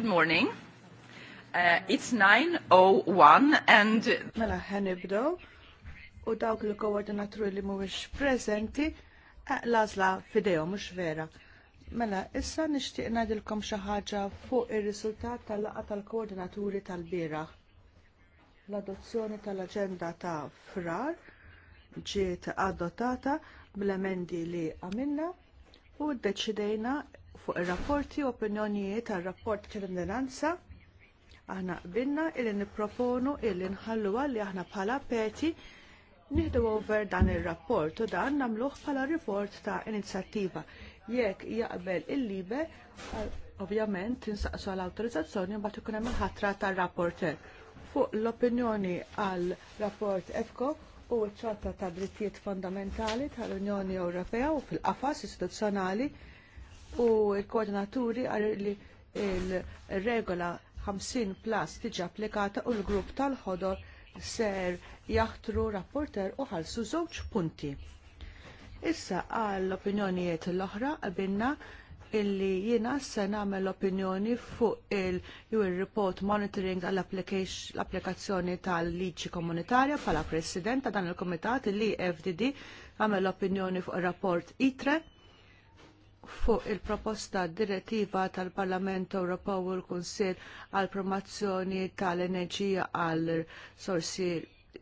Good morning. Uh, it's 9.01 and... Mela Hennibdo, u dawk li koordinaturi li mhuwiex prezenti, eh, lazla fideo mhux vera. Mela, issa nixtieq ngħidilkom xi ħaġa fuq ir-riżultat tal-laqgħa tal-koordinaturi tal-bieraħ. L-adozzjoni tal-aġenda ta' frar ġiet adottata bl-emendi li għamilna u ddeċidejna fuq ir-rapporti u opinjonijiet tar-rapport ċittadinanza aħna qbilna illi nipproponu illi nħalluha li aħna bħala peti nieħdu over dan ir-rapport u dan nagħmluh bħala report ta' inizjattiva. Jekk jaqbel il-libe, ovvjament tinsaqsu għal awtorizzazzjoni mbagħad ikun hemm il-ħatra tar-rapporter. Fuq l-opinjoni għal rapport EFCO u ċ-ċarta ta' drittijiet fondamentali tal-Unjoni Ewropea u fil-qafas istituzzjonali u l-koordinaturi għar li il-regola 50 plus tiġi applikata u l-grupp tal-ħodor ser jaħtru rapporter u ħalsu żewġ punti. Issa għall opinjonijiet l-oħra għabinna illi jiena se nagħmel opinjoni fuq il-UN Report Monitoring għall-applikazzjoni tal-liġi komunitarja bħala president ta' dan il kumitat il-li FDD għamel opinjoni fuq ir rapport ITRE fuq il-proposta direttiva tal-Parlament Ewropew u l-Kunsill għall promozzjoni tal-enerġija għal sorsi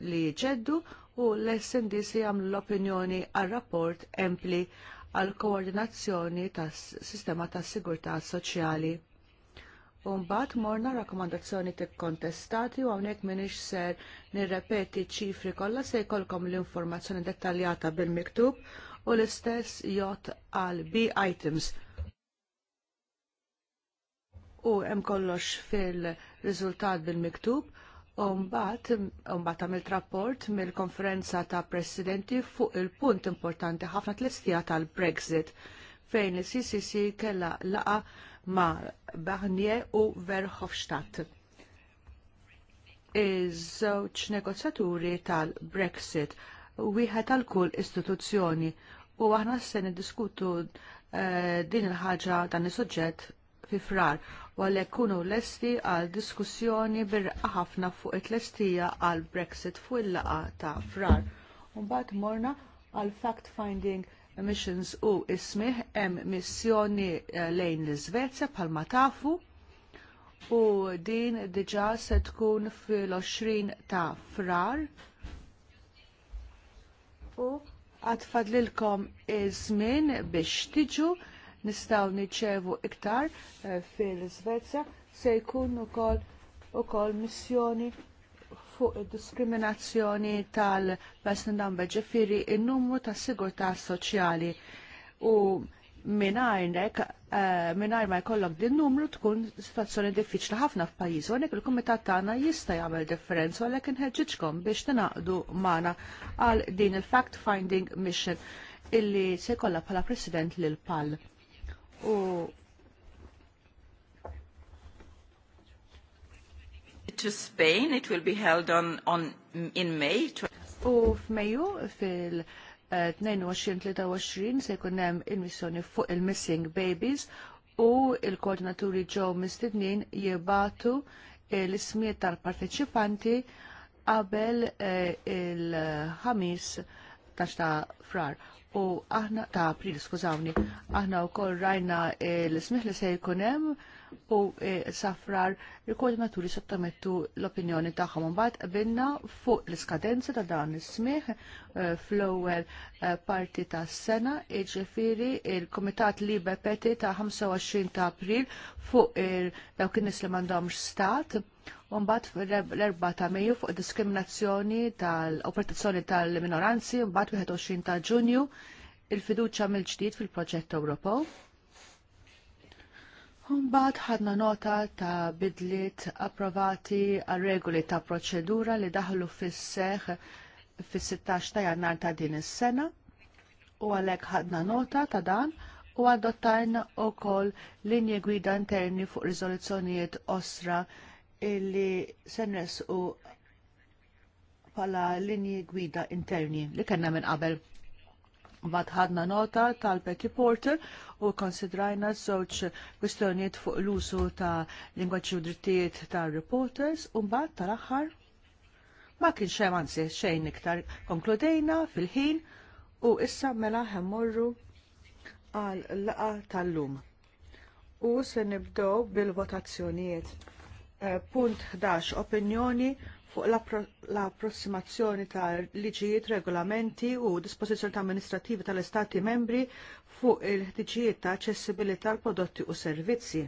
li jġeddu u l-SND se jagħmlu l-opinjoni għar rapport empli għal koordinazzjoni tas sistema tas sigurtà soċjali. U mbagħad morna rakkomandazzjoni tikkontestati u hawnhekk m'iniex ser nirrepeti ċifri kollha se jkollkom l-informazzjoni dettaljata bil-miktub u l-istess jot għal B items. U hemm kollox fil-riżultat bil-miktub u mbagħad għamilt rapport mill-konferenza ta' presidenti fuq il-punt importanti ħafna tlestija tal-Brexit fejn il-CCC kella laqa ma' Barnier u Verhofstadt. Iż-żewġ negozjaturi tal-Brexit wieħed tal-kull istituzzjoni u aħna se niddiskutu eh, din il-ħaġa dan is-suġġett fi frar u għalhekk kunu lesti għal diskussjoni birqa ħafna fuq it-lestija għal Brexit fuq il-laqa ta' frar. Mbagħad morna għal fact-finding missions u ismih hemm missjoni eh, lejn l-Iżvezja bħalma tafu u din diġà se tkun fil-20 ta' frar u għatfad lilkom iż-żmien biex tiġu nistaw niċċevu iktar eh, fil-Svezja se jkun ukoll ukoll missjoni fuq id-diskriminazzjoni tal-person number ġifiri in-numru tas-sigurtà soċjali u minajnek eh, minajr ma jkollok din numru tkun situazzjoni diffiċli ħafna f'pajjiż u għalhekk il-kumitat tagħna jista' jagħmel differenza għalhekk inħeġġitkom biex tinaqdu magħna għal din il-fact finding mission illi se jkollha bħala president lil pal. U to Spain, it will be held on, on in May. U f'Mejju fil- 22-23 eh, se jkun hemm il-missjoni fuq il-Missing Babies u il-koordinaturi ġew mistednin jibatu l-ismijiet tal-parteċipanti qabel eh, il-ħamis tax ta' frar. U aħna ta' april, skużawni, aħna wkoll rajna l-ismiħ li se jkun hemm u e, safrar il-koordinaturi sottomettu l-opinjoni tagħhom mbagħad binna fuq l-iskadenza ta' dan is-smih e, fl-ewwel e, parti tas-sena, jiġifieri il-Kumitat Libe Peti ta' 25 ta' April fuq dawk in-nies li m'għandhomx stat. u mbagħad l-4 ta' Mejju fuq diskriminazzjoni tal-operazzjoni tal-minoranzi, mbagħad 21 ta' Ġunju il-fiduċa mill-ġdid fil-proġett Ewropew Umbat ħadna nota ta' bidliet approvati għal regoli ta' proċedura li daħlu fis-seħ fis-16 ta' jannar ta' din is-sena u għalhekk ħadna nota ta' dan u adottajna wkoll linji gwida interni fuq riżoluzzjonijiet osra illi se u pala linji gwida interni li kellna minn qabel. Madħadna nota tal-Petty Porter u konsidrajna żewġ kwistjonijiet fuq l-usu ta' lingwaċi u drittijiet tar reporters u mbagħad tal-aħħar ma kienx xem anzi xejn iktar konkludejna fil-ħin u issa mela ħemmorru għal laqa tal-lum. U se nibdew bil-votazzjonijiet. Eh, punt 11 opinjoni fuq l-approssimazzjoni ta' liġijiet, regolamenti u dispożizzjoni ta' amministrativi tal-Istati membri fuq il-ħtiġijiet ta' aċċessibilità l prodotti u servizzi.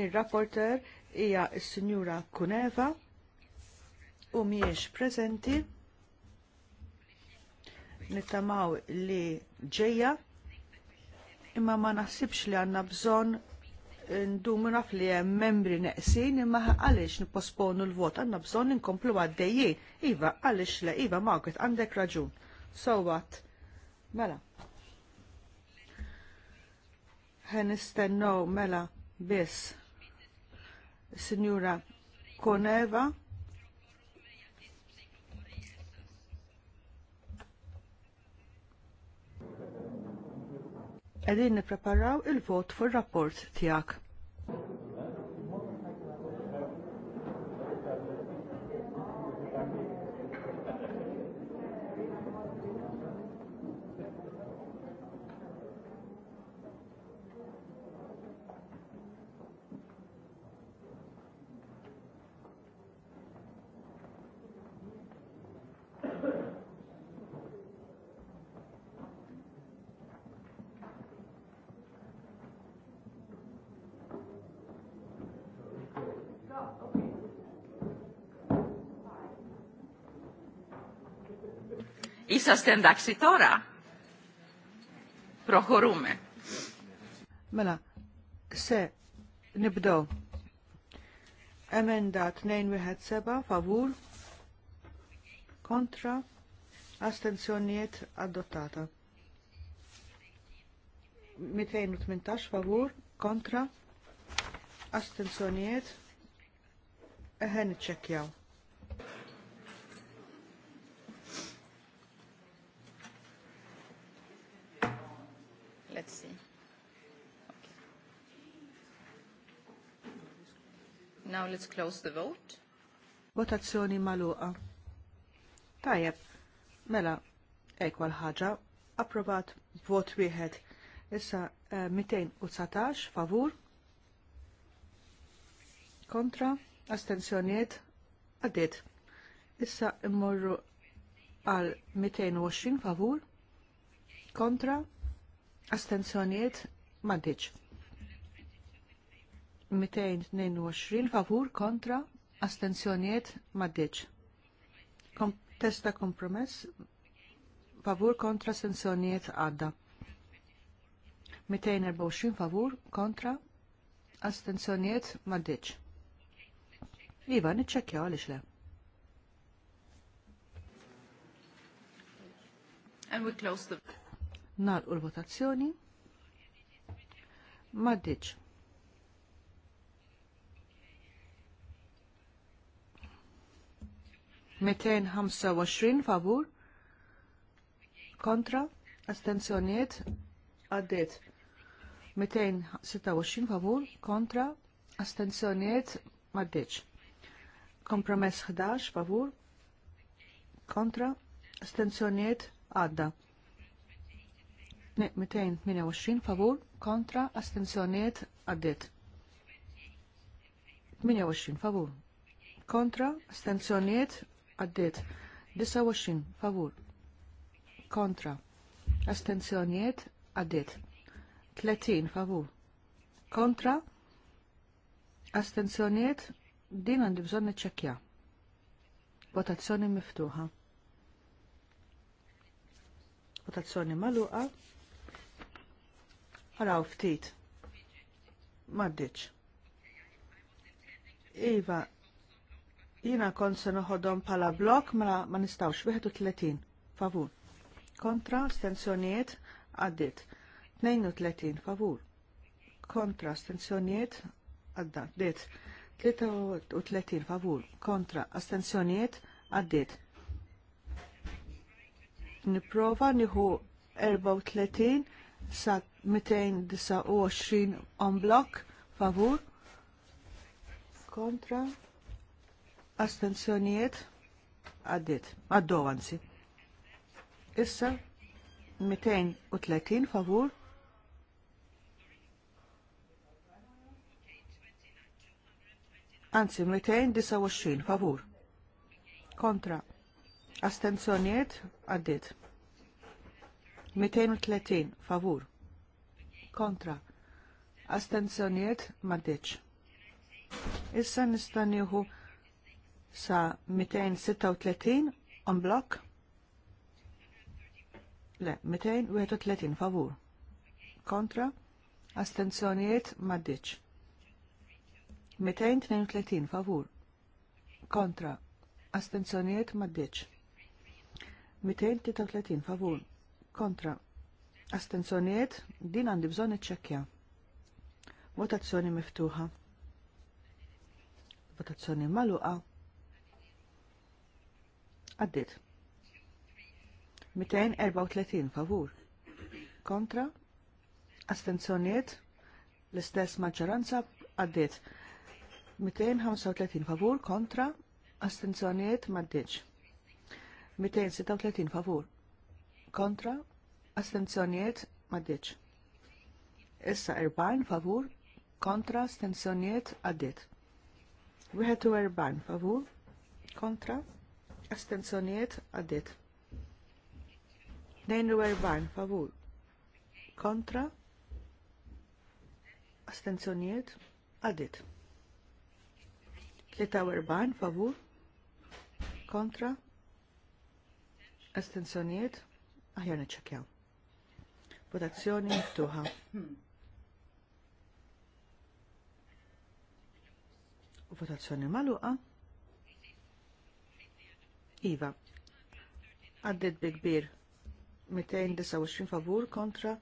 Il-rapporter hija s-Sinjura Kuneva u miex prezenti nittamaw li ġeja imma ma naħsibx li għanna bżon ndumu naf li hemm membri neqsin imma għaliex nipposponu l-vot għandna bżonn inkomplu għaddejjin. Iva, għaliex le, Iva, Margaret, għandek raġun. So what? Mela. Ħen istennow mela biss. Signora Koneva qegħdin nippreparaw il-vot fil rapport tiegħek. Είσαστε εντάξει tora. Prohorume. Mela, se, nibdow. Emenda 217, favur, kontra, astenzjoniet adottata. 218, favur, kontra, astenzjoniet, eħen ċekjaw. Now let's close the vote. Votazzjoni maluqa. Tajjeb, mela, ekwal ħaġa, approvat vot wieħed. Issa 219 eh, favur, kontra, astenzjoniet, għaddit. Issa immorru għal 220 favur, kontra, astenzjoniet, maddiċ. 222 favur kontra astenzjoniet maddeċ. Kom testa kompromess favur kontra astenzjonijiet għadda. 224 favur kontra astenzjoniet maddeċ. Iva, nitċekja għalix le. And we close the... u l-votazzjoni. Maddeċ. 225 favur kontra astenzjoniet għaddit 226 favur kontra astenzjoniet għaddit kompromess 11 favur kontra astenzjoniet għadda 228 favur kontra astenzjoniet għaddit 28 favur kontra astenzjoniet għaddiet 29 favur kontra astenzjoniet għaddiet 30 favur kontra astenzjoniet din għandi bżon niċċekkja. Votazzjoni miftuħa. Votazzjoni magħluqa. Araw ftit. Maddiċ. Iva, Jina kon se noħodhom bħala blok ma mela ma nistawx 31 favur. Kontra stenzjoniet, għaddit. 32 favur. Kontra stenzjoniet, għaddit. 33 favur. Kontra astensjonijiet għaddit. Niprofa niħu 34 sa 229 on blok favur kontra astenzjonijiet għaddit, għaddu għanzi. Issa 230 favur Anzi, 229 favur. Kontra. astenzjonijiet għaddit. 230 favur. Kontra. astenzjonijiet maddiċ. Issa nistanieħu sa 236 on blok. Le, 231 favur. Kontra. astenzjoniet maddiċ. 232 favur. Kontra. astenzjoniet maddiċ. 233 favur. Kontra. Astenzjonijiet din għandi bżon iċċekkja. Votazzjoni miftuħa. Votazzjoni maluqa. Għaddit. 234 favur. Kontra. Astenzjoniet. L-istess maġġoranza għaddit. 235 favur kontra. Astenzjoniet maddiċ. 236 favur. Kontra. Astenzjoniet maddiċ. Issa 40 favur kontra astenzjoniet għaddit. 41 favur kontra astenzjoniet għaddit. 42 favur kontra Astenzjoniet għaddit. 43 favur kontra astenzjonijiet aħjar niċċekjaw. Votazzjoni miftuħa. Votazzjoni maluqa. Iva. Għaddit bi kbir. 229 favur kontra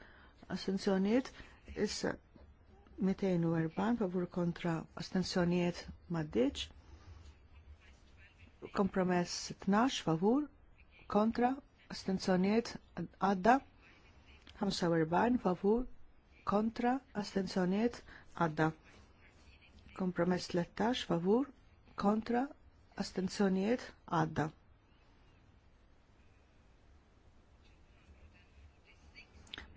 astenzjoniet. Issa 240 favur kontra astenzjoniet maddiċ. Kompromess 12 favur kontra astenzjoniet għadda. 45 favur kontra astenzjoniet għadda. Kompromess 13 favur kontra astenzjoniet għadda.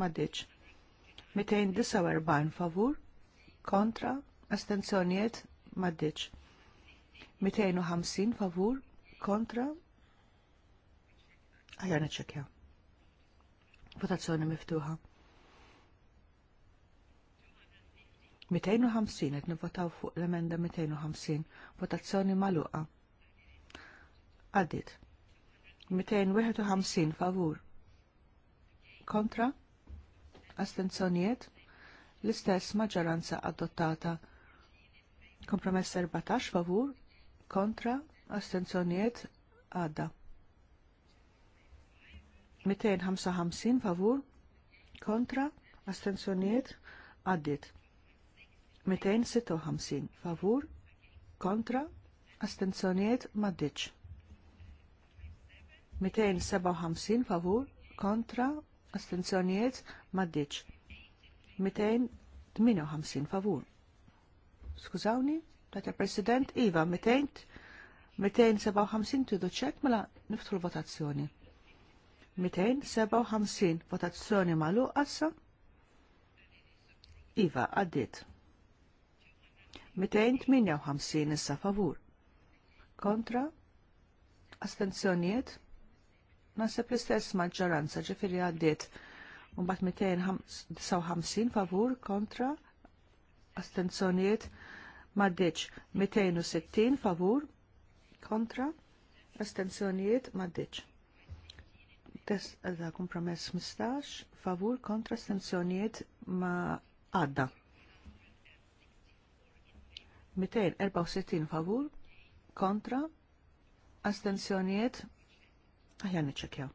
maddiċ. 249 favur kontra astenzjonijiet maddiċ. 250 favur kontra għajan iċekja. Votazzjoni miftuħa. 250 qed nivotaw fuq l-emenda 250. Votazzjoni magħluqa. Għaddit. 251 favur. Kontra? astenzjonijiet l-istess maġġoranza adottata. Kompromess 14 favur kontra astenzjoniet għadda. 255 favur kontra astenzjonijiet għaddit. 256 favur kontra astenzjonijiet maddiċ. 257 favur kontra astenzjonijiet maddiċ. 258 favur. Skużawni, tata president Iva, 257 tudu ċek mela l votazzjoni. 257 votazzjoni malu għassa. Iva, għaddit. 258 issa favur. Kontra, astenzjonijiet nasib l-istess maġġoranza ġifiri għaddit Mbagħad 259 favur kontra astenzjoniet m'għaddiċ 260 favur kontra astenzjoniet m'għaddiċ. Test għadda kompromess 15 favur kontra astenzjoniet ma għadda. 264 favur kontra astenzjoniet Aħjar niċċekjaw.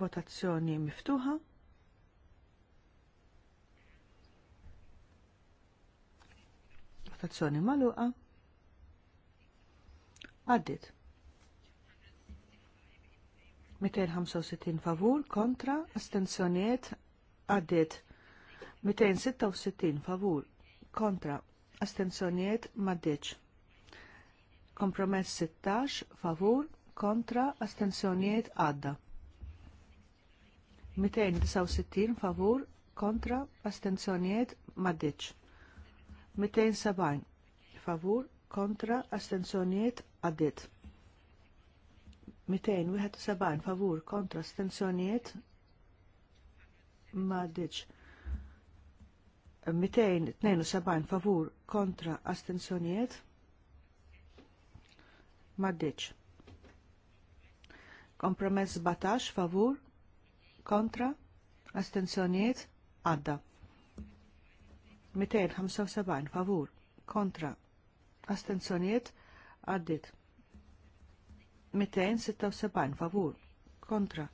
Votazzjoni miftuħa. Votazzjoni maluqa. Għaddit. 265 favur kontra astenzjoniet għaddit 266 favur kontra astenzjoniet maddeċ kompromess 16 favur kontra astensjonijiet għadda. 269 favur kontra astensjonijiet maddiċ. 270 favur kontra astensjonijiet għaddit. 271 favur kontra stenzjonijiet maddiċ 272 favur kontra astensjonijiet maddiċ Kompromess batax, favur kontra astenzjoniet, għadda. 275 favur kontra astenzjoniet, għaddit. 276 favur kontra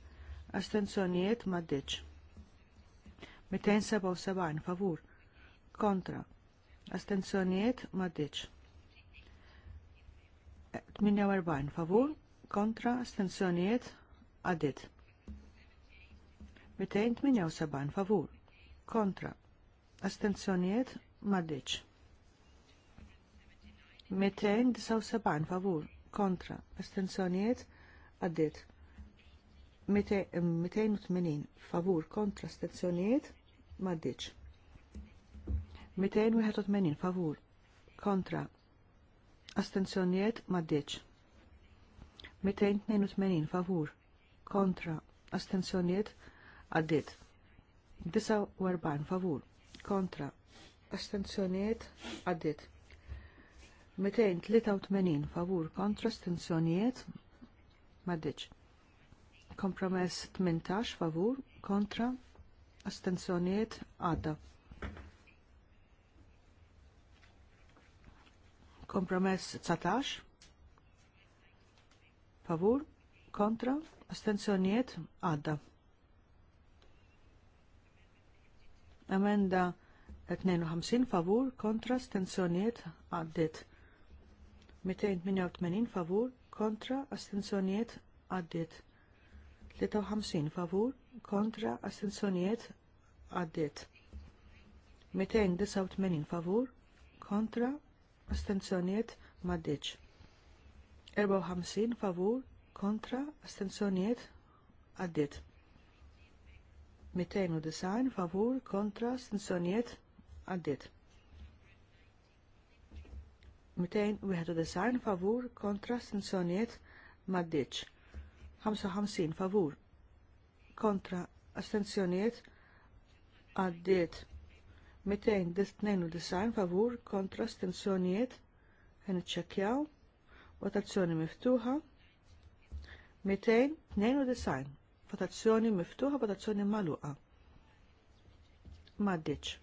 astenzjoniet, maddiċ. 277 favur kontra astenzjoniet, maddiċ. 48 favur kontra astensjonijiet għaddit. 278 favur kontra astensjonijiet maddiċ. 279 favur kontra astensjonijiet għaddit. 280 favur kontra astensjonijiet maddiċ. 281 favur kontra astensjonijiet maddiċ. 282 favur kontra astensjoniet għaddit 49 favur kontra astensjoniet għaddit 283 favur kontra astensjoniet maddiċ kompromess 18 favur kontra astensjoniet għadda kompromess 19 favur, kontra, Astenzjoniet? għadda. Amenda 52 favur, kontra, astenzjoniet, għaddit. 288 favur, kontra, astenzjoniet, għaddit. 53 favur, kontra, astenzjoniet, għaddit. 289 favur, kontra, astenzjoniet, maddiċ. 54 favur kontra astenzjonijiet għaddit. 209 favur kontra astenzjonijiet għaddit. 291 favur kontra astenzjonijiet maddiċ. 55 favur kontra astenzjonijiet għaddit. 292 favur kontra astenzjonijiet għen Votazzjoni miftuħa. 292. Votazzjoni miftuħa, votazzjoni maluqa. Maddiċ.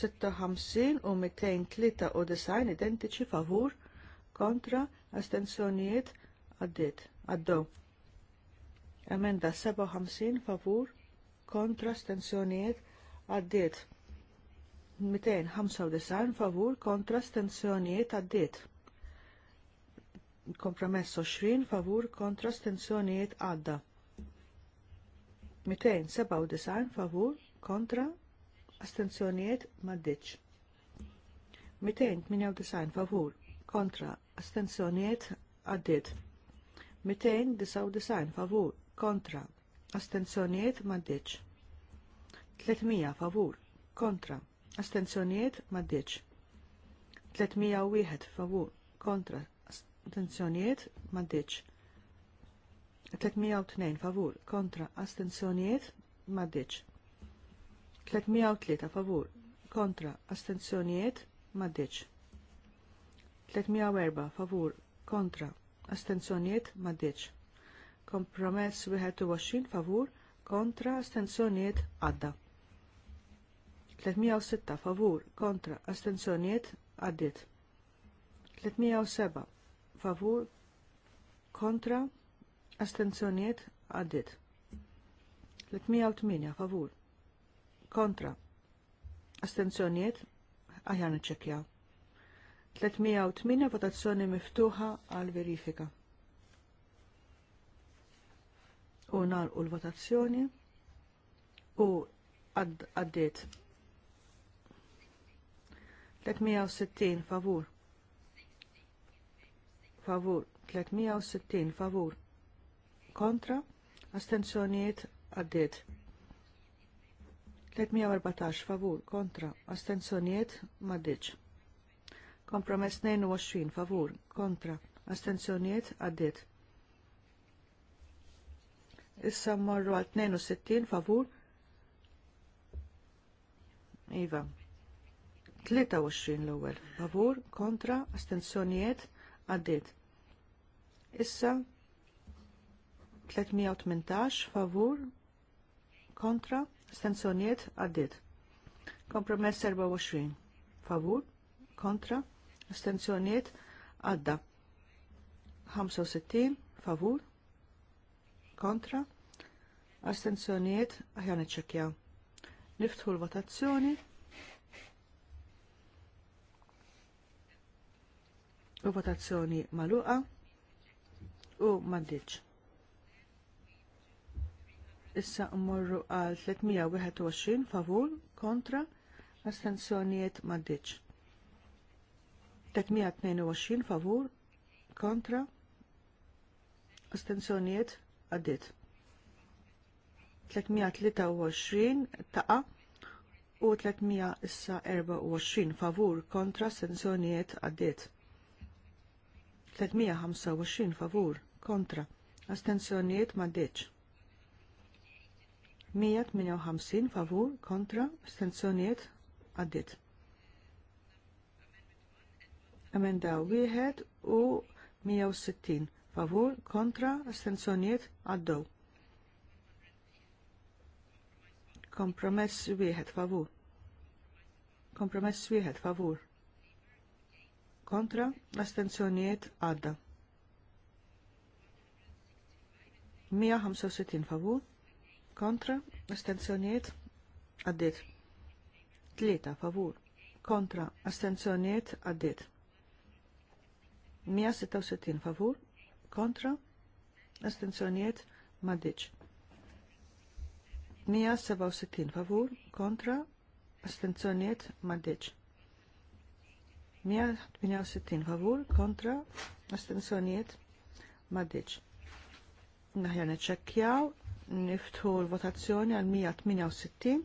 56 u 293 identiċi favur kontra astenzjonijiet għaddit. Għaddew. Emenda 57 favur kontra astenzjonijiet għaddit. 295 favur kontra astenzjonijiet għaddit kompromess 20 favur kontra stenzjoniet għadda. 297 favur kontra astenzjonijiet maddiċ. 298 favur kontra astenzjonijiet għaddit. 299 favur kontra astenzjoniet maddiċ. 300 favur kontra astenzjoniet maddiċ. 301 favur kontra astenzjonijiet maddiċ. 302 favur kontra astenzjonijiet maddiċ. 303 favur kontra astenzjonijiet maddiċ. 304 favur kontra astenzjonijiet maddiċ. Kompromess 21 favur kontra astenzjonijiet għadda. 306 favur kontra astenzjoniet, għaddit. 307 favur kontra astenzjoniet għaddit. 308 favur kontra astenzjoniet għajan iċċekjaw. 308 votazzjoni miftuħa għal verifika. U nalqu l-votazzjoni u għaddit. 360 favur favur, 360 favur, kontra, astenzjoniet għaddit. 314 favur, kontra, astenzjoniet maddiċ. Kompromess 22 favur, kontra, astenzjoniet għaddit. Issa morru għal 62 favur, Iva, 23 l-ewwel, favur, kontra, astenzjonijiet, għaddit. Issa 318 favur kontra stenzjoniet għaddiet. Kompromess 24 favur kontra stenzjoniet għadda. 65 favur kontra astenzjoniet aħjan iċċekjaw. Niftħu l-votazzjoni u votazzjoni maluqa u mandiċ. Issa mmorru għal 321 favur kontra astensjonijiet mandiċ. 322 favur kontra astensjonijiet għaddit. 323 taqa u 324 favur kontra astensjonijiet għaddit. 325 favur kontra ma deċ 158 favur kontra astensjonijiet għaddit Amenda wieħed u 160 favur kontra astensjonijiet għaddew. Kompromess wieħed favur. Kompromess wieħed favur kontra astenzjoniet għadda. 165 favur kontra astenzjoniet għaddit. 3 favur kontra astenzjoniet għaddit. 166 favur kontra astenzjoniet maddiċ. 167 favur kontra astenzjoniet maddiċ. 168 favur kontra astensjonijiet maddiċ. Naħja neċekjaw, niftħu l-votazzjoni għal 168.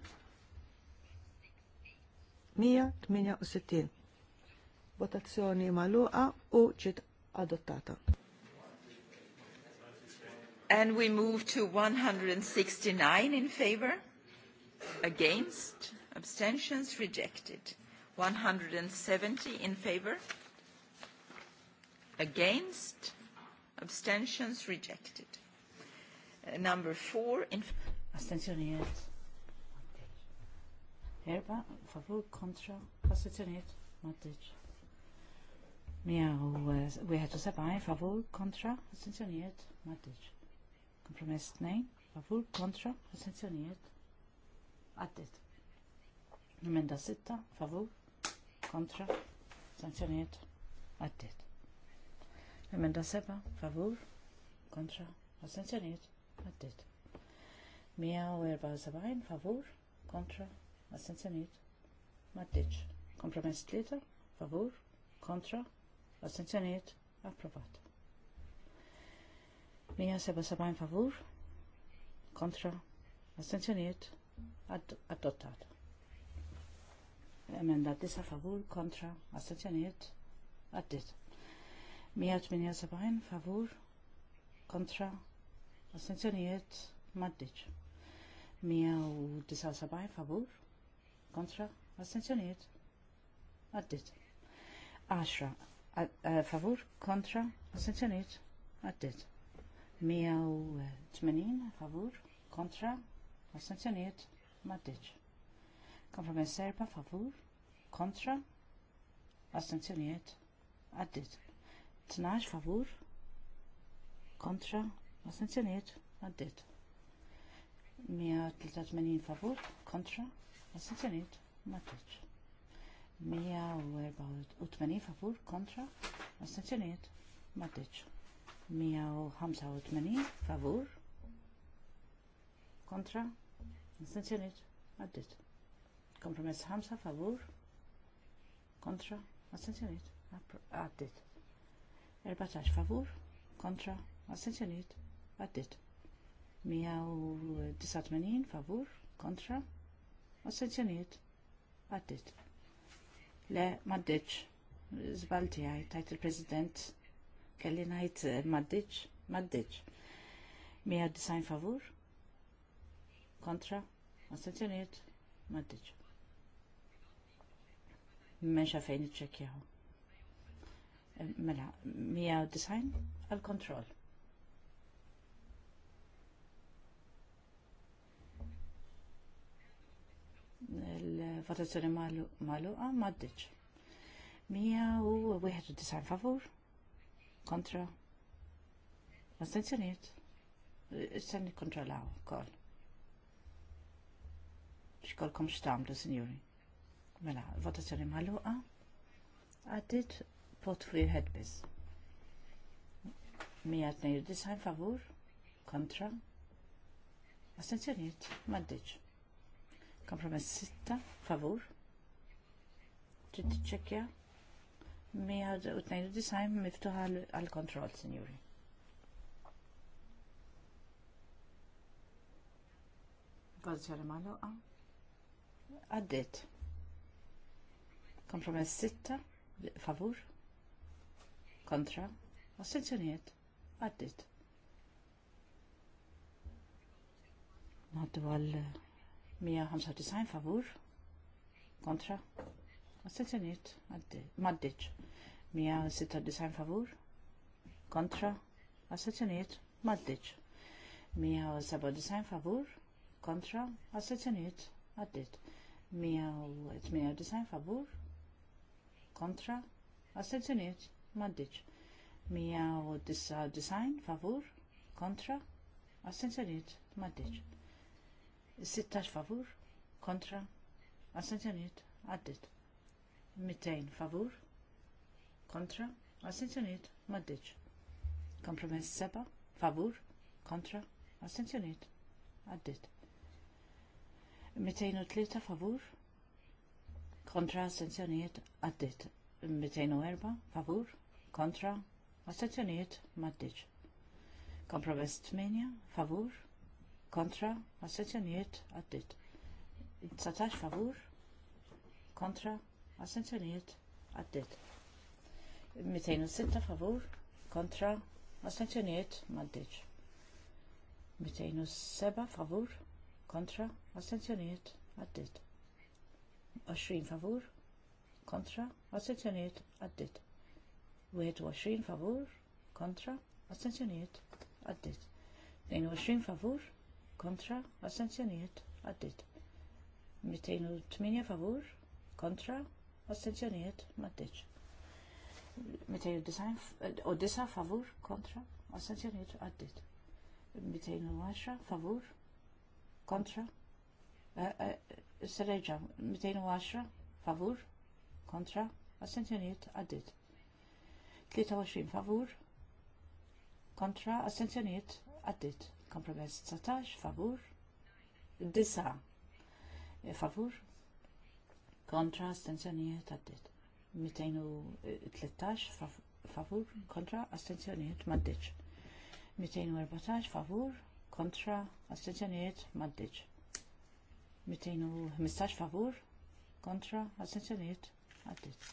168. Votazzjoni maluqa u ġiet adottata. And we move to 169 in favor, against, abstentions rejected. 170 in favor against abstentions rejected uh, number four in astensjoniet erba favur We astensjoniet to 171 favor, contra, astensjoniet maddiġ kompromess 2 favor, contra, astensjoniet għaddit Numenda sitta, favor kontra, sanzjoniet, għaddit. Emenda seba, favur, kontra, sanzjoniet, għaddit. 174, favur, kontra, sanzjoniet, maddiċ. Kompromess tlieta, favur, kontra, astenzjoniet, approvat. 177 favur, kontra, astenzjoniet, adottat emenda disa favur kontra astenzjonijiet għaddit. 178 favur kontra astenzjonijiet maddiċ. 179 favur kontra astenzjonijiet għaddit. 10 favur kontra astenzjonijiet għaddit. 180 favur kontra astenzjonijiet maddiċ. Kompromess serba, favur kontra astenzjoniet, għaddit. Tnax, favur kontra astenzjoniet, għaddit. 183 favur kontra astenzjonijiet mattut. 184 favur kontra astenzjonijiet mattut. 185 favur kontra astenzjoniet, għaddit. Kompromess 5 favur kontra astenzjoniet għaddit. 14 favur kontra astenzjoniet għaddit. 189 favur kontra astenzjoniet għaddit. Le maddiċ, zbalti għaj, tajt il-President kelli najt eh, maddiċ, maddiċ. 190 favur kontra astenzjoniet maddiċ menxa fejn iċċekjaw. Mela, mija 190 għal-kontroll. il-votazzjoni maluqa maddiċ. 191 favur kontra astenzjoniet. Sen kontrollaw kol. Xkolkom xtamlu, signori. Mela, votazzjoni maluqa. Għaddit pot wieħed biss. 192 favur, kontra. Astenzjoniet, maddiċ. Kompromess 6 favur. trid tiċċekkja, 192 miftuħa għal kontrol, sinjuri. Votazzjoni maluqa. Għaddit. Kompromess sitta, favur kontra astenzjonijiet għaddit. Naddu għal 195 favur kontra astenzjonijiet maddiċ. 196 favur kontra astenzjonijiet maddiċ. 197 favur kontra astenzjonijiet għaddit. 198 favur kontra, astenzjoniet maddiċ. 199 favur, kontra, astenzjoniet maddiċ. 16 favur, kontra, astenzjoniet għaddit. 200 favur, kontra, astenzjoniet maddiċ. Kompromess 7 favur, kontra, astenzjoniet għaddit. 203 favur, kontra astenzjonijiet għaddit 204 favur kontra ma astenzjonijiet maddiċ kompromess 8 favur kontra ma astenzjonijiet għaddit 19 favur kontra ma astenzjonijiet għaddit 206 favur kontra ma astenzjonijiet maddiċ 207 favur kontra ma astenzjonijiet għaddit 20 favur kontra astenzjoniet għaddit 21 favur kontra astenzjoniet għaddit 22 favur kontra astenzjoniet għaddit 208 favur kontra astenzjoniet għaddit. 209 eh, favur kontra astenzjoniet għaddit 210 favur kontra eh, eh, s sereġa 210 favur kontra astenzjoniet għaddit 23 favur kontra astenzjoniet għaddit kompromess 19 favur 9 eh, favur kontra astenzjoniet għaddit 213 eh, favur kontra astenzjoniet maddiċ 214 favur kontra astenzjoniet maddiċ 215 favur kontra għal-sensenijiet għaddit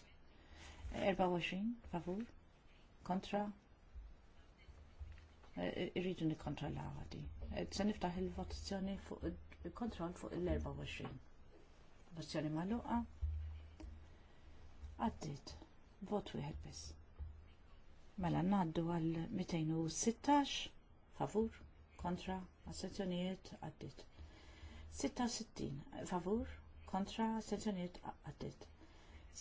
24 favur kontra e, e, irridu nikkontrolla għadi e, se niftaħ il-votazzjoni fuq il-kontroll fuq il-24 votazzjoni maluqa għaddit vot wieħed biss mela ngħaddu għal 216 favur kontra assenzjonijiet għaddit 66 favur kontra astenzjoniet għaddit.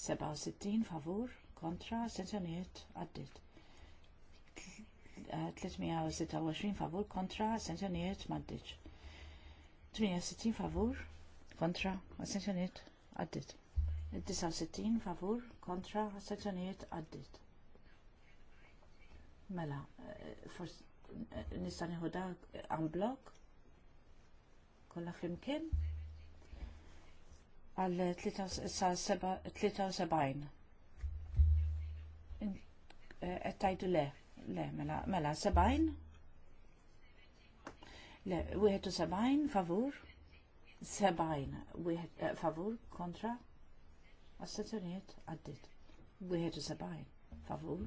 67 favur kontra astenzjoniet għaddit. 326 favur kontra astenzjoniet maddiċ. 68 favur kontra astenzjoniet għaddit. 69 favur kontra astenzjoniet għaddit. Mela, eh, forse eh, nista' nieħu dak blok kollha flimkien għal 73. Eh, qed tgħidu le, le, mela, mela 70. Le, 71 favur, 70 eh, favur kontra għas-sezzjonijiet għaddit. 71 favur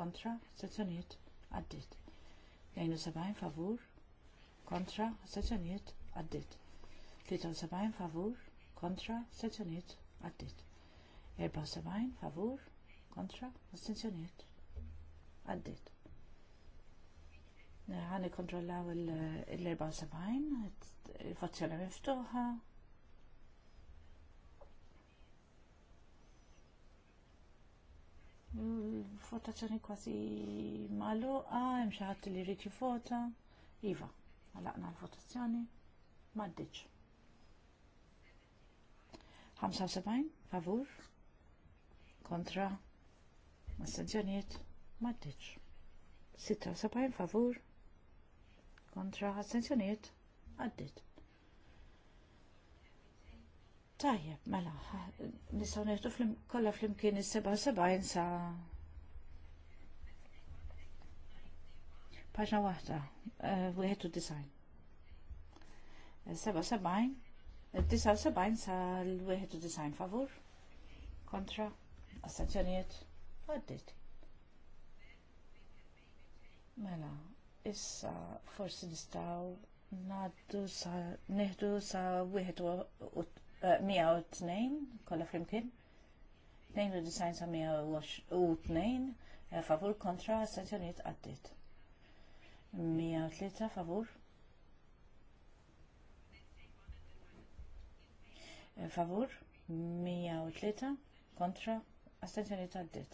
kontra sezzjonijiet għaddit. 72 favur kontra għaddit għaddit. 73 favur kontra sezzjoniet għaddit. 74 favur kontra sezzjoniet għaddit. Għani eh, kontrollaw il-74, il-fazzjoni miftuħa, votazzjoni kważi maluqa, hemm xi ħadd li jrid jivvota. Iva, għalaqna l-votazzjoni maddiċ. 75 favur kontra astenzjoniet maddiċ. 76 favur kontra astenzjoniet maddiċ. Tajjeb, mela, nistaw neħdu flim, kolla flimkien is-77 sa paġna wahda, eh, u design. 77 79 sal-91 favur kontra astazzjonijiet għaddit. Mela, issa forsi nistaw naddu sa neħdu sa 102 eh, kolla flimkien 92 sa 102 eh, favur kontra astazzjonijiet għaddit. 103 favur Eh, favur 103 kontra astenzjoni taddit.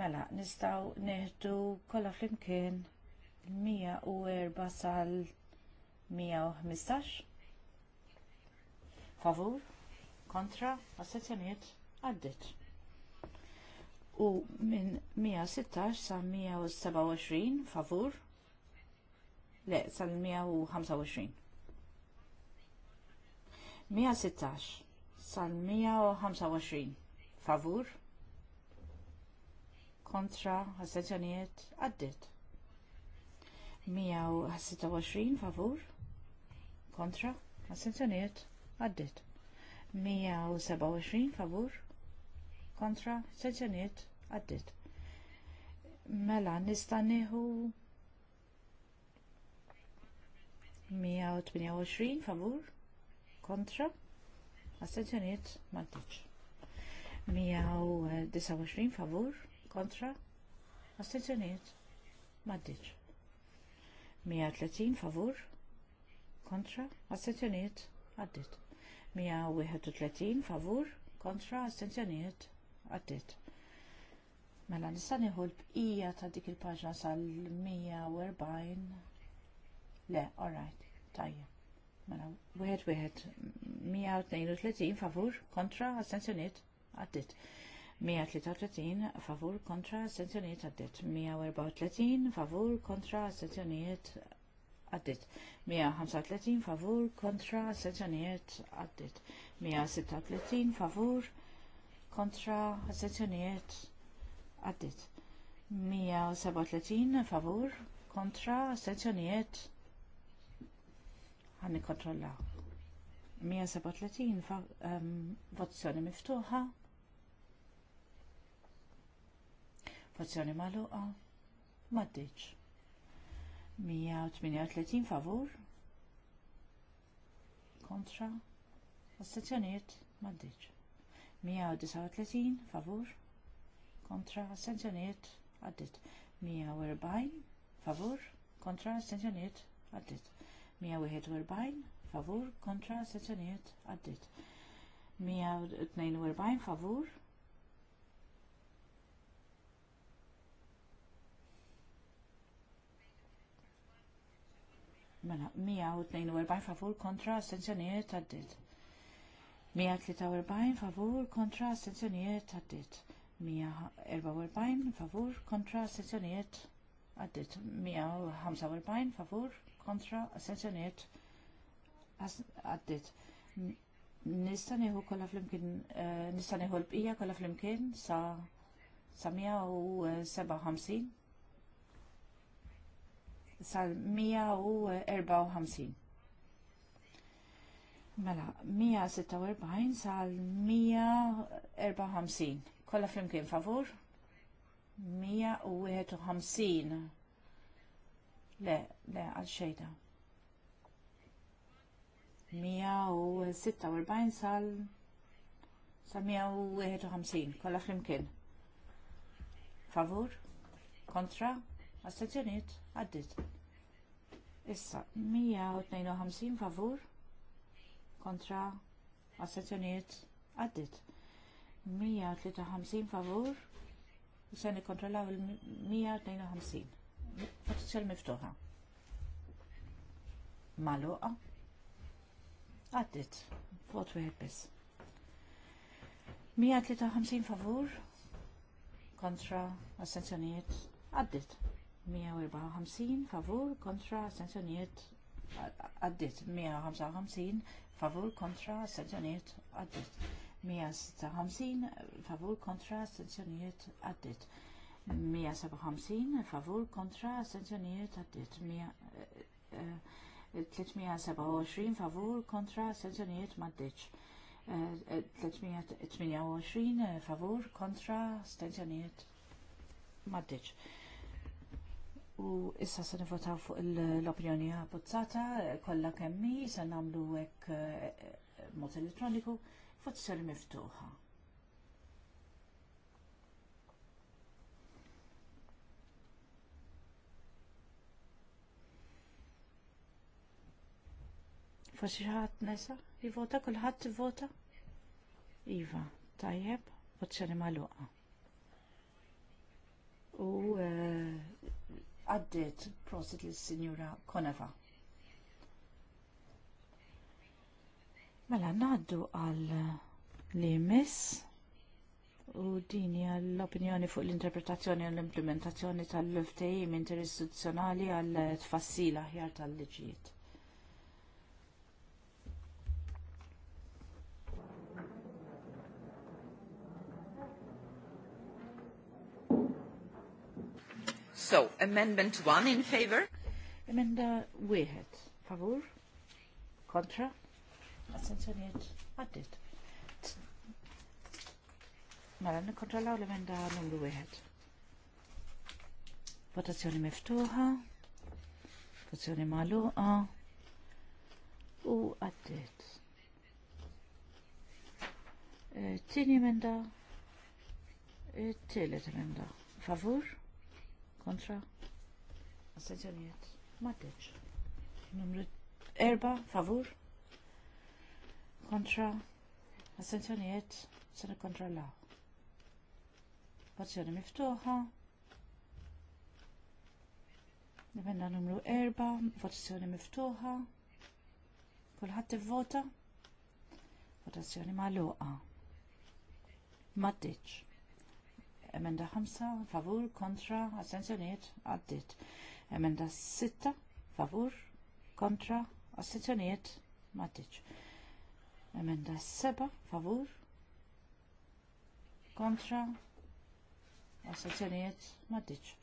Mela, nistaw neħdu kolla flimkien 104 sal 115 favur kontra astenzjoniet għaddit. U minn 116 sa 127 favur le sal 125 116 sal-125 favur kontra astenzjonijiet għaddit 126 favur kontra astenzjonijiet għaddit 127 favur kontra astenzjonijiet għaddit mela nista' 128 favur kontra astenzjoniet mantiċ 129 favur kontra astenzjoniet mantiċ 130 favur kontra astenzjoniet għaddit 131 favur kontra astenzjoniet għaddit Mela nista' nieħu l-bqija ta' dik il-paġna sal-140. Le, all right, tajjeb. Mela, wieħed wieħed 132 favur kontra astensjoniet għaddit. 133 favur kontra astensjoniet għaddit. 134 favur kontra astensjoniet għaddit. 135 favur kontra astensjoniet għaddit. 136 favur kontra astensjoniet għaddit. 137 favur kontra astensjoniet għaddit għan nikontrollaw. 137 um, votazzjoni miftuħa, votazzjoni maluqa, maddiċ. 138 favur, kontra, astenzjoniet, maddiċ. 139 favur, kontra, astenzjoniet, għaddit. 140 favur, kontra, astenzjoniet, għaddit. 141 favur kontra sezzjonijiet għaddit. 142 favur Mela, 142 favur kontra astenzjonijiet għaddit. 143 favur kontra astenzjonijiet għaddit. 144 favur kontra astenzjonijiet għaddit. 145 favur kontra assenzjoniet għaddit. Nista nieħu kollha flimkien eh, nista l-bqija kolla flimkien sa sa 157 eh, sa 154. Eh, mela, 146 sa 154. kolla flimkien favur? 151 Le, le, għal xejda. 146 sal sal 151, kolla flimkien. Favur? Kontra? Astazzjoniet? Għaddit. Issa, 152 favur? Kontra? Astazzjoniet? Għaddit. 153 favur? Sen kontrollaw il-152 votazzjoni miftuħa. Maluqa. Għaddit, vot weħbis. 153 favur kontra astenzjonijiet għaddit. 154 favur kontra astenzjonijiet għaddit. 155 favur kontra astenzjonijiet għaddit. 156 favur kontra astenzjonijiet għaddit. 157 favur kontra astenzjonijiet ta' 327 eh, eh, favur kontra astenzjonijiet deċ. Eh, 328 favur kontra astenzjonijiet maddiċ u issa se nivotaw fuq l-opinjoni abbozzata kollha kemmi se nagħmlu hekk mod elettroniku votazzjoni miftuħa. Forsi ħadd nesa? Jivota kulħadd ivota? Iva, tajjeb, votazzjoni magħluqa. U eh, għaddiet prosit lis-Sinjura Koneva. Mela ngħaddu għal li miss u din hija l-opinjoni fuq l-interpretazzjoni u l-implementazzjoni tal-ftehim interistituzzjonali għal tfassila ħjar tal-liġijiet. So, amendment one in favor? Emenda wieħed. Favur? Kontra? Assenzjoniet? Għaddit. Mela, nikontrollaw l-emenda numru wieħed. Votazzjoni miftuħa. Votazzjoni magħluqa. U għaddit. Eh, tini emenda. Eh, tielet emenda. Favur? kontra assenzjoniet maddeċ. Numru erba favur kontra astenzjonijiet se la. Votazzjoni miftuħa. Nimenna numru erba. votazzjoni miftuħa. Kulħadd ivvota. Votazzjoni magħluqa. Maddiċ. Emenda 5, favur, kontra, assenzjoniet, għaddit. Emenda 6, favur, kontra, assenzjoniet, maddiċ. Emenda 7, favur, kontra, assenzjoniet, maddiċ.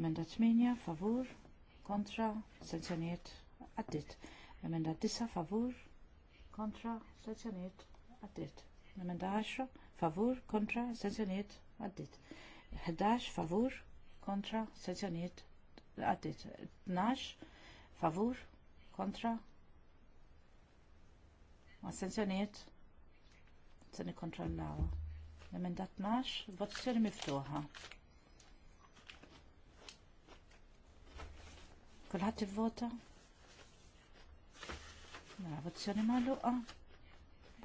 Emenda 8, favur, kontra, assenzjoniet, għaddit. Emenda 9, favur, kontra, assenzjoniet, għaddit. Emenda 10, favur, kontra, astenzjoniet, għaddit. 11 favur kontra sezzjoniet għaddit. 12 favur kontra ma sezzjoniet se nikkontrollawa. Emenda 12, votazzjoni miftuħa. Kulħadd ivvota? Mela votazzjoni magħluqa.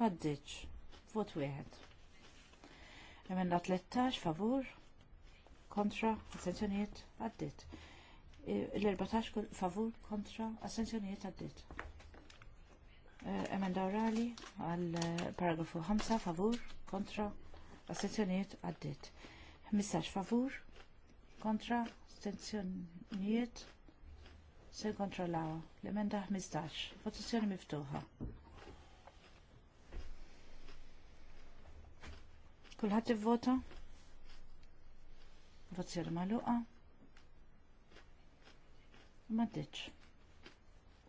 Baddiċ. Vot wieħed. Emenda 13 favur kontra assenzjoniet, għaddit. E, L-14 favur kontra assenzjoniet, għaddit. E, emenda orali għal e, paragrafu 5 favur kontra assenzjoniet, għaddit. 15 favur kontra assenzjoniet, se kontrollawa. L-emenda 15. Votazzjoni miftuħa. Kulħadd ivvota? Votazzjoni magħluqa. Ma ddiċ.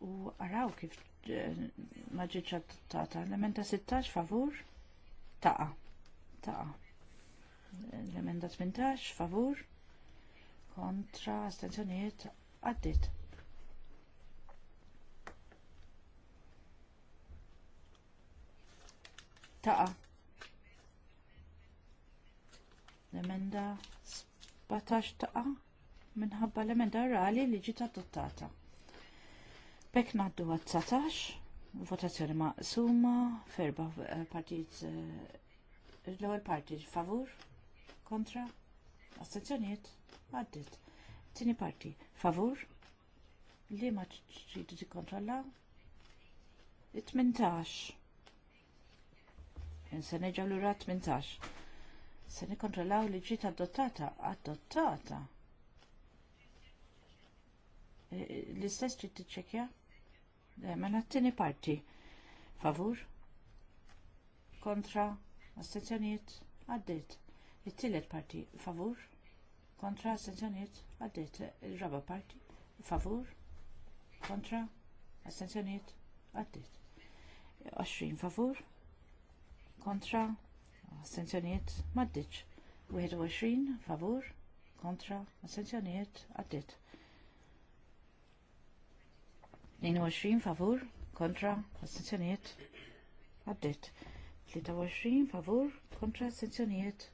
U araw kif eh, ma ġietx adottata. L-emenda 16 favur? Taqa. Taqa. L-emenda 18 favur? Kontra astenzjonijiet għaddit. Taqa. L-emenda 17 taqa minħabba l-emenda rali li ġiet adottata. Bekk naddu għat 19 votazzjoni maqsuma, ferba eh, partijiet eh, l-ewwel parti favur, kontra, astenzjonijiet, għaddit. Tini parti favur, li ma ċidu tikkontrolla, 18. Insa neġa l-ura 18. Se nikontrollaw li ġiet adottata, adottata. E, l-istess ġiet tiċċekja? Mela t-tieni parti. Favur? Kontra? Astenzjoniet? Għaddit. it tillet parti. Favur? Kontra? Astenzjoniet? Għaddit. Il-raba parti. Favur? Kontra? Astenzjoniet? Għaddit. 20 favur? Kontra? Astenzjoniet maddiċ. 21 favur kontra astenzjoniet għaddit. 22 favur kontra astenzjoniet għaddit. 23 favur kontra astenzjoniet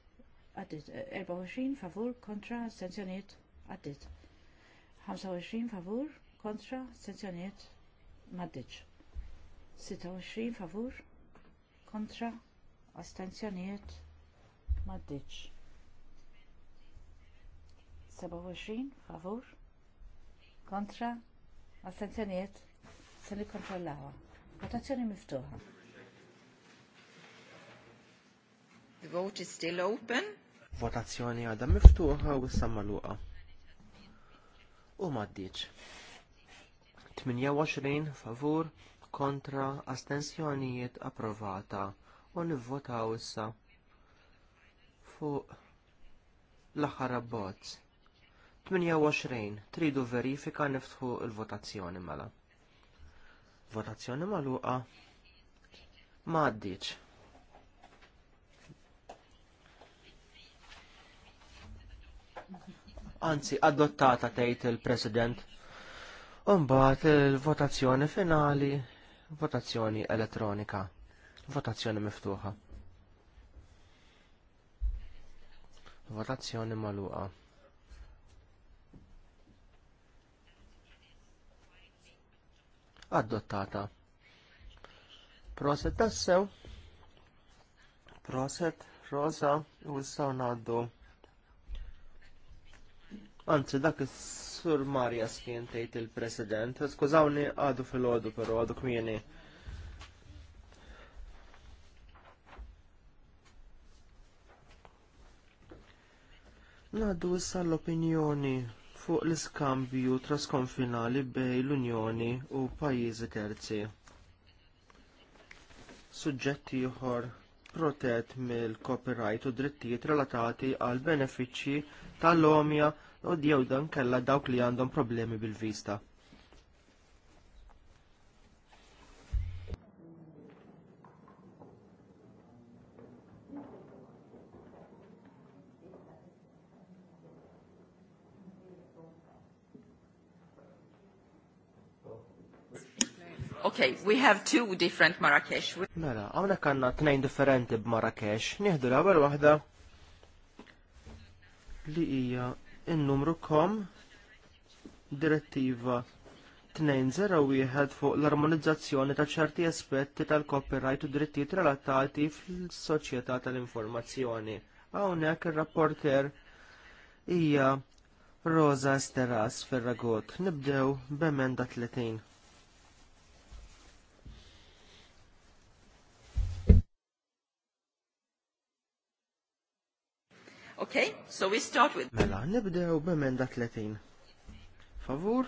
għaddit. 24 favur kontra astenzjoniet għaddit. 25 favur kontra astenzjoniet maddiċ. 26 favur kontra astenzjonijiet maddiċ 27 favur kontra astenzjonijiet se nikkontrollawha. Votazzjoni miftuħa. The vote is still open. Votazzjoni għadha miftuħa u issa magħluqa. U m'għaddiċ. 28 favur kontra astenzjonijiet approvata u nivvotaw issa fuq l-aħħar abbozz. 28 tridu verifika niftħu l votazzjoni mela. Votazzjoni magħluqa ma għaddiċ. Anzi, adottata tgħid il-President. Umbat il-votazzjoni finali, votazzjoni elettronika. Votazzjoni miftuħa. Votazzjoni magħluqa. Adottata. Proset tassew. Proset rosa u issa ngħaddu. Anzi, dak sur Marja skien tgħid il-President. Skużawni għadu fil ħodu però għadu kmieni. Ngħaddu issa l-opinjoni fuq l-iskambju trasconfinali bejn l-Unjoni u pajjiżi terzi. Suġġetti ieħor protett mill-copyright u drittijiet relatati għal benefiċċji tal-omja u djew dan kella dawk li għandhom problemi bil-vista. we have two different Marrakesh. Mela, għamna kanna tnejn differenti b-Marrakesh. Nieħdu l-ewwel waħda li hija n-numru kom direttiva 201 fuq l-armonizzazzjoni ta' ċerti aspetti tal-copyright u drittijiet relatati fil-soċjetà tal-informazzjoni. Hawnhekk ir-rapporter hija Rosa Esteras Ferragot. Nibdew b'emenda 30. Okay, so we start with... Mela, nibdew b'emenda 30. Favur,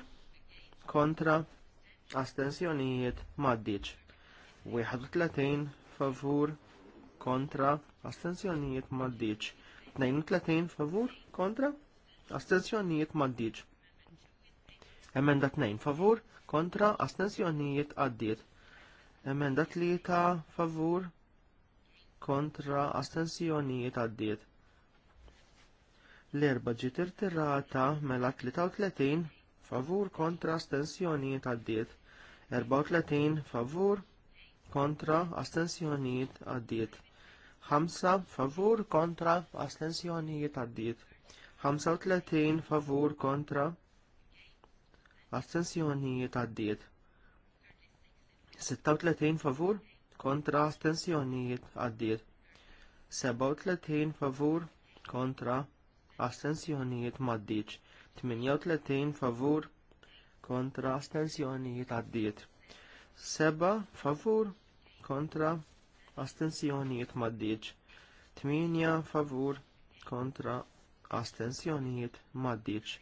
kontra, astensjonijiet, maddiċ. 31, favur, kontra, astensjonijiet, maddiċ. 32, favur, kontra, astensjonijiet, maddiċ. Emenda 2, favur, kontra, astensjonijiet, addiet. Emenda 3, favur, kontra, astensjonijiet, addiet l-erba ġiet irtirata mela 33 favur kontra astensjonijiet għaddiet. 34 favur kontra astensjonijiet għaddiet. 5 favur kontra astensjonijiet għaddiet. 35 favur kontra astensjonijiet għaddiet. 36 favur kontra astensjonijiet għaddiet. 37 favur kontra astensjonijiet maddiċ, 38 favur kontra astensjonijiet għaddiet, 7 favur kontra astensjonijiet maddiċ, 8 favur kontra astensjonijiet maddiċ,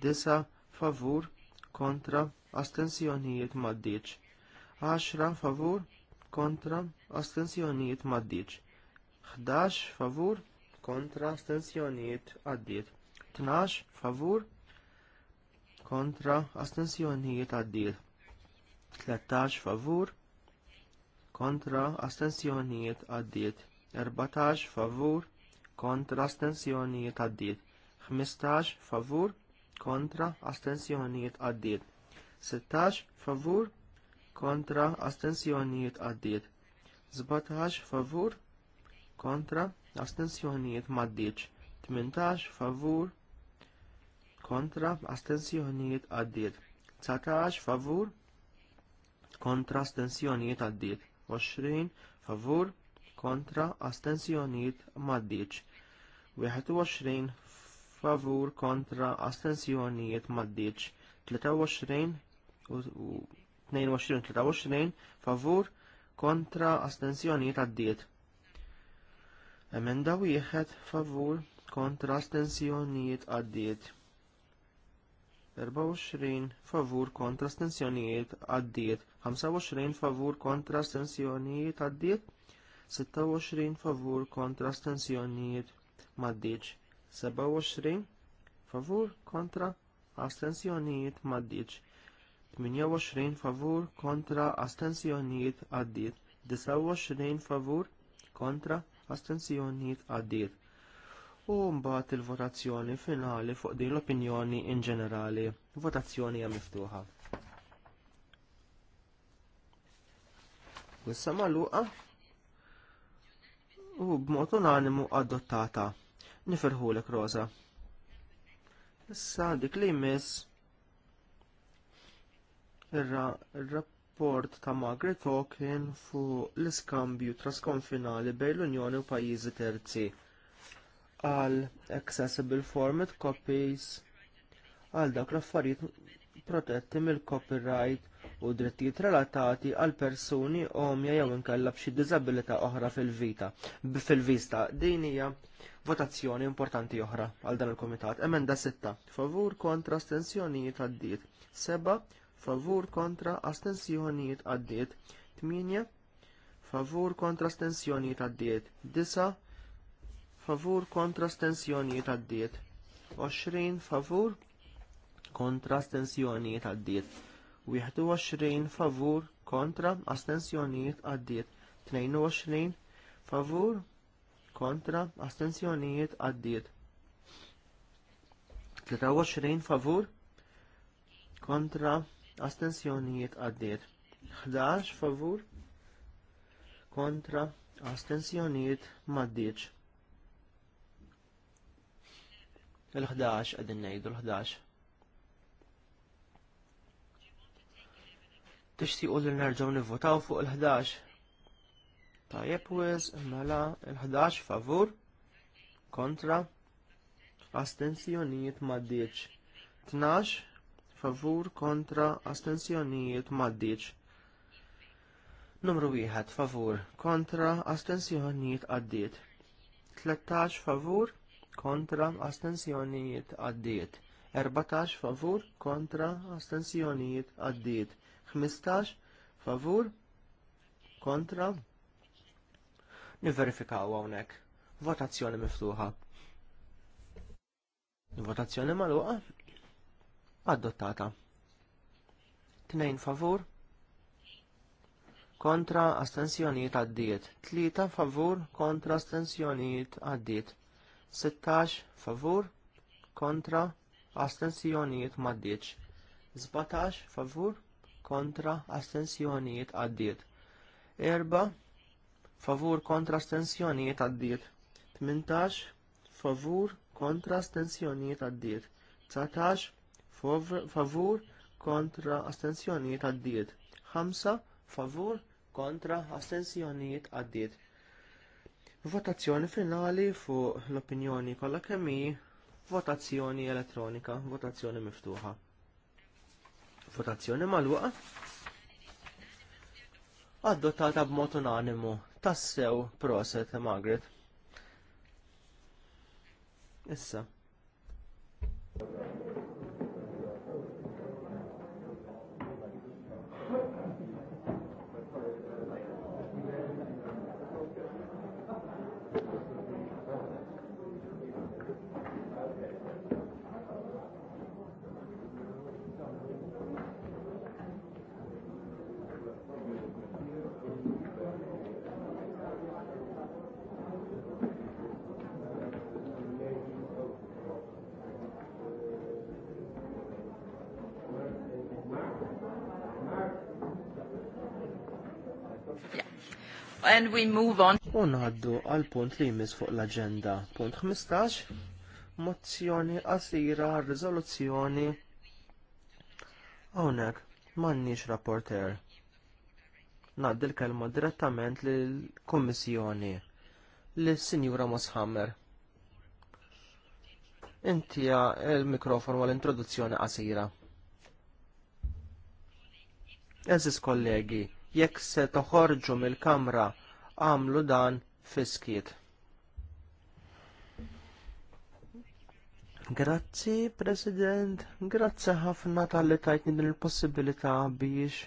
9 favur kontra astensjonijiet maddiċ, 10 favur kontra astensjonijiet maddiċ, 11 favur kontra kontra astensjonijiet għaddiet. 12 favur kontra astensjonijiet għaddiet. 13 favur kontra astensjonijiet għaddiet. 14 favur kontra astensjonijiet għaddiet. 15 favur kontra astensjonijiet għaddiet. 16 favur kontra astensjonijiet għaddiet. 17 favur kontra astensjonijiet maddiċ 18 favur kontra astensjonijiet għaddiet 19 favur kontra astensjonijiet għaddiet 20 favur kontra astensjonijiet maddiċ 21 favur kontra astensjonijiet maddiċ 23 u 22-23 favur kontra astensjonijiet għaddiet Emenda wieħed favur kontra stensjonijiet għaddiet. 24 favur kontra stensjonijiet għaddiet. 25 favur kontra stensjonijiet għaddiet. 26 favur kontra stensjonijiet maddiċ. 27 favur kontra astensjonijiet maddiċ. 28 favur kontra astensjonijiet għaddiet. 29 favur kontra astenzjonijiet għaddiet. U mbagħad il-votazzjoni finali fuq din l-opinjoni in ġenerali. Votazzjoni hija miftuħa. Wissa magħluqa u b'mod unanimu adottata. Nifirħulek Rosa. Issa dik li jmiss ir-rapport rapport ta' Magri Token fuq l-iskambju trasconfinali bejn l-Unjoni u pajjiżi terzi għal accessible format copies għal dak l-affarijiet protetti mill-copyright u drittijiet relatati għal persuni omja jew inkella b'xi diżabilità oħra fil-vita. Fil-vista din hija votazzjoni importanti oħra għal dan il-Komitat. Emenda 6. Favur kontra stensjonijiet għaddiet. 7 favur kontra astensjonijiet għaddiet 8 favur kontra astensjonijiet għaddiet 9 favur kontra astensjonijiet għaddiet 20 favur kontra astensjonijiet għaddiet 21 favur kontra astensjonijiet għaddiet 22 favur kontra astensjonijiet għaddiet 23 favur kontra astensjonijiet għaddiet. 11 favur kontra astensjonijiet maddiċ. Il-11 għadin nejdu l-11. Tixtiqu li nerġaw nivvotaw fuq il-11. Tajjeb wiz, mela il-11 favur kontra astensjonijiet maddiċ. 12 favur kontra astensjonijiet maddiċ. Numru wieħed favur kontra astensjonijiet għaddiet. 13 favur kontra astensjonijiet għaddiet. 14 favur kontra astensjonijiet għaddiet. 15 favur kontra Niverifikaw hawnhekk. Votazzjoni miftuħa. Votazzjoni magħluqa? adottata. Tnejn favur kontra astensjonijiet għaddiet. Tlieta favur kontra astensjonijiet għaddiet. 16 favur kontra astensjonijiet maddiċ. 17 favur kontra astensjonijiet għaddiet. Erba' favur kontra astensjonijiet għaddiet. 18 favur kontra astensjonijiet għaddiet. 19 favur kontra astensjonijiet għaddiet. 5 favur kontra astensjonijiet għaddiet. Votazzjoni finali fuq l-opinjoni kollha kemm hi votazzjoni elettronika, votazzjoni miftuħa. Votazzjoni magħluqa adottata b'mod unanimu tassew proset Margaret. Issa. and we move on. U ngħaddu għal punt li jmiss fuq l-aġenda. Punt 15, mozzjoni qasira Rizoluzzjoni. Hawnhekk m'għandniex rapporter. Ngħaddi l-kelma direttament lill-Kummissjoni lis-Sinjura Moshammer. Intija il-mikrofon għal-introduzzjoni qasira. Eżis kollegi, jekk se toħorġu mill-kamra għamlu dan fiskiet. Grazzi, President, grazzi ħafna tal-li tajtni din il-possibilità biex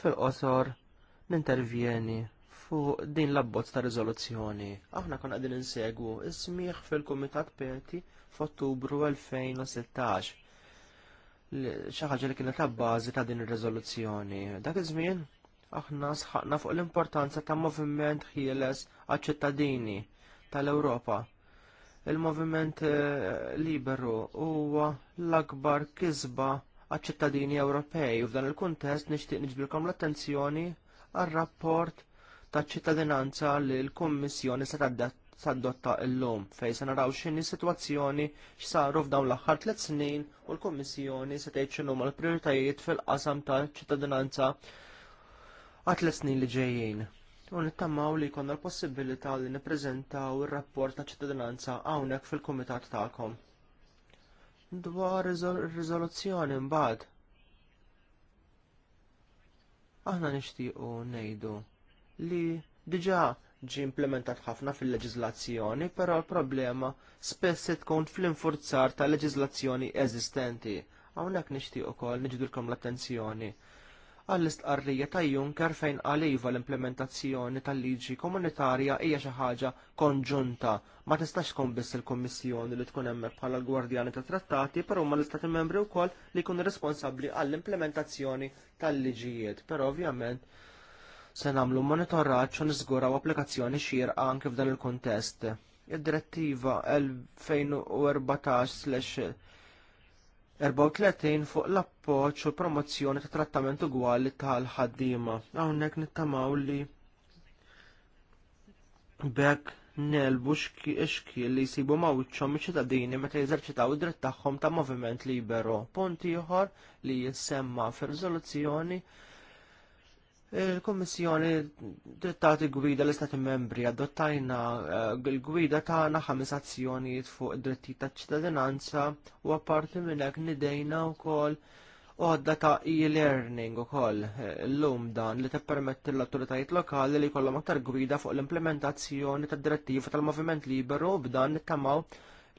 fil-qosor nintervjeni fuq din l-abbozz ta' riżoluzzjoni. Aħna konna qegħdin insegwu ismiħ fil-Kumitat Peti f'Ottubru 2016 xi ħaġa li kienet ta' bażi ta' din ir-riżoluzzjoni. Dak iż-żmien aħna sħaqna fuq l-importanza ta' moviment ħieles għaċ-ċittadini tal-Ewropa. Il-moviment eh, liberu huwa l-akbar kisba għaċ-ċittadini Ewropej u f'dan il-kuntest nixtieq niġbilkom l-attenzjoni għar-rapport ta' ċittadinanza li l-Kummissjoni se tadotta llum fejn se naraw x'inhi sitwazzjoni x'saru f'dawn l-aħħar tliet snin u l-Kummissjoni se tgħid x'inhuma l-prijoritajiet fil-qasam ta' ċittadinanza għatlet snin li ġejjin. U nittammaw li jkollna l-possibilità li nippreżentaw ir-rapport ta' ċittadinanza hawnhekk fil-kumitat ta'kom. Dwar ir-riżoluzzjoni mbagħad. Aħna nixtiequ ngħidu li diġa' ġie implementat ħafna fil-leġiżlazzjoni, però l-problema spess tkun fl-infurzar ta' leġiżlazzjoni eżistenti. Hawnhekk nixtieq ukoll niġdulkom l-attenzjoni għall-istqarrija ta' Juncker fejn għaliva l-implementazzjoni tal-liġi komunitarja hija xi ħaġa konġunta. Ma tistax tkun biss il-Kummissjoni li tkun hemmhekk bħala l-gwardjani tat trattati, però huma l-istati membri wkoll li jkunu responsabbli għall-implementazzjoni tal-liġijiet. Però ovvjament se nagħmlu monitoraġġ u niżguraw applikazzjoni xierqa anke f'dan il-kuntest. Id-direttiva 2014 34 fuq l-appoċ u promozzjoni ta' trattament ugwali tal-ħaddima. Hawnhekk nittamaw li bekk nelbu xkiel li jsibu mawċom iċ-ċittadini meta jeżerċitaw id-dritt tagħhom ta' moviment libero. Punt ieħor li jissemma fir-riżoluzzjoni Il-Kommissjoni tagħti gwida l-Istati membri adottajna eh, l-gwida tagħna ħames azzjonijiet fuq id dritti taċ-ċittadinanza u apparti minn hekk nidejna wkoll għodda ta' e-learning ukoll eh, llum dan li tippermetti l-autoritajiet lokali li jkollhom aktar gwida fuq l-implementazzjoni tad-direttiva tal-Moviment Liberu u b'dan nittamaw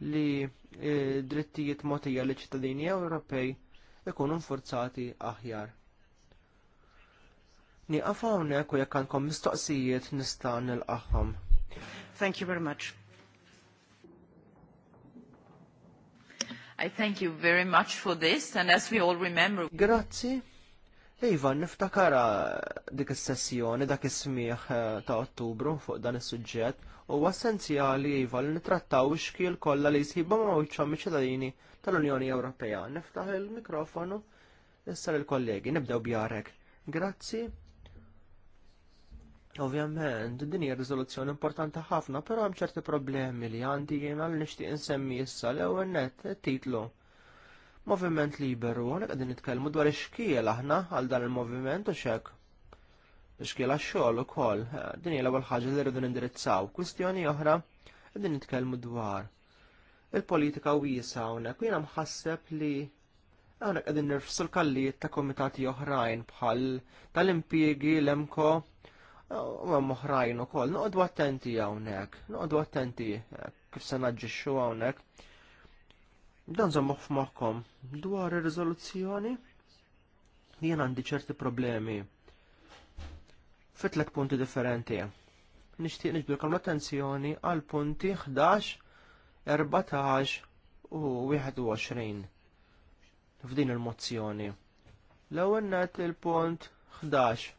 li eh, drittijiet mogħtija li ċittadini Ewropej ikunu nfurzati aħjar. Nieqaf hawnhekk u jekk għandkom mistoqsijiet nista' nilqahom. Thank you very much. I thank you very much for this and as we all remember. Grazzi. Iva, niftakara dik is-sessjoni dak is-smieħ eh, ta' Ottubru fuq dan is-suġġett u essenzjali iva li nitrattaw ix-xkiel kollha li jsibu mawċhom iċ-ċittadini tal-Unjoni Ewropea. Niftaħ il-mikrofonu issa lill kollegi nibdew bjarek. Grazzi. Ovvjament, din hija riżoluzzjoni importanti ħafna, però hemm ċerti problemi li għandi jiena li nixtieq insemmi issa l-ewwel net titlu. Moviment liberu, għalhekk qegħdin nitkellmu dwar ix-xkiel aħna għal dan il-moviment u xek. Ix-xkiel għax-xogħol ukoll, eh, din hija l-ewwel ħaġa li rridu nindirizzaw. Kwistjoni oħra qegħdin nitkellmu dwar il-politika wiesa hawnhekk u jiena mħasseb li hawnhekk qegħdin nirfsu l-kallijiet ta' komitati oħrajn bħal tal-impjiegi l-emko u uħrajn oħrajn ukoll. Noqogħdu attenti hawnhekk, noqogħdu attenti kif se naġġixxu hawnhekk. Dan żommuh f'moħħkom dwar ir-riżoluzzjoni jien għandi ċerti problemi fit punti differenti. Nixtieq niġbilkom l-attenzjoni għal punti 11, 14 u 21 f'din il-mozzjoni. L-ewwel il-punt 11.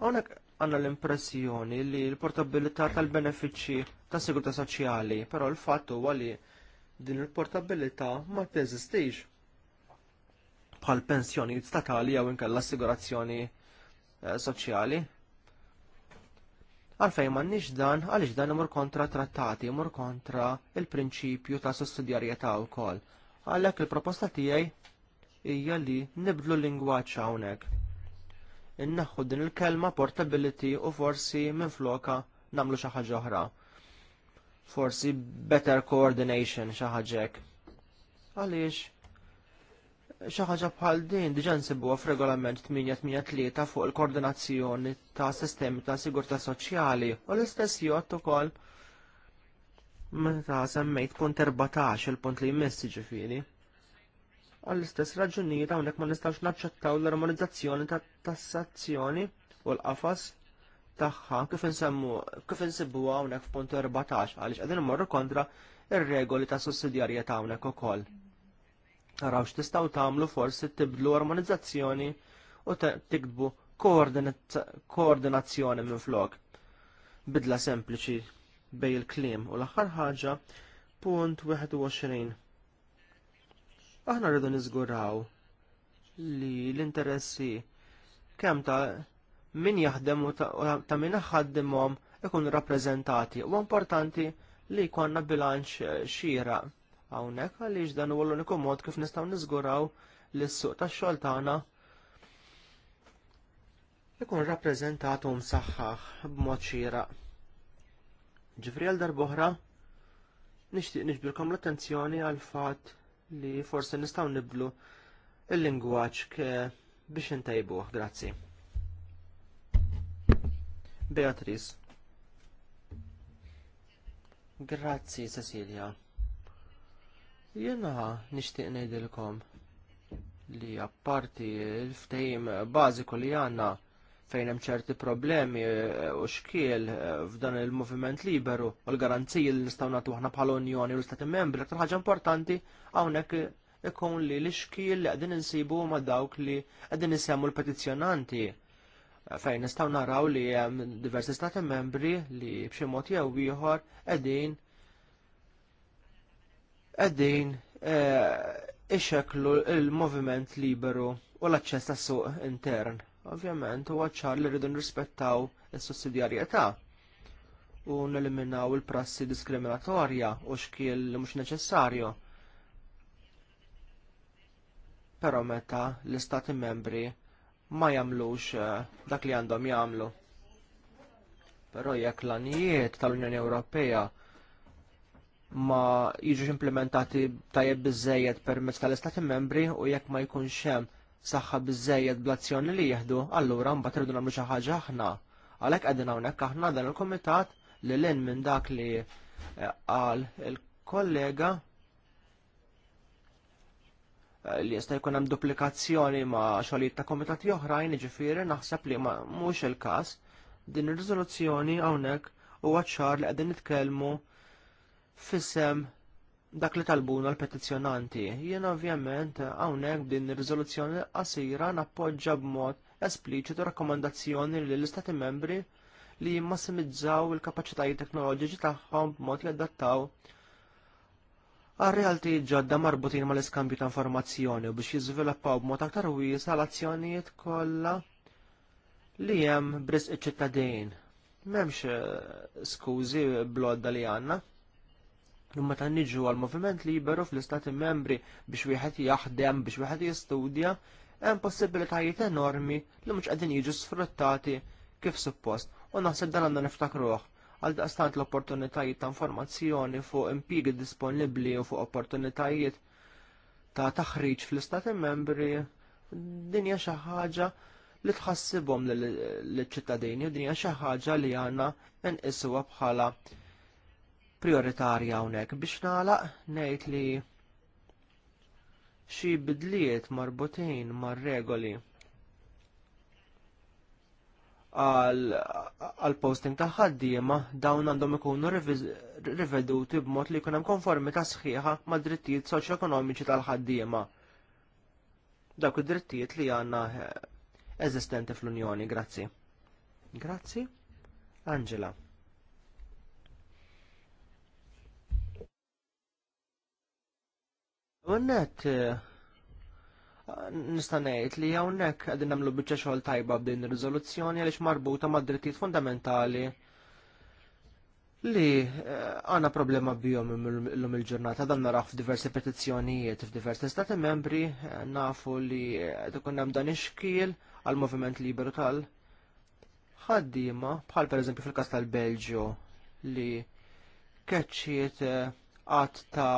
Għonek għanna l-impressjoni li l-portabilità tal-benefiċċji ta' sigurta soċjali, però l-fatt huwa li din il-portabilità ma teżistix bħal pensjoni statali jew l assigurazzjoni eh, soċjali. Għalfejn m'għandniex dan, għaliex dan imur kontra trattati, imur kontra il-prinċipju ta' sussidjarjetà wkoll. Għalhekk il-proposta tiegħi hija li nibdlu l-lingwaġġ hawnhekk innaħħu din il-kelma portability u forsi minn floka namlu xi ħaġa oħra. Forsi better coordination xi ħaġek. Għaliex xi ħaġa bħal din diġà nsibuha f'regolament 883 fuq il-koordinazzjoni ta' sistemi ta' sigurtà soċjali u l-istess jgħod ukoll meta semmejt punt 14 il-punt li jmiss ġifieri. Għall-istess raġunijiet hawnhekk ma nistgħux naċċettaw l-armonizzazzjoni ta' tassazzjoni u l-qafas tagħha kif kif insibuha hawnhekk f'punt 14 għaliex qegħdin immorru kontra r regoli ta' sussidjarjetà hawnhekk ukoll. Taraw x'tistgħu tagħmlu forsi tibdlu armonizzazzjoni u tiktbu koordinazzjoni minn flok. Bidla sempliċi bej il-klim u l-aħħar ħaġa punt 21. Aħna rridu nizguraw li l-interessi kemm ta' min jaħdem u ta' min ħaddimhom ikun rappreżentati u importanti li jkollna bilanċ eh, xira hawnhekk għaliex dan huwa l-uniku mod kif nistgħu niżguraw li s-suq tax-xogħol tagħna ikun rappreżentat u msaħħaħ b'mod xira. Ġifri għal darboħra nixtieq niġbilkom l-attenzjoni għal fatt li forsi nistgħu niblu il-lingwaġġ biex intajbuħ, Grazzi. Beatriz. Grazzi, Cecilia. Jena nixtieq ngħidilkom li apparti l-ftehim bażiku li għandna fejn hemm ċerti problemi eh, u xkiel eh, f'dan il-moviment liberu u l-garanziji li nistgħu nagħtu aħna bħala Unjoni u l-Stati Membri aktar ħaġa importanti hawnhekk ikun li l-xkiel li qegħdin insibu ma' dawk li qegħdin isemmu l-petizzjonanti eh, fejn nistgħu naraw li hemm diversi Stati Membri li b'xi mod jew ieħor qegħdin qegħdin ixeklu il-moviment liberu u l-aċċess tas-suq intern Ovvjament, huwa ċar li rridu nrispettaw is-sussidjarjetà u neliminaw il-prassi diskriminatorja u xkiel li mhux neċessarju. Però meta l-istati membri ma jagħmlux eh, dak li għandhom jagħmlu. Però jekk l-anijiet tal-Unjoni Ewropea ma jiġux implementati tajjeb biżejjed permezz tal-Istati membri u jekk ma jkunx hemm saħħa bl blazzjoni li jieħdu, allura mbagħad irridu nagħmlu xi ħaġa aħna. Għalhekk qegħdin hawnhekk aħna dan il-kumitat li lin minn dak li eh, qal il-kollega eh, li jista' jkun hemm duplikazzjoni ma' xogħlijiet ta' komitati oħrajn, jiġifieri naħseb li mhux il-każ din ir-riżoluzzjoni hawnhekk huwa ċar li qegħdin nitkellmu f'isem dak li talbuna l-petizjonanti. Jien ovvjament hawnhekk din ir-riżoluzzjoni qasira nappoġġa b'mod espliċitu rakkomandazzjoni lill istati membri li jimmassimizzaw il-kapaċitajiet teknoloġiċi tagħhom b'mod li adattaw għal realti ġodda marbutin mal iskambju ta' informazzjoni u biex jiżviluppaw b'mod aktar wiesa l-azzjonijiet kollha li hemm bris iċ-ċittadin. M'hemmx eh, skużi blodda li għandna. Imma ta' nġu għal moviment liberu fl-istati membri biex wieħed jaħdem, biex wieħed jistudja, hemm possibilitajiet enormi li mhux qegħdin jiġu sfruttati kif suppost u naħseb dan għandna niftakruh għal daqstant l-opportunitajiet ta' informazzjoni fuq impjiegi disponibbli u fuq opportunitajiet ta' taħriġ fl-istati membri dinja xi ħaġa li tħassibhom liċ ċittadini u dinja xi ħaġa li għandna nqisuha bħala prioritarja hawnhekk biex nagħlaq ngħid li xi bidliet marbutin mar-regoli għal posting ta' ħaddiema dawn għandhom ikunu riveduti b'mod li jkun hemm konformità sħiħa mad drittijiet soċjoekonomiċi tal-ħaddiema. Dawk id-drittijiet li għandna eh, eżistenti fl-Unjoni, grazzi. Grazzi. Angela. Unnet, eh, nistanejt li hawnhekk qegħdin nagħmlu biċċa xogħol tajba b'din ir-riżoluzzjoni għaliex marbuta mad drittijiet fundamentali li eh, għandna problema bihom illum il-ġurnata dan naraw f'diversi petizzjonijiet f'diversi stati membri eh, nafu li qed ikun hemm dan ix għall moviment liberu tal ħaddiema bħal pereżempju fil-każ tal-Belġju li keċċiet qatt ta'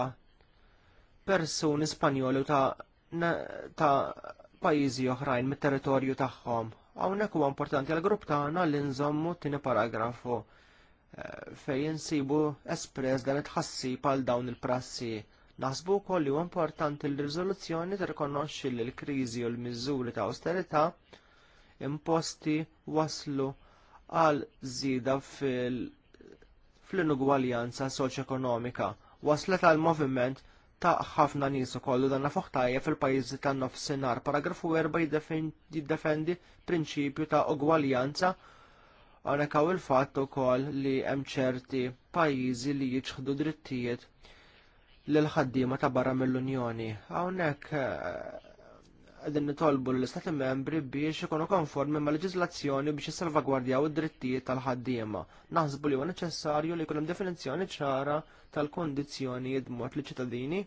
persuni Spanjoli u ta' pajjiżi oħrajn mit-territorju tagħhom. Hawnhekk huwa importanti għall grupp tagħna li nżommu tieni paragrafu eh, fejn insibu espress dan it-ħassib għal dawn il-prassi. Naħsbu wkoll li huwa importanti li riżoluzzjoni tirrikonoxxi li l-kriżi u l-miżuri ta' austerità imposti waslu għal żida fil fl-inugwaljanza soċ-ekonomika waslet għal moviment ta' ħafna nies ukoll u danna foħtajja fil-pajjiżi tan nofsinhar. Paragrafu 4 jiddefendi prinċipju ta' ugwaljanza għanek hawn il-fatt ukoll li hemm ċerti pajjiżi li jiġħdu drittijiet lil ħaddiema ta' barra mill-Unjoni. Hawnhekk eh, qegħdin nitolbu l-Istati membri biex ikunu konformi ma' leġiżlazzjoni biex jissalvagwardjaw id-drittijiet tal-ħaddiema. Naħsbu li huwa neċessarju li jkun hemm definizzjoni ċara tal kundizzjonijiet mod li ċittadini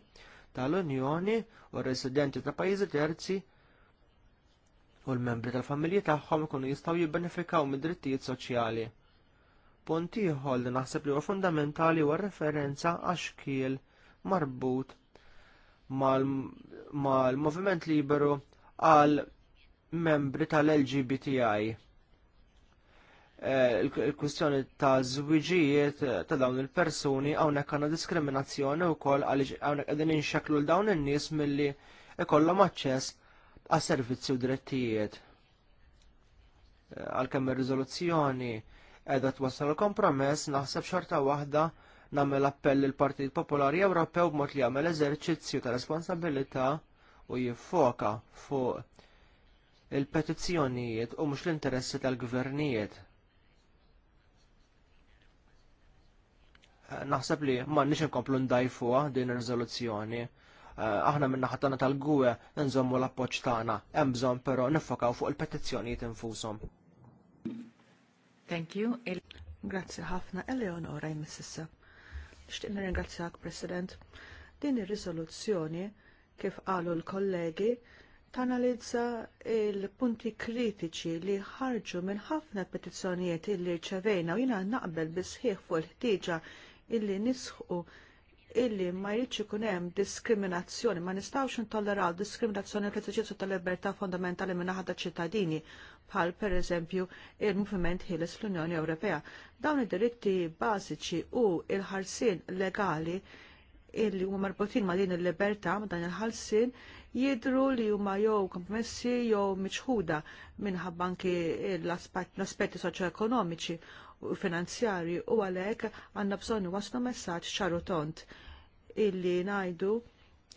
tal-Unjoni u r-residenti ta' pajjiżi terzi u l-membri tal-familji tagħhom ikunu jistgħu jibbenefikaw mid-drittijiet soċjali. Punt ieħor li naħseb li huwa fundamentali huwa referenza għax kiel marbut mal-moviment liberu għal membri tal-LGBTI. Eh, il-kwistjoni ta' żwiġijiet eh, ta' dawn il-persuni hawnhekk għandna diskriminazzjoni wkoll għaliex hawnhekk għedin inxaklu l dawn in-nies milli ikollhom aċċess għas servizzi u drittijiet. Eh, għalkemm ir-riżoluzzjoni qiegħda twassal kompromess naħseb xorta waħda nagħmel appell lill partit Popolari Ewropew b'mod li jagħmel eżerċizzju ta' responsabilità u jiffoka fuq il-petizzjonijiet u mhux l-interessi tal-gvernijiet. Eh, naħseb li m'għandniex inkomplu ndajfuha din ir-riżoluzzjoni eh, aħna minna tagħna tal-gwe nżommu l-appoċ tagħna. Hemm bżonn però nifokaw fuq il-petizzjonijiet infushom. Thank you. Grazzi ħafna Eleonora jmississa. Nixtieq nirringrazzjak, President. Din ir-riżoluzzjoni kif qalu l-kollegi tanalizza il-punti kritiċi li ħarġu minn ħafna petizzjonijiet illi ċavejna u jina naqbel bisħiħ fuq il-ħtieġa illi nisħu illi ma jridx ikun hemm diskriminazzjoni, ma nistgħux intolleraw diskriminazzjoni l eżerċizzju tal-libertà fondamentali minna ħadda ċittadini bħal pereżempju il movement ħieles l unjoni Ewropea. Dawn id-diritti bażiċi u il ħarsin legali illi huma marbutin ma' din il-libertà ma' dan il-ħalsin jidru li huma jew kompromessi jew miċħuda minħabba anki l-aspetti soċjoekonomiċi u finanzjarji u għalhekk għandna bżonn waslu messaġġ ċaru tont illi ngħidu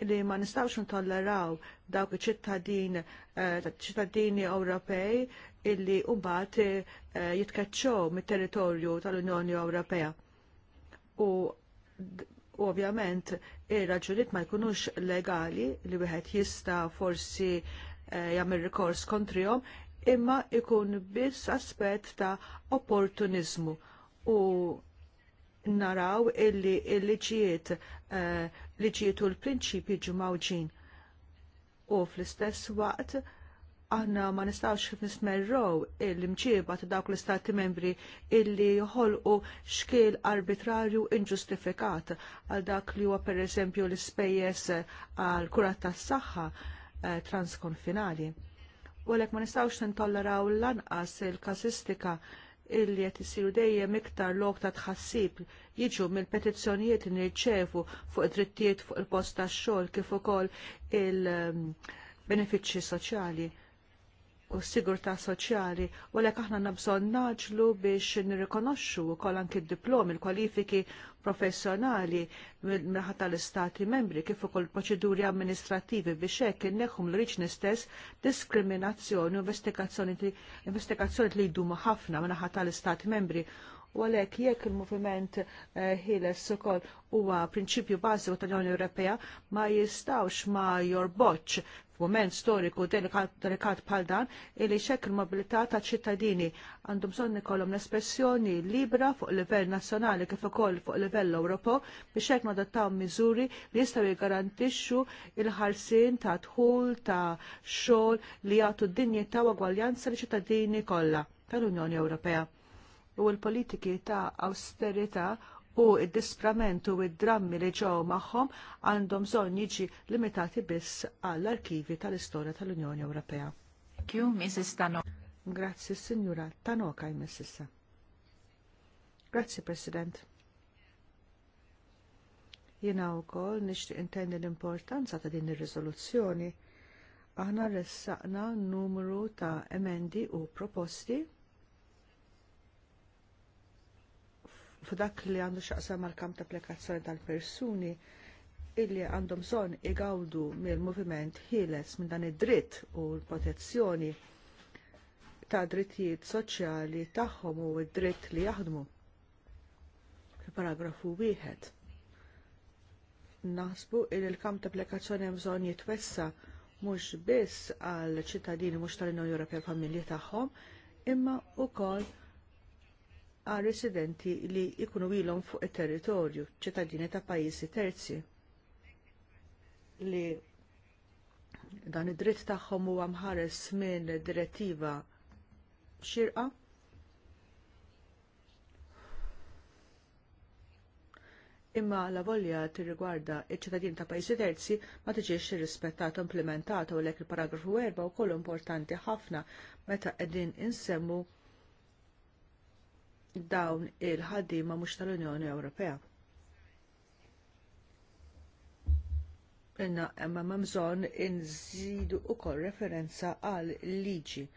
li ma nistawx ntolleraw dawk iċ-ċittadin eh, ċittadini Ewropej illi mbagħad eh, jitkaċċew mit-territorju tal-Unjoni Ewropea. U ovvjament ir-raġunijiet ma jkunux legali li wieħed jista' forsi eh, jagħmel rikors kontrihom, imma ikun biss aspett ta' opportunizmu u naraw illi l-liġijiet eh, liġijiet u l-prinċipji ġu mawġin. U fl-istess waqt aħna ma nistawx nismerrow il-mġiba ta' dawk l-istati membri illi jħolqu xkiel arbitrarju inġustifikat għal dak li huwa pereżempju l-ispejjeż għal kurat tas-saħħa eh, transkonfinali. U għalhekk ma nistawx nintolleraw l lanqas il kasistika illi qed isiru dejjem iktar lok ta' tħassib jiġu mill-petizzjonijiet nirċevu fuq id-drittijiet fuq il-post tax-xogħol kif ukoll il-benefiċċji um, soċjali u s-sigurtà soċjali u għalhekk aħna nabżon naġlu biex nirrikonoxxu wkoll anki d diplomi l kwalifiki professjonali minnaħa tal-istati membri kif ukoll proċeduri amministrativi biex hekk inneħħu l-riċni stess diskriminazzjoni u investigazzjoni li jdumu ħafna minnaħa tal-istati membri u għalek jekk il-moviment eh, ħieles ukoll huwa prinċipju bażiku tal-Unjoni Ewropea ma jistawx ma jorboċ f'mument storiku delikat bħal dan illi xekk il-mobilità ta' ċittadini għandhom bżonn ikollhom l-espressjoni libra fuq livell nazzjonali kif ukoll fuq livell Ewropew biex hekk nadattaw miżuri li jistgħu jgarantixxu il-ħarsien ta' dħul ta' xogħol li jagħtu d-dinjità u għaljanza li ċittadini kollha tal-Unjoni Ewropea u l-politiki ta' austerita u id-disprament u id-drammi li ġew magħhom għandhom bżonn jiġi limitati biss għall-arkivi tal-istorja tal-Unjoni Ewropea. Kju, Mrs. Grazzi, Signora Tanoka, Mrs. Grazzi, President. Jiena wkoll nixtieq intendi l-importanza ta' din ir-riżoluzzjoni. Aħna ressaqna numru ta' emendi u proposti f'dak li għandu xaqsam mal-kamp ta' applikazzjoni tal-persuni illi għandhom bżonn igawdu mill-moviment ħieles minn dan id-dritt u l-protezzjoni ta' drittijiet soċjali tagħhom u d-dritt li jaħdmu. Paragrafu wieħed. Naħsbu il il-kamp ta' applikazzjoni hemm bżonn jitwessa mhux biss għal ċittadini mhux tal-Unjoni Ewropea familji tagħhom, imma wkoll għal residenti li jkunu ilhom fuq it territorju ċittadini ta' pajjiżi terzi li dan id-dritt tagħhom huwa mħares minn direttiva xirqa imma la volja tirrigwarda ċ ċittadini ta' pajjiżi terzi ma tiġix u implementata u lek il-paragrafu 4 wkoll importanti ħafna meta qegħdin insemmu dawn il-ħaddiema mhux tal-Unjoni Ewropea. Inna emma mamżon inżidu wkoll referenza għal liġi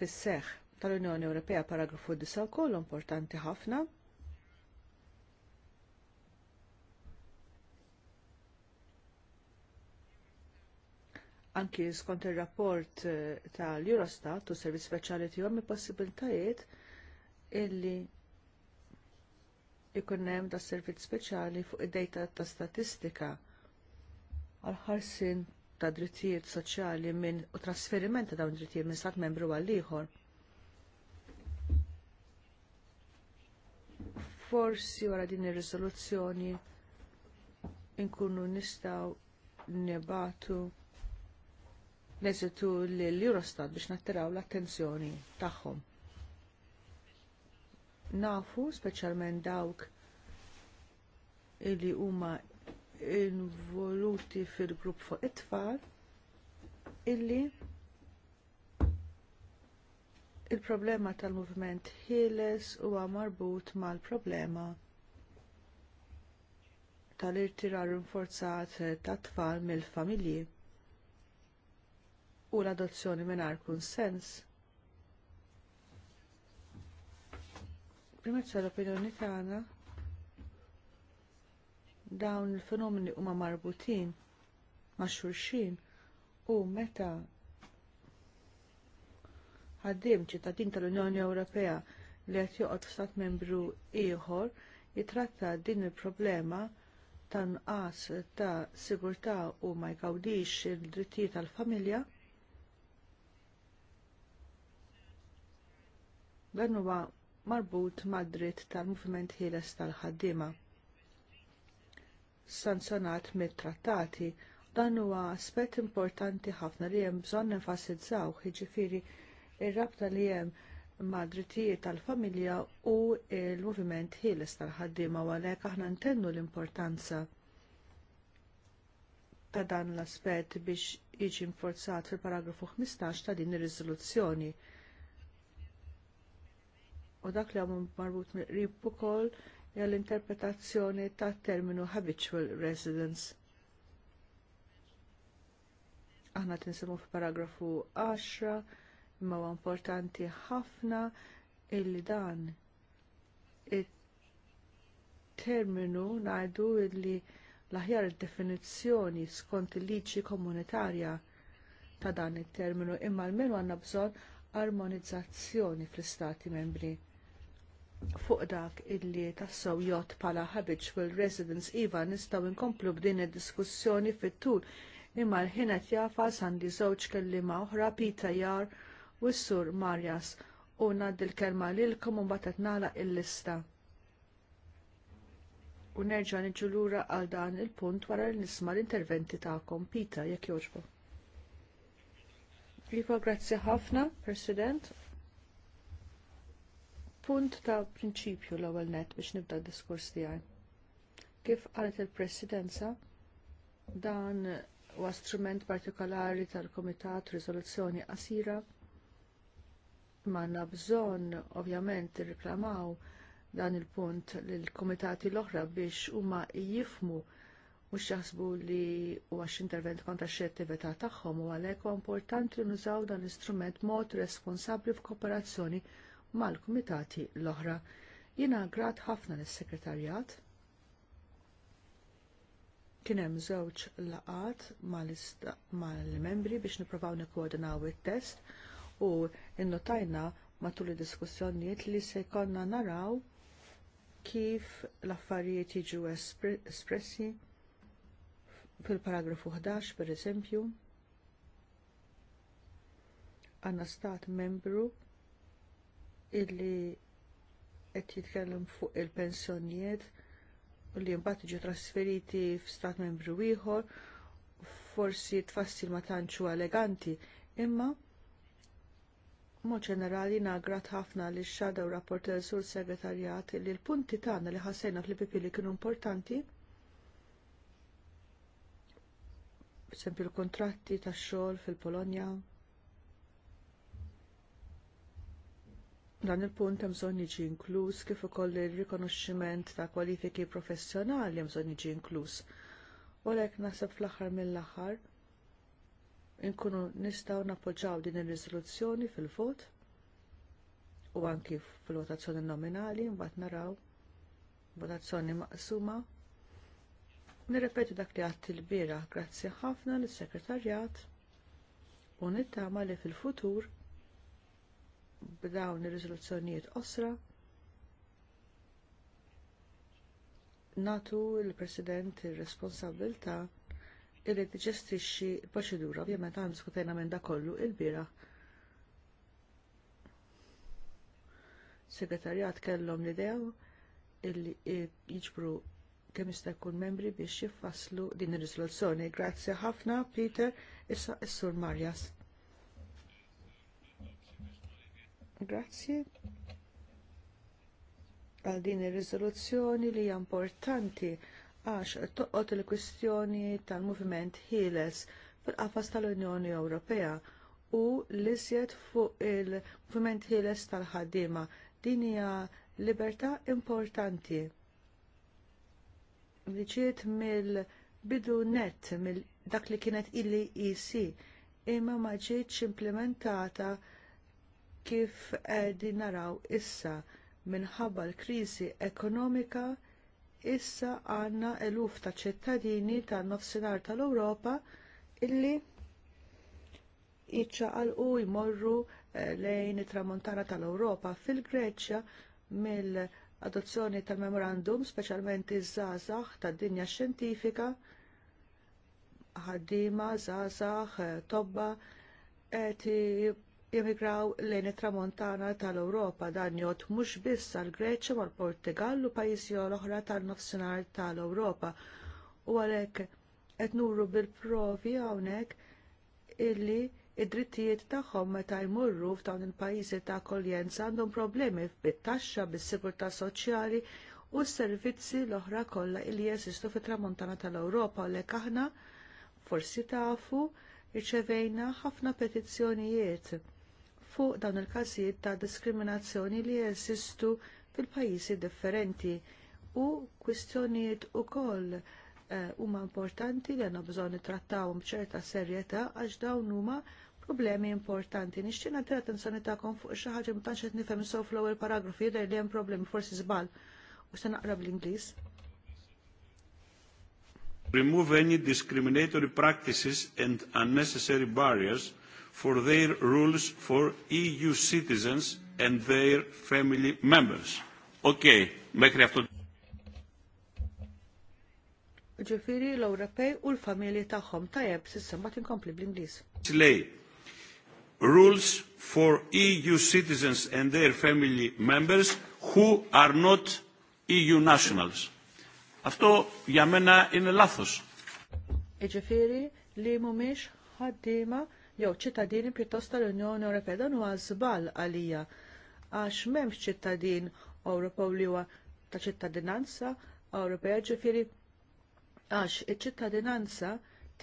fis-seħħ tal-Unjoni Ewropea paragrafu 9 wkoll importanti ħafna. Anki skont ir rapport eh, tal-Eurostat u servizz speċjali tiegħu mi possibiltajiet illi ikun hemm da servizz speċjali fuq id-dejta ta' statistika għal ħarsien ta' drittijiet soċjali minn u trasferiment ta' dawn drittijiet minn stat membru għal ieħor. Forsi wara din ir-riżoluzzjoni inkunu nistgħu nibatu neżitu lill-Eurostat biex nattiraw l-attenzjoni tagħhom nafu, speċjalment dawk illi huma involuti fil-grupp fuq it-tfal, illi il-problema tal-movement ħieles huwa marbut mal-problema tal-irtirar rinforzat tat tfal mill-familji u l-adozzjoni mingħajr kunsens. sens Permezz tal-opinjoni tagħna dawn il-fenomeni huma marbutin ma' xulxin u meta ħaddiem ċittadin tal-Unjoni Ewropea li qed joqgħod f'stat membru ieħor jitratta din il-problema ta' nqas ta' sigurtà u ma jgawdix il-drittijiet tal-familja, dan huwa marbut mad-dritt tal-movement ħieles tal-ħaddiema. Sanzjonat mit-trattati dan huwa aspett importanti ħafna li hemm bżonn enfasizzaw jiġifieri ir-rabta li hemm mad-drittijiet tal-familja u l muviment ħieles tal-ħaddiema u għalhekk aħna ntennu l-importanza ta' dan l-aspett biex jiġi nforzat fil-paragrafu 15 ta' din ir-riżoluzzjoni u dak li għamu marbut mill-qrib ukoll hija l-interpretazzjoni tat terminu habitual residence. Aħna tinsimu f'paragrafu 10 imma huwa importanti ħafna illi dan it-terminu ngħidu illi l-aħjar definizzjoni skont il-liġi komunitarja ta' dan it-terminu imma l-menu għandna bżonn armonizzazzjoni fl-istati membri fuq dak illi tassew jott bħala habitual residence iva nistgħu nkomplu b'din id-diskussjoni fit-tul imma l-ħin qed jafas għandi żewġ kelliema oħra Pita Jar u s-sur Marjas u ngħaddi l-kelma lilkom u mbagħad qed nagħlaq il-lista. U nerġa' niġu lura għal dan il-punt wara li nisma' l-interventi tagħkom. Pita, jekk jogħġbu. Iva, grazzi ħafna, President punt ta' prinċipju l-ewwel nett biex nibda d-diskors tiegħi. Kif qalet il-Presidenza, dan huwa strument partikolari tal-Kumitat Riżoluzzjoni Qasira m'għandna bżonn ovvjament irriklamaw dan il-punt lill kumitati l-oħra biex huma jifmu mhux jaħsbu li huwa x'intervent kontra x'attività tagħhom u għalhekk huwa importanti nużaw dan l-istrument mod responsabbli f'kooperazzjoni mal-kumitati l-oħra. Jiena grat ħafna lis-sekretarjat kien hemm żewġ laqat mal-membri biex nippruvaw nikkoordinaw it-test u innotajna matul id-diskussjonijiet li se jkollna naraw kif l-affarijiet jiġu espressi fil-paragrafu 11 pereżempju għandna stat membru illi qed jitkellem fuq il-pensjonijiet u li mbagħad jiġu trasferiti f'stat membru ieħor forsi tfassil ma tantxu eleganti, imma mod ġenerali nagrat ħafna li x-xadaw rapporteur sur segretarjat li l-punti tagħna li ħassejna fl-PP li kienu importanti sempi l kuntratti tax xogħol fil-Polonja, dan il-punt hemm bżonn jiġi inkluż kif ukoll ir-rikonoxximent ta' kwalifiki professjonali hemm bżonn jiġi inkluż. U għalhekk naħseb fl-aħħar mill-aħħar inkunu nistgħu nappoġġaw din ir-riżoluzzjoni fil-vot u anki fil-votazzjoni nominali mbagħad naraw votazzjoni maqsuma. Nirrepeti dak li għadt il bieraħ grazzi ħafna lis sekretarjat u nittama li fil-futur b'dawn ir-riżoluzzjonijiet osra natu l-President ir responsabbilta li tiġestixxi l-proċedura ovvjament għandu diskutejna minn kollu il-bira. Segretarjat kellhom l-idea illi jiġbru kemm jista' jkun membri biex jiffasslu din ir-riżoluzzjoni. Grazzi ħafna, Peter, issa is-Sur Marjas. Grazzi għal din ir-riżoluzzjoni li hija importanti għax toqgħod il-kwistjoni tal-moviment ħieles fil-qafas tal-Unjoni Ewropea u l-iżjed fuq il movement ħieles tal-ħaddiema. Din hija libertà importanti li ġiet mill-bidu net mill dak li kienet illi EC imma ma ġietx implementata kif qegħdin naraw issa minħabba l-kriżi ekonomika issa għandna eluf ta' ċittadini tan nofsinhar tal-Ewropa illi jiċċaqalqu jmorru eh, lejn it-tramuntana tal-Ewropa fil-Greċja mill-adozzjoni tal-memorandum speċjalment iż-żgħażagħ tad-dinja xjentifika ħaddiema żgħażagħ eh, tobba qed jemigraw lejn it-tramontana tal-Ewropa dan jgħod mhux biss għall greċja mal portugal u pajjiżi oħra tan-nofsinhar tal-Ewropa. U għalhekk qed nuru bil-provi hawnhekk illi id-drittijiet tagħhom meta jmorru f'dawn il-pajjiżi ta' akkoljenza għandhom problemi bit-taxxa, bis-sigurtà soċjali u s-servizzi l-oħra kollha li jeżistu fit-tramuntana tal-Ewropa u lek aħna forsi tafu irċevejna ħafna petizzjonijiet fuq dawn il-każijiet ta' diskriminazzjoni li jeżistu fil-pajjiżi differenti u kwistjonijiet ukoll eh, huma uh, importanti li għandna bżonn nittrattawhom b'ċerta serjetà għax dawn huma problemi importanti. Nixtieq nagħti attenzjoni tagħkom fuq xi ħaġa ma tantx qed nifhem sew fl-ewwel paragrafi jidher li hemm problemi forsi żball u se naqra bl-Ingliż. Remove any discriminatory practices and unnecessary barriers for their rules for EU citizens and their family members. Okay, make it Ġifiri l-Ewropej u l-familji tagħhom tajjeb s'issa ma tinkompli bl-Ingliż. Slej. Rules for EU citizens and their family members who are not EU nationals. Αυτό για μένα είναι λάθος. Ġifiri li mumiex ħaddiema jew ċittadini pjuttost tal-Unjoni Ewropea dan huwa żball għalija għax m'hemmx ċittadin Ewropew li huwa ta' ċittadinanza Ewropea ġifieri għax iċ-ċittadinanza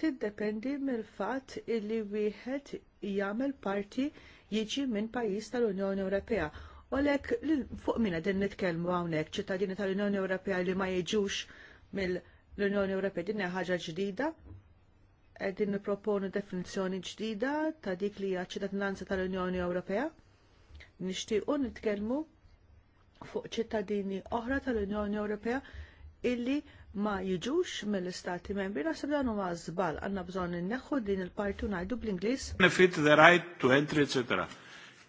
tiddependi mill-fatt illi wieħed jagħmel parti jiġi minn pajjiż tal-Unjoni Ewropea. U għalhekk fuq minna din nitkellmu hawnhekk ċittadini tal-Unjoni Ewropea li ma jiġux mill-Unjoni Ewropea din hija ħaġa ġdida qegħdin nipproponu definizzjoni ġdida ta' dik li hija ċittadinanza tal-Unjoni Ewropea. Nixtiequ nitkellmu fuq ċittadini oħra tal-Unjoni Ewropea illi ma jiġux mill-istati membri naħseb dan huwa żball għandna bżonn inneħħu din il-parti ngħidu bl-Ingliż. Benefit the right to entry etc.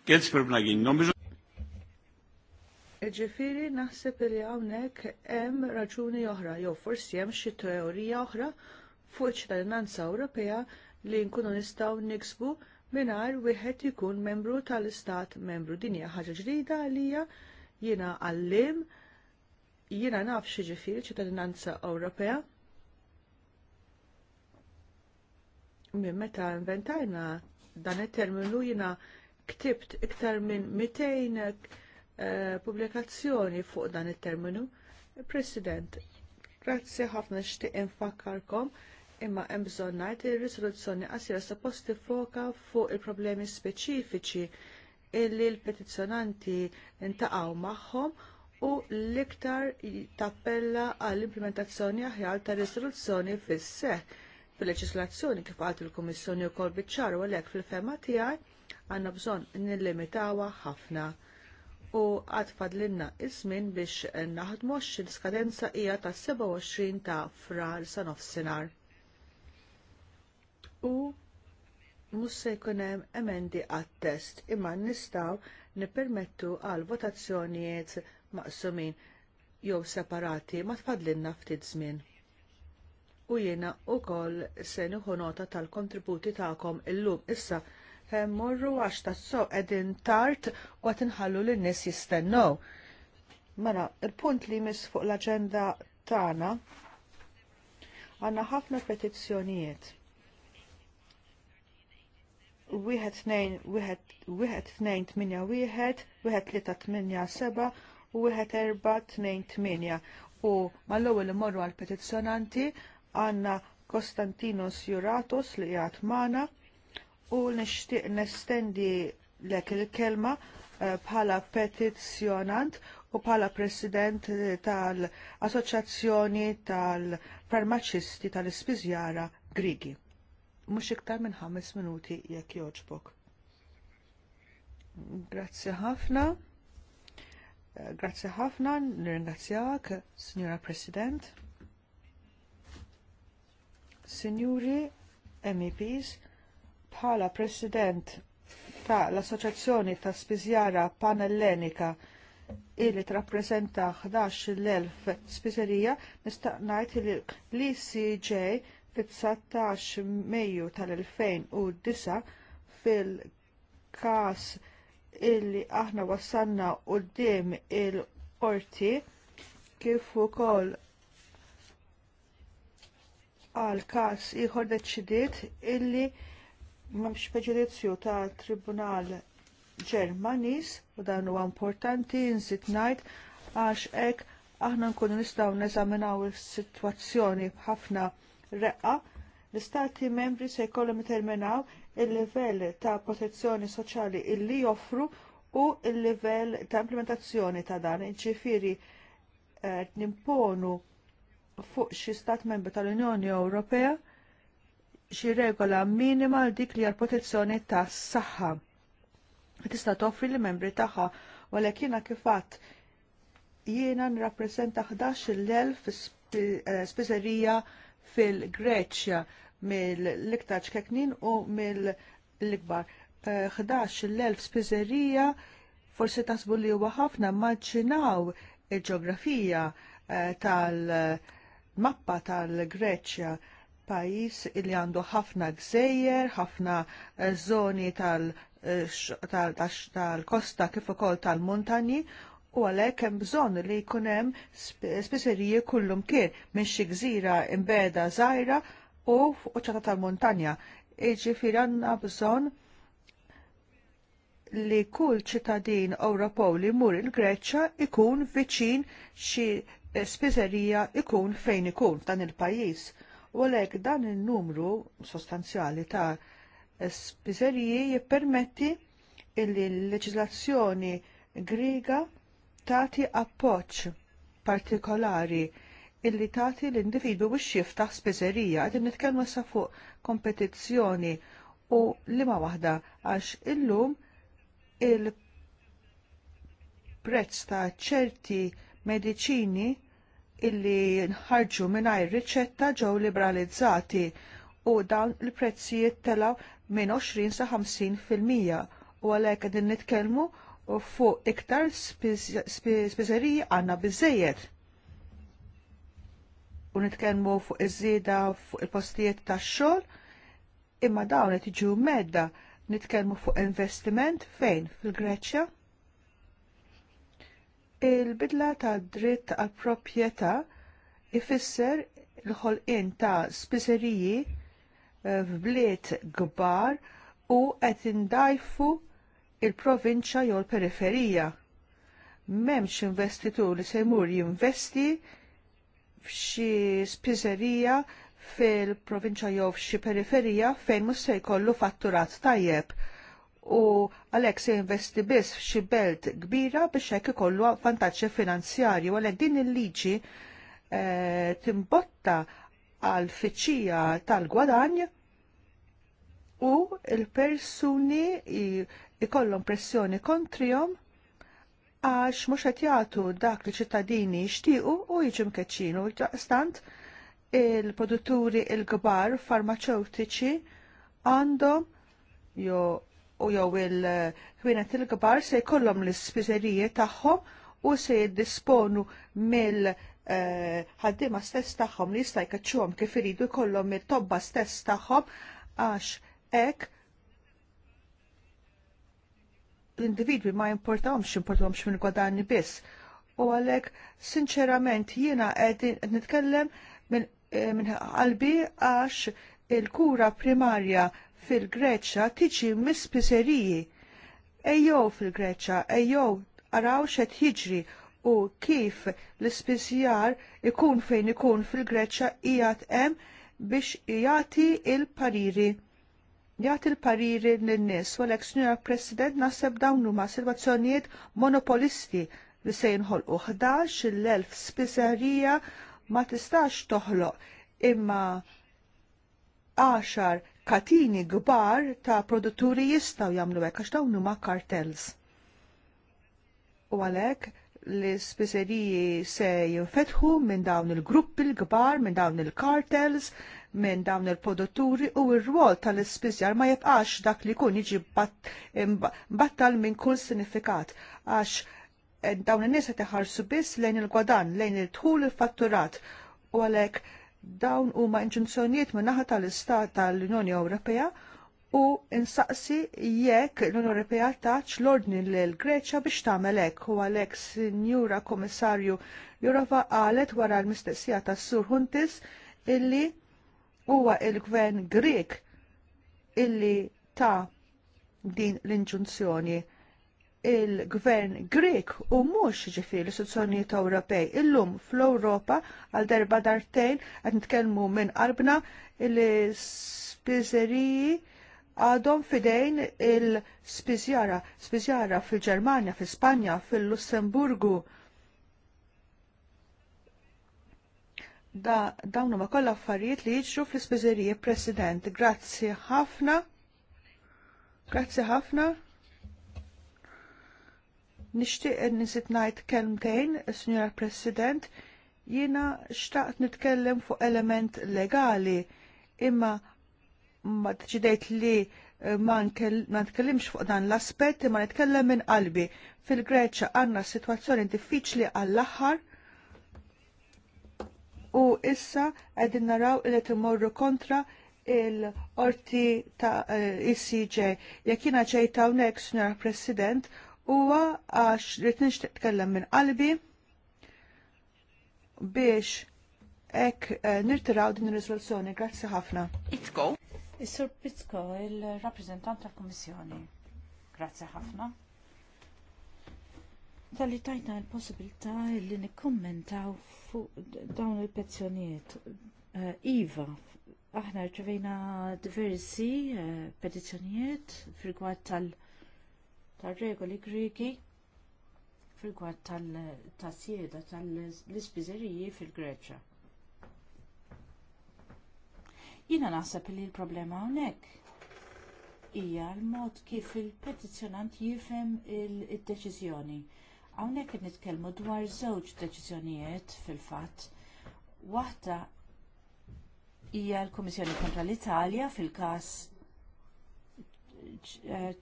Kienx perblagin, non biżu. Ġifiri naħseb li hawnhekk hemm raġuni oħra, jew forsi hemm xi teorija oħra fuq ċittadinanza Ewropea li nkunu nistgħu niksbu mingħajr wieħed ikun membru tal-istat membru. Din hija ħaġa ġdida għalija jiena għallim jiena naf xi ċittadinanza Ewropea minn meta inventajna dan it-terminu jiena ktibt iktar minn 200 uh, eh, pubblikazzjoni fuq dan it-terminu. President, grazzi ħafna xtieq infakkarkom imma hemm bżonn ngħid li r-risoluzzjoni qasira suppost tifoka fuq il-problemi speċifiċi illi l-petizzjonanti intaqgħu magħhom u l-iktar tappella għall-implementazzjoni aħjar ta' risoluzzjoni fis seħħ fil-leġislazzjoni kif għad il-Kummissjoni wkoll biċ-ċar u għalhekk fil-fema tiegħi għandna bżonn nillimitawha ħafna u għad fadlinna iż-żmien biex naħdmu il skadenza hija tas 27 ta' frar sa nofsinhar u mhux se jkun hemm emendi għat-test imma nistgħu nippermettu għal votazzjonijiet maqsumin jew separati ma tfadlinna ftit żmien u jiena wkoll se nieħu nota tal-kontributi tagħkom illum issa morru għax tassoq qegħdin tard waqt inħallu lin nies jistennew. Mela, il-punt li jmiss fuq l aġenda tagħna għandna ħafna petizzjonijiet wieħed tnejn wieħed tnejn tminja wieħed, wieħed tlieta tminja seba' u wieħed erba' tnejn tminja. U mal-ewwel imorru għall petizzjonanti għandna Kostantinos Juratos li jgħat mana u nixtieq nestendi lek il-kelma eh, bħala petizzjonant u bħala president tal-Assoċjazzjoni tal-Farmaċisti tal-Ispiżjara Grigi mhux iktar minn ħames minuti jekk jogħġbok. Grazzi ħafna. Eh, grazzi ħafna, nirringrazzjak, Signora President. Signori MEPs, bħala President ta' l associazzjoni ta' Spizjara Panellenika illi l 11.000 spizzerija, nista' ngħid li l-ECJ fit-19 Mejju tal-2009 fil-każ illi aħna wassanna quddiem il-qorti kif ukoll għal każ ieħor deċidiet illi m'hemmx preġudizzju ta' Tribunal Ġermanis u dan huwa importanti nżid ngħid għax hekk aħna nkunu nistgħu neżaminaw is-sitwazzjoni b'ħafna reqqa l-istati membri se jkollhom determinaw il-livell ta' protezzjoni soċjali illi joffru u il-livell ta' implementazzjoni ta' dan. ġifiri eh, nimponu fuq xi stat membri tal-Unjoni Ewropea xi regola minima għal dik li għal protezzjoni tas saħħa. Tista' toffri li membri tagħha walek jiena kif jiena nirrappreżenta 11 l-elf eh, spiżerija sp fil-Greċja mill-iktar ċkeknin u mill-ikbar. 11.000 eh, spizzerija forsi tasbu li huwa ħafna maġġinaw il-ġeografija eh, tal-mappa tal-Greċja pajis li għandu ħafna gżejjer, ħafna eh, zoni tal-kosta tal, tal, kif ukoll tal-montani u għalhekk hemm bżonn li jkun hemm speseriji kullum kien minn xi gżira imbeda żgħira u f'quċċata tal-montanja. Jiġifieri għandna bżonn li kull ċittadin Ewropew li mur il-Greċċa ikun viċin xi spiżerija ikun fejn ikun f'dan il-pajjiż. U għalhekk dan in-numru sostanzjali ta' spiżeriji jippermetti illi l-leġiżlazzjoni griega Tati appoġġ partikolari illi tagħti l-individwu biex jiftaħ spiżerija għad nitkellmu sa fuq kompetizzjoni u liema waħda għax illum il-prezz ta' ċerti mediċini illi nħarġu mingħajr riċetta ġew liberalizzati u dawn il-prezzijiet telaw minn 20 sa 50 fil-mija u għalhekk qegħdin nitkellmu u fuq iktar spiżeriji għandna biżejjed. U nitkellmu fuq iż-żieda fuq il-postijiet tax-xogħol, imma dawn qed jiġu medda nitkellmu fuq investiment fejn fil-Greċja. Il-bidla ta' dritt għal proprjetà ifisser l-ħolqien ta' spiżeriji eh, f'bliet kbar u qed indajfu il-provinċja jew l-periferija. M'hemmx investitur li se jmur jinvesti f'xi spiżerija fil-provinċja jew f'xi periferija fejn mhux se jkollu fatturat tajjeb u għalhekk se jinvesti biss f'xi belt kbira biex hekk ikollu vantaġġi finanzjarju għalhekk din il-liġi eh, timbotta għal fiċija tal gwadagn u l-persuni ikollhom pressjoni kontrihom għax mhux qed jagħtu dak li ċittadini jixtiequ u jiġu mkeċċinu stant il-produtturi il-kbar farmaceutiċi għandhom jo u jew il-ħwienet il-kbar se jkollhom l-ispiżerijiet tagħhom u se jiddisponu mill- eh, ħaddima stess tagħhom li jista' jkeċċuhom kif iridu jkollhom it-tobba stess tagħhom għax hekk l-individwi ma jimportawmx, jimportawmx minn gwadanni biss. U għalek, sinċerament, jiena għed nitkellem eh, minn qalbi għax il-kura primarja fil-Greċa tiġi mis-piseriji. Ejjow fil-Greċa, ejjow għaraw xed jiġri u kif l-ispizjar ikun fejn ikun fil-Greċa ijat em biex ijati il-pariri jgħat il pariri lin-nies u għalhekk Sinjora President naħseb dawn huma servazzjoniet monopolisti li se jinħolqu uħdax l-elf spiserija ma tistax toħloq imma 10 katini kbar ta' produtturi jistgħu jagħmlu hekk għax dawn huma kartels. U għalhekk li spiseriji se jinfetħu minn dawn il-gruppi l-kbar, minn dawn il-kartels, minn dawn il-produtturi u r-rwol tal-ispiżjar ma jibqax dak li jkun jiġi battal minn kull sinifikat għax eh, dawn in-nies qed iħarsu biss lejn il-gwadan, lejn il dħul il-fatturat u għalhekk dawn huma inġunzjonijiet minn naħa tal-Istat tal-Unjoni Ewropea u insaqsi jekk l-Unjoni Ewropea taċ l-ordni l-Greċja biex tagħmel hekk u għalhekk Sinjura Kummissarju Jurova qalet wara l mistoqsija tas-Sur Huntis illi huwa il-gvern Grek illi ta' din l-inġunzjoni il-gvern Grek u mhux ġifiri l-istituzzjonijiet Ewropej. Illum fl-Ewropa għal darba dartejn qed nitkellmu minn qalbna il-spiżeriji għadhom fidejn il-spiżjara, spiżjara fil-Ġermanja, fil-Spanja, fil-Lussemburgu. fil ġermanja fil ġermanja fil spanja fil lussemburgu da dawn huma kollha affarijiet li jiġru fl-ispiżerija President. Grazzi ħafna. Grazzi ħafna. Nixtieq nisit ngħid kelmtejn, Sinjora President, jiena xtaqt nitkellem fuq element legali imma ma deċidejt li eh, ma nitkellimx fuq dan l-aspett imma nitkellem minn qalbi. Fil-Greċja għandna sitwazzjoni diffiċli għall-aħħar u issa qegħdin naraw li timorru kontra il-orti ta' ICJ. Eh, e Jekk jiena ġejta hawnhekk, Sinjor President, huwa għax rritnix t tkellem minn qalbi biex ek eh, nirtiraw din ir-riżoluzzjoni. Grazzi ħafna. Itko. Is-Sur Pitko, il-rappreżentant tal-Kummissjoni. Grazzi ħafna tal-li tajna l-possibilità li nikkommentaw fuq dawn il-pezzjoniet. Eh, iva, aħna rċevejna diversi eh, petizzjonijiet fil-gwad tal-regoli greki, fil-gwad tal tasjeda tal-ispiżeriji fil-Greċa. Jina naħseb li l-problema hawnhekk hija l-mod kif il-petizzjonant jifhem il-deċiżjoni. il deċizjoni il deċiżjoni Hawnhekk qed nitkellmu dwar żewġ deċiżjonijiet fil-fatt. Waħda hija l-Kummissjoni kontra l-Italja fil-każ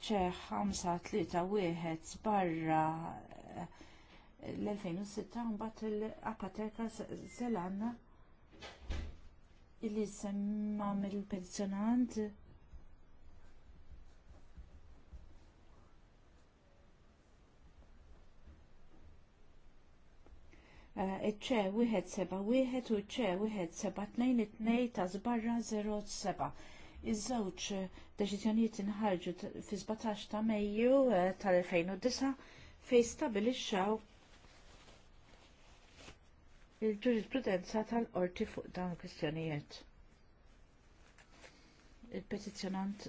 ċe 5 3 barra l-2006 mbagħad il-apateka Zelanna illi semma mill-petizzjonant Eh, ċe wieħed seba' wieħed u ċe wieħed seba' tnejn it-tnej ta' żbarra 07. Iż-żewġ deċiżjonijiet inħarġu fi 17 ta' Mejju eh, tal-2009 fejn stabilixxaw il-ġurisprudenza tal-qorti fuq dawn il kwistjonijiet. Il-petizzjonant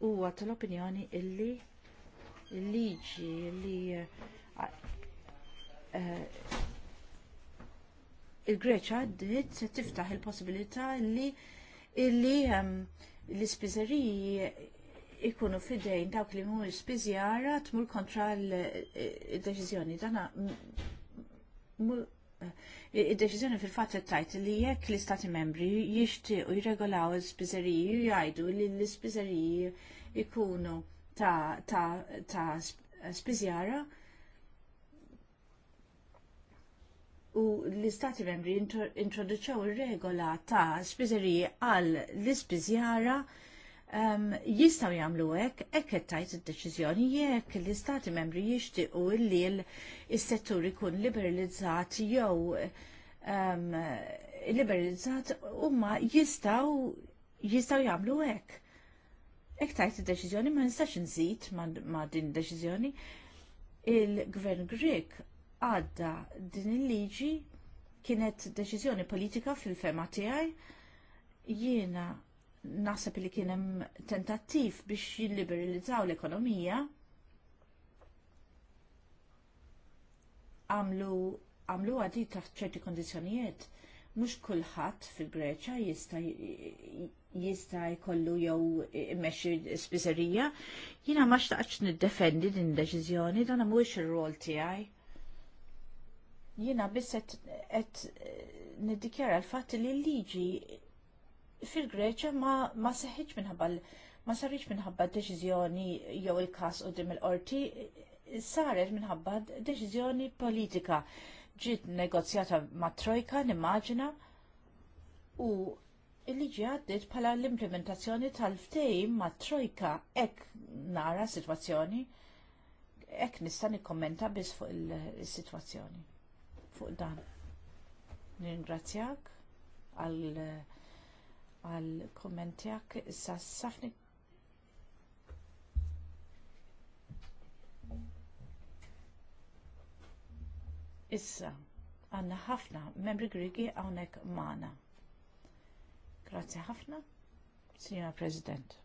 huwa tal-opinjoni illi il-liġi li eh, il-Greċa għaddit se tiftaħ il-possibilità li li ehm, l-ispiżeriji ikunu fidejn dawk li mu spiżjara tmur kontra l-deċizjoni. Dana eh, id-deċizjoni fil-fatt tajt li jekk l-istati membri jixtiequ u jirregolaw l-spiżeriji u jgħidu li l-spiżeriji ikunu ta' spizzjara u l-istati membri introduċew ir-regola ta' spiżeri għal l-ispiżjara um, jistaw jamlu hekk hekk qed tajt id-deċiżjoni jekk l-istati membri jixtiequ li l-settur ikun liberalizzat jew um, liberalizzat huma jistaw jistaw jagħmlu hekk. Hekk tajt id-deċiżjoni ma nistax nżid ma' din id-deċiżjoni il-Gvern Grek għadda din il-liġi kienet deċiżjoni politika fil-fema tiegħi jiena naħseb li kien hemm tentattiv biex jilliberalizzaw l-ekonomija għamlu għamlu għadi taħt ċerti kondizjonijiet mhux kulħadd fil-Greċja jista' jista' jkollu jew immexxi spiżerija. Jiena ma xtaqx niddefendi din id deċiżjoni dan mhuwiex ir-rol tiegħi Jiena biss qed eh, niddikjara l fat li l-liġi fil greċa ma, ma minħabba ma sarriċ minħabba deċiżjoni jew il-każ dim il-qorti, eh, saret minħabba deċiżjoni politika. Ġiet negozjata ma' Trojka, nimmaġina, u il-liġi għaddit bħala l-implementazzjoni tal-ftejim ma' Trojka ek nara situazzjoni, ek nista' kommenta biss fuq il-situazzjoni fuq dan. Ningrazzjak għal għal kommentijak issa safni Issa għanna ħafna membri Grigi hawnhekk magħna. Grazzi ħafna, Signora President.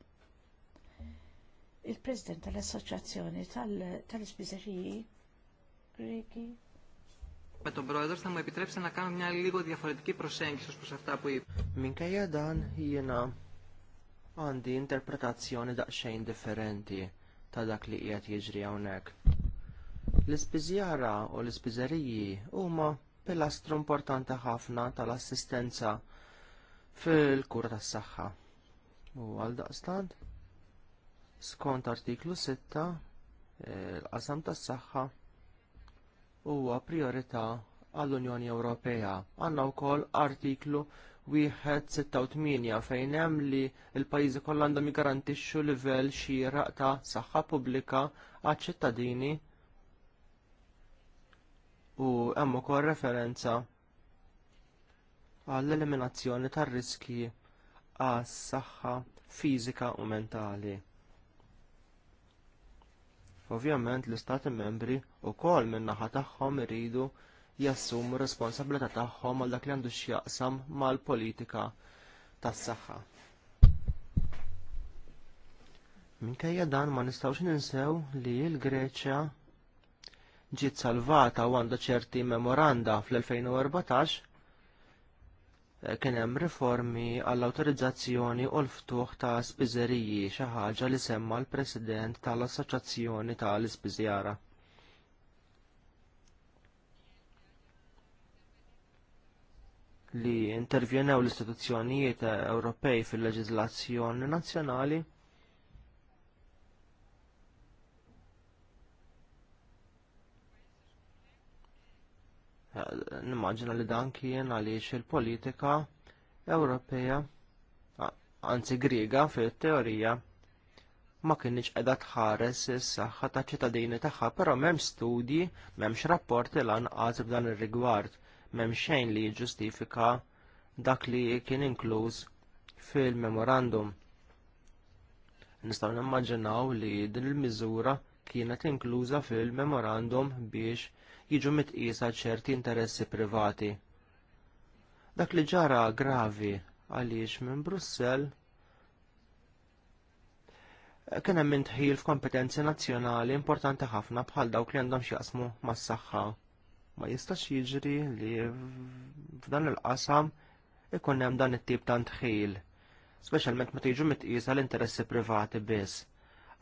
Il-President tal-Assoċjazzjoni tal-Ispiżeriji tal Grigi με τον Πρόεδρο θα μου επιτρέψετε να κάνω μια λίγο διαφορετική προσέγγιση προς αυτά που είπε. Minkejja dan jiena għandi interpretazzjoni daqsxejn differenti ta' dak li qiegħed jiġri hawnhekk. L-ispiżjara u l-ispiżeriji huma pilastru importanti ħafna tal-assistenza fil-kura tas-saħħa. U għal daqstant, skont artiklu 6 eh, l-qasam tas-saħħa huwa priorità għall-Unjoni Ewropea. Għandna wkoll artiklu wieħed 1.86 fejn hemm li l-pajjiżi kollha għandhom jiggarantixxu livell xieraq ta' saħħa pubblika għaċ-ċittadini u hemm ukoll referenza għall-eliminazzjoni tar-riski għas saħħa fiżika u mentali. Ovvjament l-Istati membri wkoll min-naħa tagħhom iridu jassumu responsabilità tagħhom għal dak li għandu x'jaqsam mal-politika tas-saħħa. Minkejja dan ma nistgħux ninsew li l-Greċja ġiet salvata u għandha ċerti memoranda fl-2014 Eh, kien hemm riformi għall-awtorizzazzjoni u l-ftuħ ta' spiżeriji xi ħaġa li semma l-President tal-Assoċjazzjoni tal-Ispiżjara. li intervjenew l-istituzzjonijiet Ewropej fil-leġiżlazzjoni nazzjonali Nimmaġina li dan kien għaliex il-politika Ewropea, anzi Griega fil-teorija, ma kienx qiegħda tħares is-saħħa taċ ċittadini tagħha, però m'hemm studji, m'hemmx rapporti lanqas b'dan ir-rigward, m'hemm xejn li jiġġustifika dak li kien inkluż fil-memorandum. Nistgħu nimmaġinaw li din il-miżura kienet inkluża fil-memorandum biex jiġu mitqisa ċerti interessi privati. Dak li ġara gravi għaliex minn Brussell kien hemm tħil f'kompetenzi nazzjonali importanti ħafna bħal dawk li għandhom x'jaqsmu mas-saħħa. Ma jistax jiġri li f'dan il-qasam ikun hemm dan it-tip ta' tħil, speċjalment meta jiġu mitqisa l-interessi privati biss.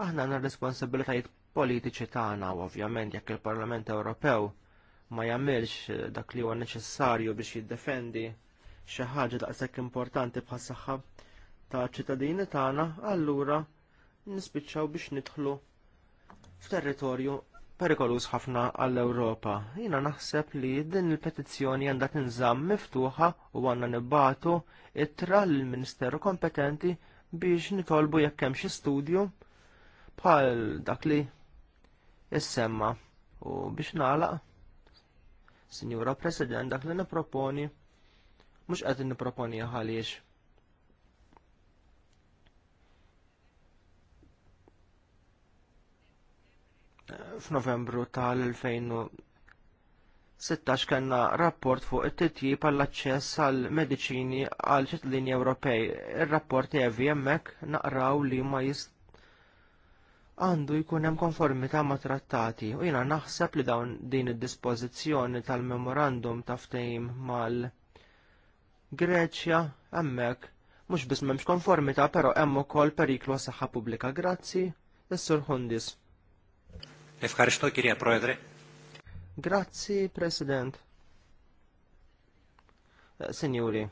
Aħna għandna responsabilitajiet politiċi tagħna u ovvjament jekk il-Parlament Ewropew ma jagħmilx eh, dak li huwa neċessarju biex jiddefendi xi ħaġa daqshekk importanti bħas saħħa ta' ċittadini tagħna, allura nispiċċaw biex nidħlu f'territorju perikolus ħafna għall-Ewropa. Jina naħseb li din il-petizzjoni għandha tinżamm miftuħa u għandna nibbatu ittra l-Ministeru kompetenti biex nitolbu jekk hemm xi studju bħal dak li issemma u biex nagħlaq, Sinjura President, dak li nipproponi mhux qed nipproponi għaliex f'Novembru tal-2016 kellna rapport fuq it-titjib għall aċċess għal mediċini għal ċittadini Ewropej. Ir-rapport jevi hemmhekk naqraw li ma jist għandu jkun hemm konformità ma' trattati u jiena naħseb li dawn din id-dispożizzjoni tal-memorandum ta' ftehim mal-Greċja hemmhekk mhux biss m'hemmx konformità però hemm ukoll periklu għas saħħa pubblika. Grazzi, is-Sur Hundis. Efkarixtu, kirja Proedre. Grazzi, President. Eh, Signori.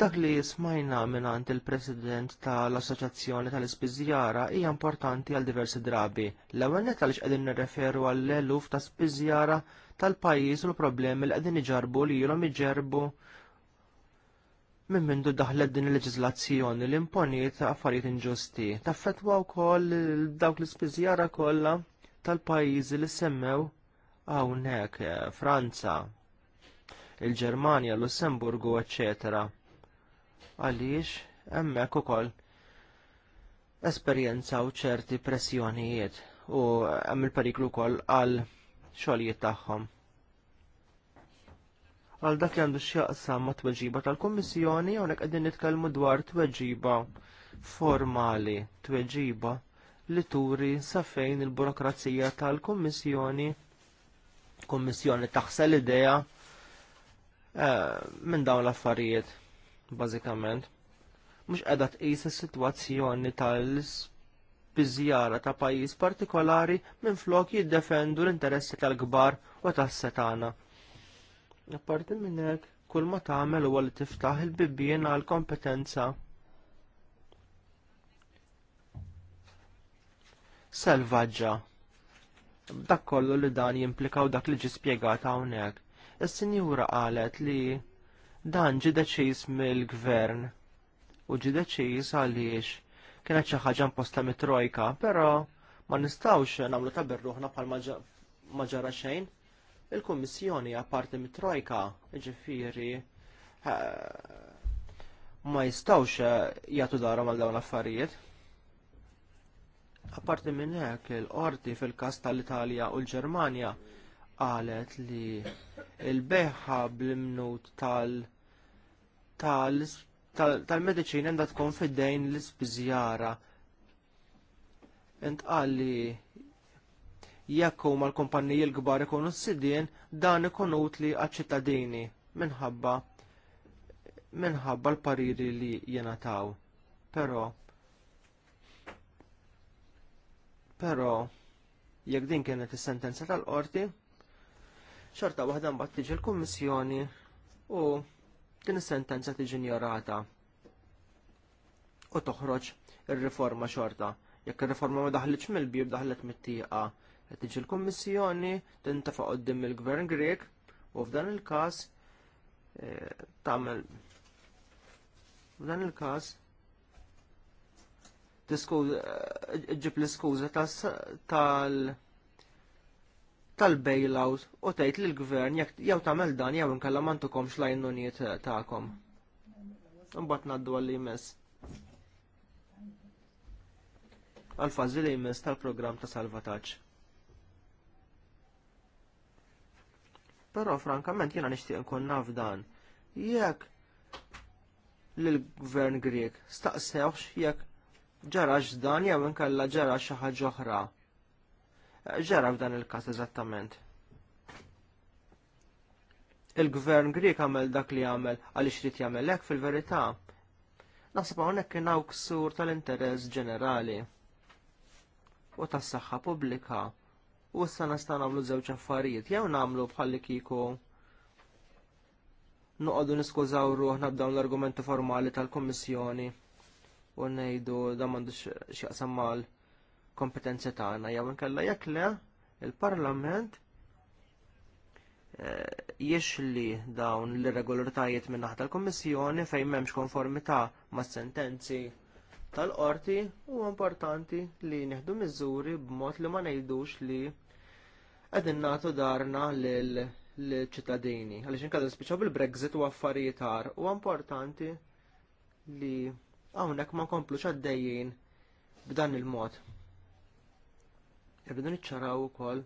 Dak li minn minant il-President tal-Assoċjazzjoni tal-Ispiżjara hija importanti għal diversi drabi. L-ewwel net għaliex qegħdin nirreferu għall eluf ta' spiżjara tal-pajjiż u l-problemi li qegħdin iġarbu li ilhom iġerbu minn mindu daħlet din il-leġiżlazzjoni li imponiet affarijiet inġusti. u wkoll dawk l-ispiżjara kollha tal-pajjiżi li semmew hawnhekk Franza, il-Ġermanja, Lussemburgu, eccetera għaliex hemmhekk ukoll esperjenzaw ċerti pressjonijiet u hemm il-periklu wkoll għal xogħlijiet tagħhom. Għal dak li għandu x'jaqsam ma' tweġiba tal-Kummissjoni hawnhekk qegħdin nitkellmu dwar tweġiba formali, tweġiba li turi sa fejn il-burokrazija tal-Kummissjoni Kummissjoni taħsel idea eh, minn dawn l-affarijiet bażikament. Mhux qiegħda tqis is-sitwazzjoni tal-biżjara ta' pajjiż partikolari minflok jiddefendu l-interessi tal-kbar u tas-setana. Apparti minn hekk, kull ma tagħmel huwa li tiftaħ il-bibbien għal kompetenza selvaġġa. Dak kollu li dan jimplikaw dak li ġi spjegat hawnhekk. Is-sinjura qalet li Dan ġi deċiż mill-gvern u ġi deċiż għaliex kienet xi ħaġa imposta mit-trojka, però ma nistgħux nagħmlu ta' berruħna bħal ma ġara xejn. Il-Kummissjoni apparti mit-trojka, ġifieri eh, ma jistgħux eh, jagħtu darhom għal dawn l-affarijiet. Apparti minn hekk il-qorti fil-każ tal-Italja u l-Ġermanja qalet li l beħħa bl-imnut tal- tal-medicina għandha tkun fiddejn l spizjara Ent għalli, jekk huma l-kumpanniji l-kbar ikunu s-sidien dan ikun utli għaċ-ċittadini minħabba minħabba l-pariri li taw. Pero, però jekk din kienet is-sentenza tal-qorti, xorta waħda mbagħad tiġi l-Kummissjoni u din is-sentenza tiġi ignorata u toħroġ ir-riforma xorta. Jekk ir-riforma ma daħlitx mill-bib daħlet mit-tieqa, qed tiġi l-Kummissjoni tintafa' qudiem il-Gvern Grek u f'dan il-każ eh, tagħmel f'dan il-każ eh, ġib l-iskuża tal tal-bailout u tgħid lill gvern jew tagħmel dan jew inkella m'għandkomx l-għajnuniet tagħkom. Imbagħad ngħaddu għal jmiss. Għal li jmiss tal-programm ta' salvataġġ. Però frankament jiena nixtieq nkun naf dan. Jekk lill-gvern Grieg staqsewx jekk ġarax dan jew inkella ġara xi ħaġa oħra ġara f'dan il-każ eżattament. Il-gvern Grieg għamel dak li għamel għaliex rid jagħmel hekk fil-verità. Naħseb hawnhekk kien hawn ksur tal-interess ġenerali u tas-saħħa pubblika u issa nista' nagħmlu żewġ affarijiet jew nagħmlu bħalli kieku noqogħdu niskużaw ruħna b'dawn l-argumenti formali tal-Kummissjoni u ngħidu da m'għandux x'jaqsam mal kompetenza tagħna jew inkella jekk le il-Parlament eh, jixli dawn l-irregolaritajiet minn naħta l-Kommissjoni fejn m'hemmx konformità mas sentenzi tal-qorti u importanti li nieħdu miżuri b'mod li ma ngħidux li qegħdin nagħtu darna l ċittadini Għaliex inkadu spiċċaw bil-Brexit u affarijiet għar u importanti li hawnhekk ma nkomplux għaddejjin b'dan il-mod. Irridu niċċaraw ukoll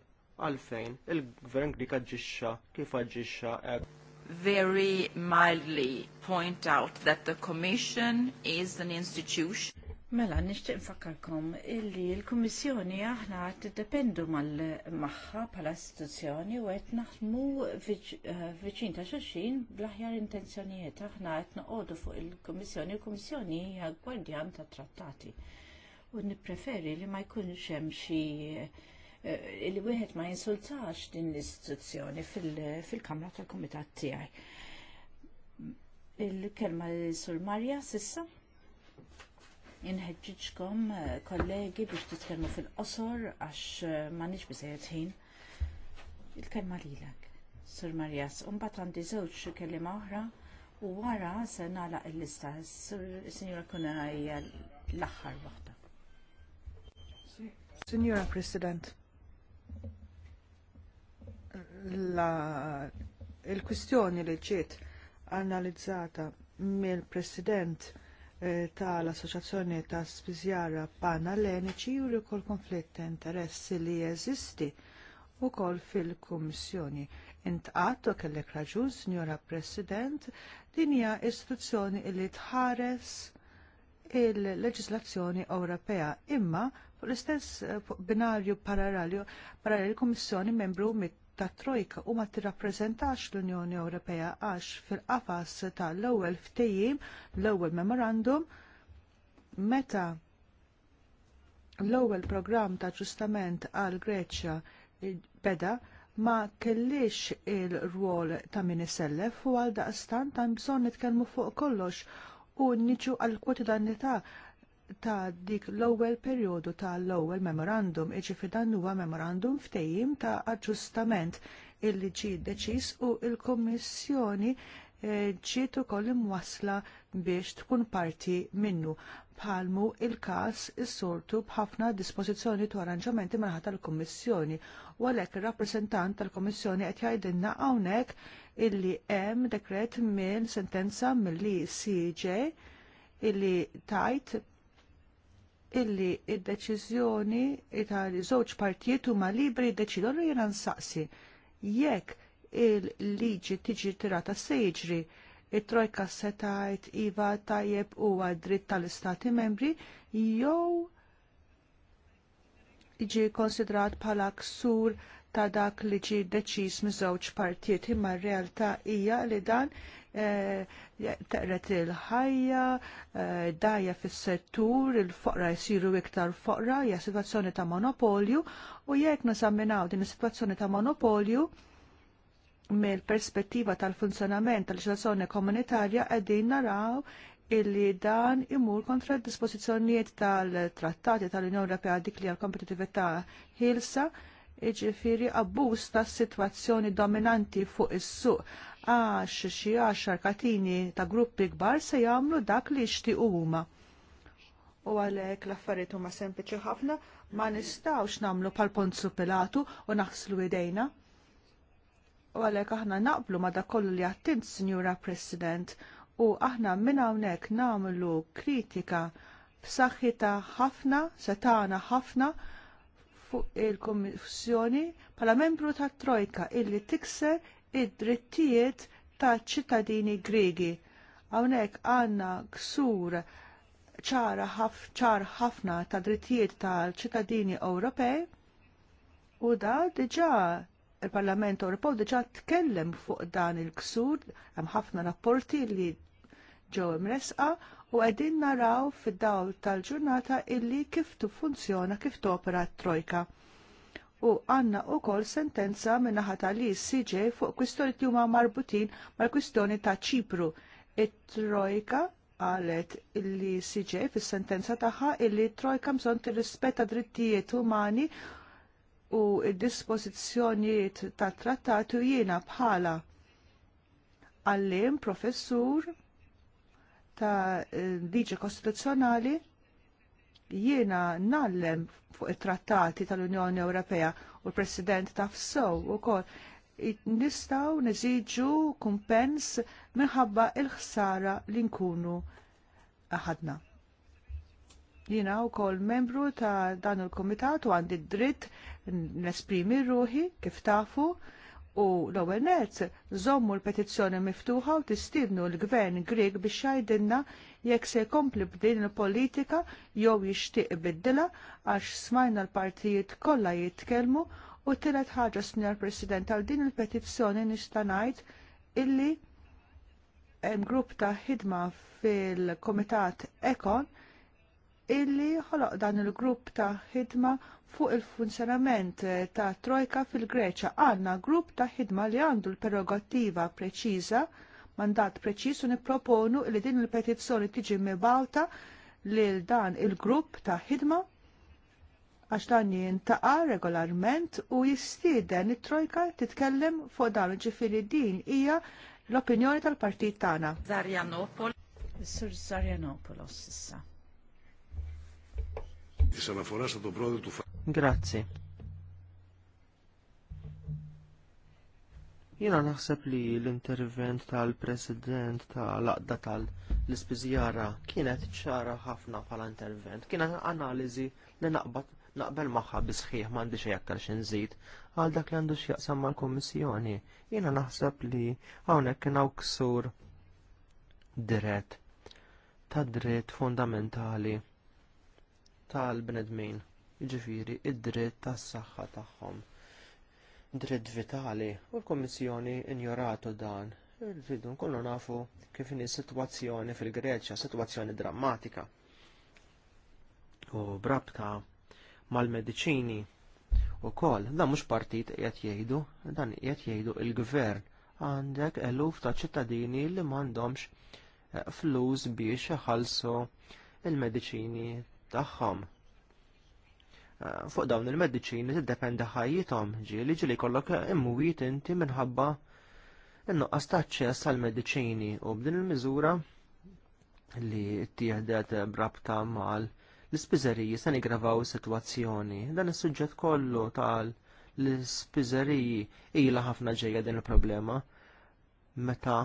għalfejn il-gvern Grik aġġixxa kif aġġixxa hekk. Very mildly point out that the Commission is an institution. Mela, nixtieq nfakkarkom illi l-Kummissjoni aħna qed tiddependu mal-magħha bħala istituzzjoni u qed naħdmu eh, viċin ta' xulxin bl-aħjar intenzjonijiet aħna qed noqogħdu fuq il-Kummissjoni, il-Kummissjoni hija gwardjan tat trattati u nippreferi li ma jkunx hemm xi eh, li wieħed ma jinsultax din l-istituzzjoni fil-kamra fil kamra tal kumitat tiegħi. Il-kelma sur Marja sissa inħedġiġkom eh, kollegi biex titkellmu fil-qosor għax eh, m'għandix biżejjed ħin. Il-kelma lilek, Sur Marjas, unbat għandi żewġ kelima oħra u wara se nagħlaq il-lista. Sinjura Kunera l-aħħar waħda. Signora President, la, il-kwistjoni li ġiet analizzata mill-President eh, tal-Assoċjazzjoni ta' Spizjara Pana Lenici juri kol konflitt ta' interessi li jeżisti u kol fil-Kummissjoni. Intqatt u kellek raġun, Signora President, din hija istituzzjoni li tħares il-leġislazzjoni Ewropea imma U l-istess eh, binarju parallelju, parallel kummissjoni membru mit ta' trojka u ma tirrappreżentax l-Unjoni Ewropea għax fil-qafas tal-ewwel ftehim, l-ewwel memorandum, meta l-ewwel programm ta' ġustament għal Greċja beda ma kellix il-rwol ta' min isellef u għal daqstant ta' bżonn nitkellmu fuq kollox u niġu għal kwotidanità ta' dik l-ewwel perjodu ta' l-ewwel memorandum, iġifi dan huwa memorandum ftehim ta' aġġustament illi ġie deċiż u l kummissjoni eh, ġiet ukoll imwassla biex tkun parti minnu bħalmu il-każ is-sortu bħafna dispożizzjoni tu arranġamenti minħata tal-Kummissjoni u għalhekk ir-rappreżentant tal-Kummissjoni qed jgħidilna hawnhekk illi hemm dekret minn sentenza milli CJ illi tajt illi id-deċiżjoni tal żewġ partijiet huma libri jiddeċidu li jiena nsaqsi jekk il-liġi tiġi tirata se jiġri it-trojka se tgħid iva tajjeb huwa dritt tal-istati membri jew jiġi konsidrat bħala ksur ta' dak li ġie deċiż miż-żewġ partijiet imma r-realtà hija li dan Eh, taqret il-ħajja, eh, dajja fis-settur, il-foqra jsiru iktar foqra, hija situazzjoni ta' monopolju u jekk nasamminaw din is-sitwazzjoni ta' monopolju mill-perspettiva tal-funzjonament tal-leġislazzjoni komunitarja qegħdin naraw illi dan imur kontra d-dispożizzjonijiet tal-trattati tal-Unjoni Ewropea dik li għal-kompetitività ħilsa iġifiri abbuż tas sitwazzjoni dominanti fuq is-suq għax xi għaxar katini ta' gruppi kbar se jagħmlu dak li jixtiequ huma. U għalhekk l-affarijiet huma sempliċi ħafna ma nistgħux nagħmlu pal Ponzu Pilatu u naħslu idejna. U għalhekk aħna naqblu ma dak kollu li għattint, Sinjura President, u aħna minn hawnhekk nagħmlu kritika b'saħħitha ħafna, setana ħafna, fuq il-Kommissjoni bħala membru tat Trojka illi tikser id-drittijiet ta' ċittadini Gregi. Hawnhekk għandna ksur ċar ħafna ta' drittijiet tal-ċittadini Ewropej u da diġà il-Parlament Ewropew diġà tkellem fuq dan il-ksur, hemm ħafna rapporti li ġew imresqa u qegħdin naraw fid-dawl tal-ġurnata illi kif tiffunzjona kif topera t-trojka u għanna u kol sentenza li s-sijġe fuq kwistjoni li huma marbutin mal-kwistjoni ta' ċipru. It-Trojka għalet li sijġe fis-sentenza tagħha illi trojka bżonn rispetta drittijiet umani u d-dispożizzjonijiet ta' trattatu jiena bħala għallim professur ta' eh, liġi kostituzzjonali jiena nallem fuq it-trattati tal-Unjoni Ewropea u l-President taf sew ukoll nistgħu neżiġu kumpens minħabba il-ħsara li nkunu aħadna. Jiena wkoll membru ta' dan il kumitat u għandi dritt nesprimi ruħi kif tafu u l-ewwel nett żommu l-petizzjoni miftuħa u tistiednu l-gvern Grieg biex jgħidilna jekk se jkompli b'din il-politika jew jixtieq biddilha għax smajna l-partijiet kollha jitkellmu u tielet ħaġa Sinjor President għal din il-petizzjoni nista' ngħid illi hemm grupp ta' ħidma fil-Komitat Ekon illi ħoloq dan il-grupp ta' ħidma fuq il-funzjonament eh, ta' Trojka fil-Greċa għanna grupp ta' ħidma li għandu l-prerogattiva preċiża, mandat preċiż u nipproponu li din il-petizzjoni tiġi mibawta lil dan il-grupp ta' ħidma għax dan jintaqa regolarment u jistieden it-trojka titkellem fuq dan ġifiri din hija l-opinjoni tal-partit tagħna. Zarjanopol. Sur Zarjanopoulos issa. Is-sena foresta tu tu fa. Grazzi. Jena naħseb li l-intervent tal-president tal-laqda tal-ispizjara kienet ċara ħafna bħala intervent Kienet analizi li naqbat naqbel maħħa bisħiħ mandi xejak jakkar xinżid għal dak li għandu xjaqsam mal komissjoni Jena naħseb li hawnhekk kien hawn ksur dirett ta' dritt fundamentali tal-bnedmin jiġifieri id-dritt tas-saħħa tagħhom. Dritt vitali u l-Kommissjoni injoratu dan. Irridu nkunu nafu kif is sitwazzjoni fil-Greċja, sitwazzjoni drammatika. U brabta mal-mediċini u kol, dan mhux partit qiegħed jgħidu, dan qiegħed jgħidu l gvern għandek eluf ta' ċittadini li m'għandhomx eh, flus biex iħallsu il-mediċini tagħhom fuq dawn il-mediċini tiddependi ħajjithom ġieli ġieli jkollok imwiet inti minħabba in-nuqqas ta' aċċess għal mediċini u b'din il-miżura li ttieħdet brabta mal l spizzeriji se nigravaw is-sitwazzjoni. Dan is-suġġett kollu tal l spizzeriji ilha ħafna ġejja din il-problema meta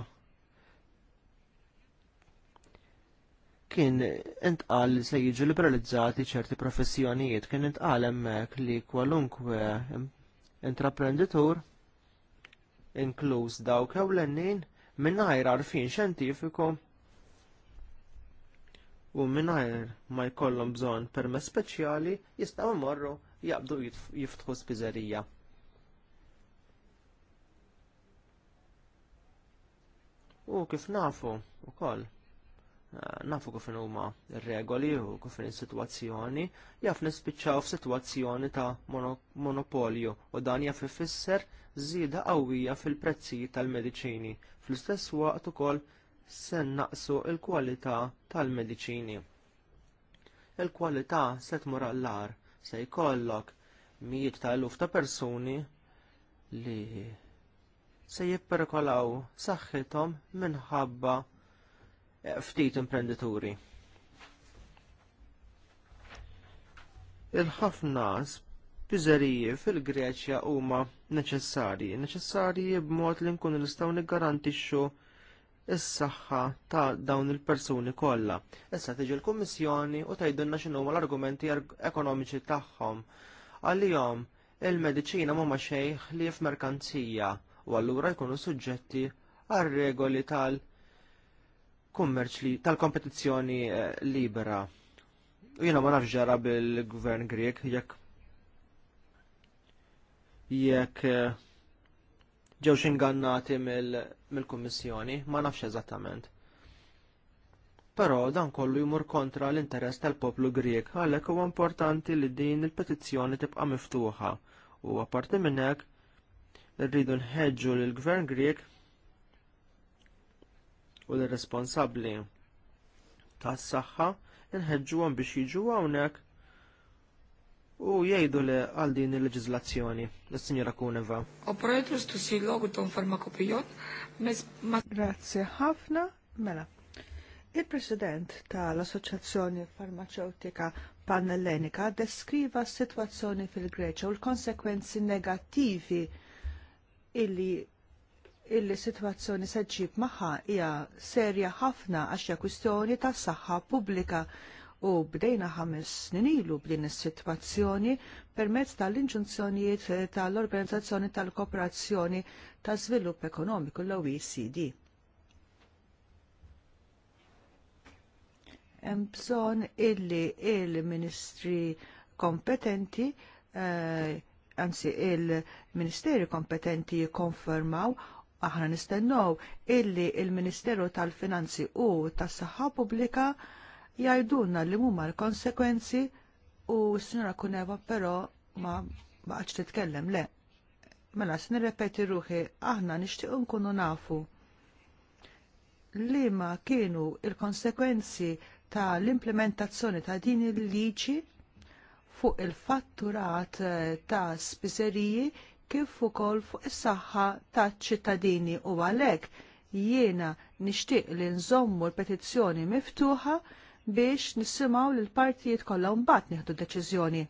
kien intqal se jiġu liberalizzati ċerti professjonijiet, kien intqal hemmhekk li kwalunkwe intraprenditur inkluż dawk ewlenin mingħajr għarfien xjentifiku u minnajr ma jkollhom bżonn permess speċjali jistgħu jmorru jaqbdu jiftħu spiżerija. U kif nafu wkoll Eh, nafu kif huma regoli u kif is-sitwazzjoni, jaf nispiċċaw f'sitwazzjoni ta' monopolju u dan jaf ifisser żieda qawwija fil-prezzijiet tal-mediċini. Fl-istess waqt ukoll se naqsu l kwalità tal-mediċini. Il-kwalità se tmur għall-ar se jkollok mijiet ta' eluf ta' persuni li se jipperkolaw saħħithom minħabba ftit imprenditori. Il-ħafna spiżeriji fil-Greċja huma neċessarji, neċessarji b'mod li nkunu nistgħu niggarantixxu is-saħħa ta' dawn il-persuni kollha. Issa tiġi l-Kummissjoni u tgħidilna x'inhu l-argumenti ekonomiċi tagħhom. Għalihom il-mediċina ma xejn li f'merkanzija u allura jkunu suġġetti għar regoli tal kummerċ tal-kompetizzjoni eh, libera. U jiena ma nafx ġara bil-gvern Grek jekk jekk eh, ġewx ingannati mill-Kummissjoni, ma nafx eżattament. Però dan kollu jmur kontra l-interess tal-poplu Grieg, għalhekk huwa importanti li din il-petizzjoni tibqa' miftuħa u apparti minn hekk irridu nħeġġu lill gvern Grieg u l-responsabbli tas-saħħa inħeġġuhom biex jiġu hawnhekk u jgħidu li għal din il-leġizlazzjoni, l-Sinjora Kuneva. Operator stussi logu ton farmakopijot, Grazie ħafna, mela. Il-President tal-Assoċjazzjoni Farmaceutika Panellenika deskriva s-situazzjoni fil-Greċa u l-konsekwenzi negattivi illi il-situazzjoni se ġib magħha hija serja ħafna għax hija kwistjoni tas saħħa pubblika u bdejna ħames snin ilu b'din is-sitwazzjoni permezz tal-inġunzjonijiet tal-Organizzazzjoni tal-Kooperazzjoni ta' Żvilupp Ekonomiku l-OECD. Hemm bżonn illi il-Ministri kompetenti eh, anzi il-Ministeri kompetenti jikkonfermaw aħna nistennow illi il-Ministeru tal-Finanzi u tas-Saħħa Pubblika jgħidulna li huma l-konsekwenzi u s-sinra kuneva però ma baqax titkellem le. Mela se nirrepeti ruħi aħna nixtieq nkunu nafu li ma kienu il-konsekwenzi ta' l-implementazzjoni ta' din il-liġi fuq il-fatturat ta' spiżeriji kif ukoll fuq is-saħħa taċ-ċittadini u għalhekk jiena nixtieq li nżommu l-petizzjoni miftuħa biex nisimgħu lil partijiet kollha mbagħad nieħdu deċiżjoni.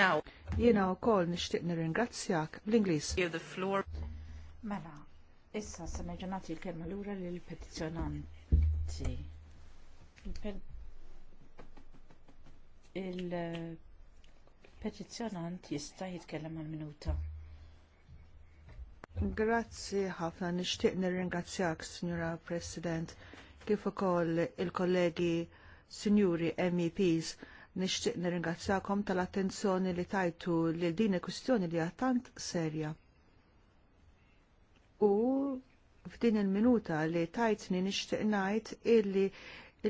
Now. Jiena wkoll nixtieq nirringrazzjak bl-Ingliż. Mela, issa se nerġa' nagħti l-kelma lura lill petizzjonanti. Il-petizzjonanti petizzjonant jista' jitkellem għal minuta. Grazzi ħafna nixtieq nirringrazzjak, Signora President, kif ukoll il-kollegi Signuri MEPs nixtieq nirringrazzjakom tal-attenzjoni li tajtu lil din il-kwistjoni li tant serja. U f'din il-minuta li tajtni nixtieq ngħid illi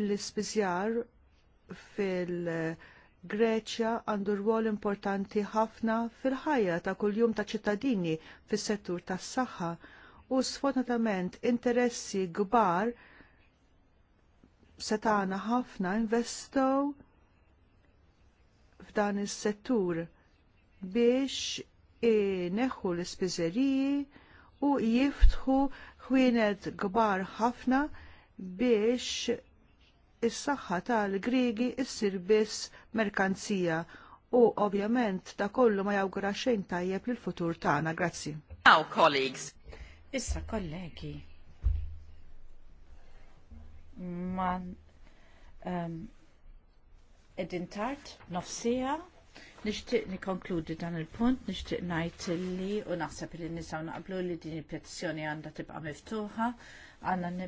l-ispiżjar fil- uh, Greċja għandu rwol importanti ħafna fil-ħajja ta' kuljum ta' ċittadini fis-settur tas-saħħa u sfortunatament interessi kbar setana ħafna investow f'dan is-settur biex neħu l-ispiżeriji u jiftħu ħwienet kbar ħafna biex is-saħħa tal-Griegi issir biss merkanzija u ovvjament ta' kollu ma jawgura xejn tajjeb lil futur tagħna. Grazzi. Now colleagues. Issa kollegi. Man um, edin tard nofsija Nishtiq konkludi dan il-punt, nishtiq najt li u naħseb li nisaw naqblu li din il-petizzjoni għanda tibqa miftuħa għanna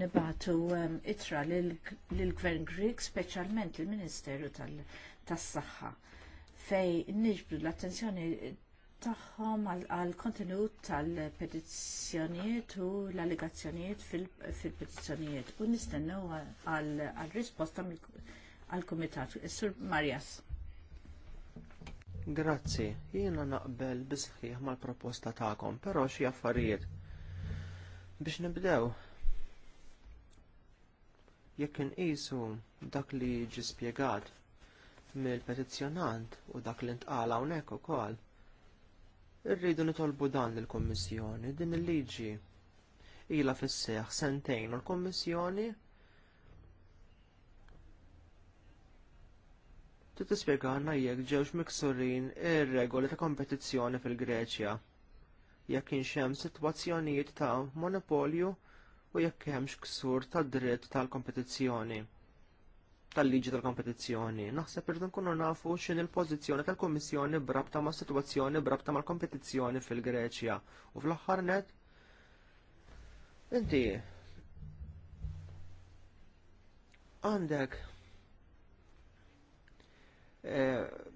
nibatu ehm, itra l-Gvern Grieg, specialment il-Ministeru tas-Saħħa, fej nġbdu l-attenzjoni tagħhom għal kontenut tal petizjoniet u l-allegazzjonijiet fil-petizzjonijiet u nistennew għal risposta għal kumitat Sur Marjas. Grazzi, jiena naqbel bisħiħ mal-proposta taħkom, però xi affarijiet Biex nibdew, jekk inqisu dak li ġi spjegat mill-petizzjonant u dak li ntqala hawnhekk ukoll, irridu nitolbu dan lill-Kummissjoni din il-liġi ilha fis-seħħ sentejn u l-Kummissjoni titispjegana jekk ġewx miksurin ir-regoli ta' kompetizzjoni fil-Greċja jekk kienx hemm sitwazzjonijiet ta' monopolju u jekk hemmx ksur tad dritt tal-kompetizzjoni tal-liġi tal-kompetizzjoni. Naħseb irid nkunu nafu x'in il-pożizzjoni tal-Kummissjoni brabta ma' sitwazzjoni brabta mal-kompetizzjoni fil-Greċja. U fl-aħħar net inti għandek eh,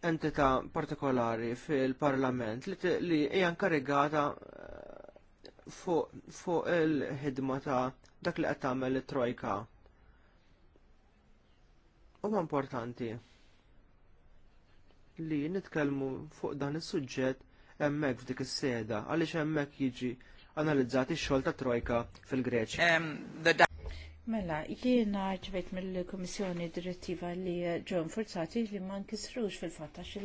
entità partikolari fil-Parlament li hija nkarigata eh, fuq il-ħidma ta' dak li qed tagħmel it-trojka. Huwa importanti li nitkellmu fuq dan is-suġġett hemmhekk f'dik is-seda għaliex hemmhekk jiġi analizzati x-xogħol ta' trojka fil-Greċja. Um, Mela, jiena ġbet mill-Komissjoni direttiva li ġon forzati li ma nkisrux fil-fattax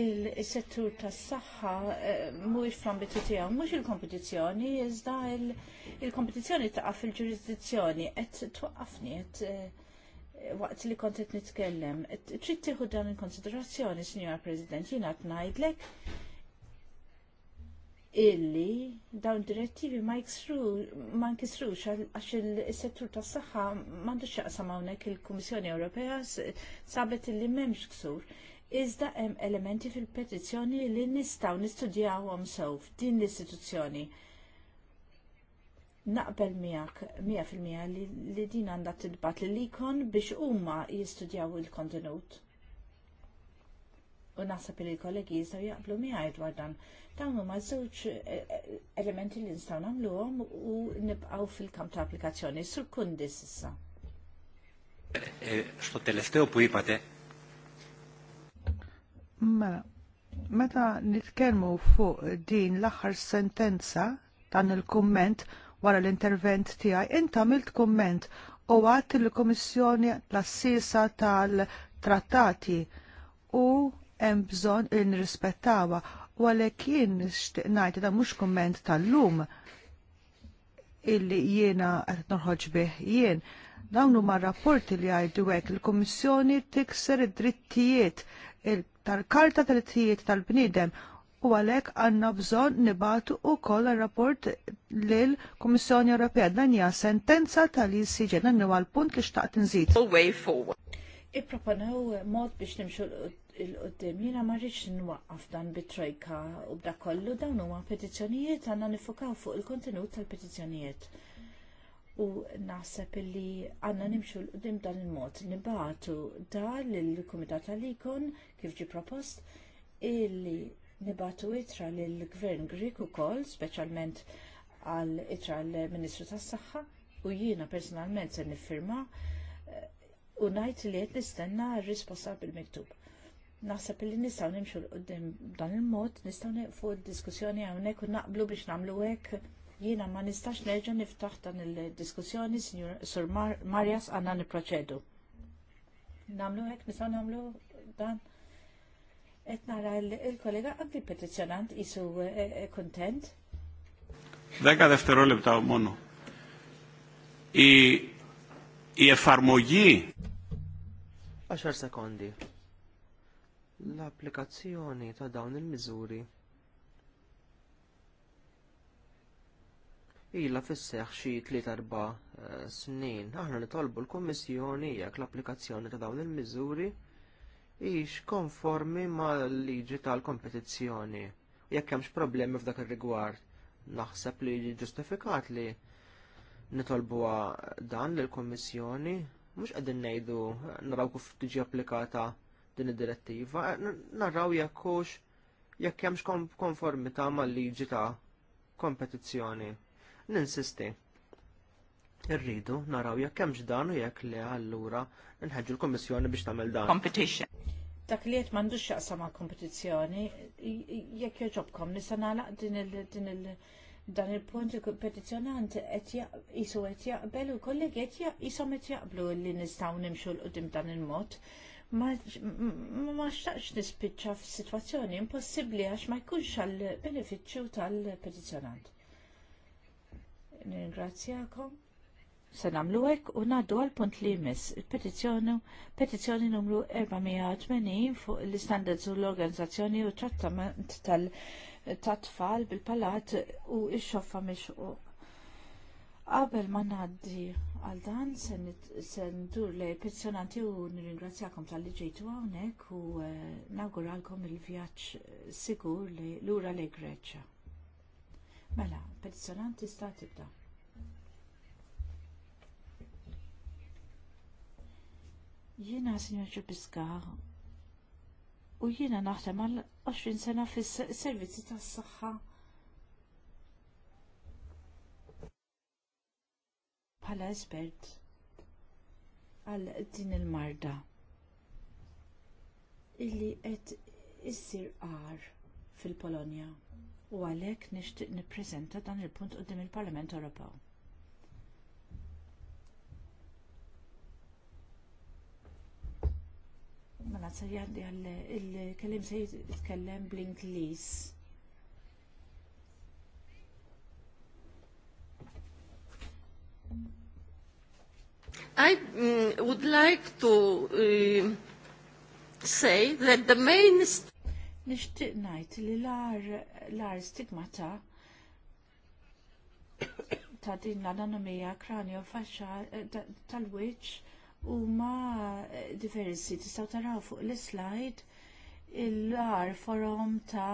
il-settur tas saħħa eh, mhuwiex fl-ambitu tiegħu mhux il-kompetizzjoni, iżda il-kompetizzjoni taqa' fil-ġurisdizzjoni qed twaqqafni qed eh, waqt li kont qed nitkellem. Trid tieħu dan il konsiderazzjoni, Sinjora President, jiena qed ngħidlek illi dawn direttivi ma nkisrux għax il-settur tas saħħa m'għandux xaqsam hawnhekk il-Kummissjoni Ewropea sabet illi m'hemmx ksur. Iżda hemm elementi fil-petizzjoni li nistgħu nistudjawhom sew f'din l-istituzzjoni. Naqbel miegħek mija fil-mija li din għandha tidbat li ikon biex huma jistudjaw il-kontenut u nasab li l-kollegi jistgħu jaqblu miħaj dwar dan. Dawn huma żewġ eh, eh, elementi li nistgħu nagħmluhom u nibqgħu fil-kamp ta' applikazzjoni sur kundis issa. Eh, sto τελευταίο που Mela, meta nitkellmu fuq din l-aħħar sentenza dan il-kumment wara l-intervent tiegħi, inta għamilt kumment u għat il-Komissjoni l-assisa tal-trattati u hemm bżonn li nirrispettawha u għalhekk jien nixtieq ngħid dan mhux kumment tal-lum illi jiena qed norħoġ bih jien dawn huma rapporti li għajdu hekk il-Kummissjoni tikser id-drittijiet tal-Karta tal-Drittijiet tal-Bniedem u għalhekk għandna bżonn nibatu wkoll ir rapport lil Kummissjoni Ewropea dan hija sentenza tal-ICJ dan huwa l-punt li xtaqt inżid. il mod biex nimxu il-qoddim jiena ma rridx nwaqqaf dan bit-trojka u bda kollu dawn huma petizzjonijiet għandna nifukaw fuq il-kontenut tal-petizzjonijiet. U naħseb illi għandna nimxu l-qoddim dan il-mod nibatu dan il kumitat tal kif ġie propost illi nibatu itra lill-Gvern Grik ukoll, speċjalment għal itra l-Ministru tas-Saħħa u jiena personalment se nifirma eh, u najt li qed nistenna r-risposta bil-miktub naħseb li nistgħu nimxu l-qoddim dan il-mod, nistgħu neqfu d-diskussjoni hawnhekk u naqblu biex nagħmlu hekk. Jiena ma nistax nerġa' niftaħ dan il-diskussjoni, Sur Marjas għandna nipproċedu. Nagħmlu hekk nistgħu nagħmlu dan. Qed nara l-kollega anki petizzjonant isu eh, eh, kontent. Δέκα δευτερόλεπτα μόνο. Η, η εφαρμογή... 10 sekondi l-applikazzjoni ta' dawn il-miżuri Ilha fisseħ xi tliet arba snin. Aħna nitolbu l-Kummissjoni jekk l-applikazzjoni ta' dawn il-miżuri hix konformi mal-liġi tal-kompetizzjoni. Jekk hemmx problemi f'dak ir-rigward, naħseb li jiġi ġustifikat li nitolbuha dan lill kummissjoni mhux qegħdin ngħidu naraw kif tiġi applikata din id-direttiva, narraw jekkux jekk hemmx konformità mal-liġi ta' kompetizzjoni. Ninsisti. Irridu naraw jekk hemmx dan u jekk le allura nħeġġu l-Kummissjoni biex tagħmel dan. Competition. Dak li qed m'għandux x'jaqsam ma' kompetizzjoni, jekk joġobkom nista' nagħlaq din il- dan il-punt il-petizjonant jisu qed jaqbel u kollegi qed jisom qed jaqblu li nistgħu nimxu l-qudiem dan il-mod ma xtaqx nispiċċa f'sitwazzjoni impossibbli għax ma jkunx għall benefiċċju tal-petizzjonant. Ningrazzjakom. Se nagħmlu hekk u ngħaddu għal punt li jmiss il-petizzjoni petizzjoni numru 480 fuq l-istandards u l-organizzazzjoni u trattament tal-tfal bil-palat u x-xoffa mixquq Qabel ma ngħaddi għal dan se ndur lej u nirringrazzjakom tal-li ġejtu hawnhekk u eh, nawguralkom il-vjaġġ eh, sigur lura lejn Greċċa. Mela, pizzjonanti sta tibda. Jiena Sinjor Ġubiska u jiena naħdem għal 20 sena fis-servizzi tas-saħħa bħala espert għal din il-marda illi qed issir għar fil-Polonja u għalhekk nixtieq nippreżenta dan il-punt quddiem il-Parlament Ewropew. Mela se jgħaddi għal il-kelim se jitkellem bl-Ingliż. I mm, would like to uh, say that the main Nishtiq najt li l-ar stigmata ta' din l anomija kranio faxxa eh, tal-wiċ u ma eh, diversi tistaw taraw fuq l-slide il-ar forum ta'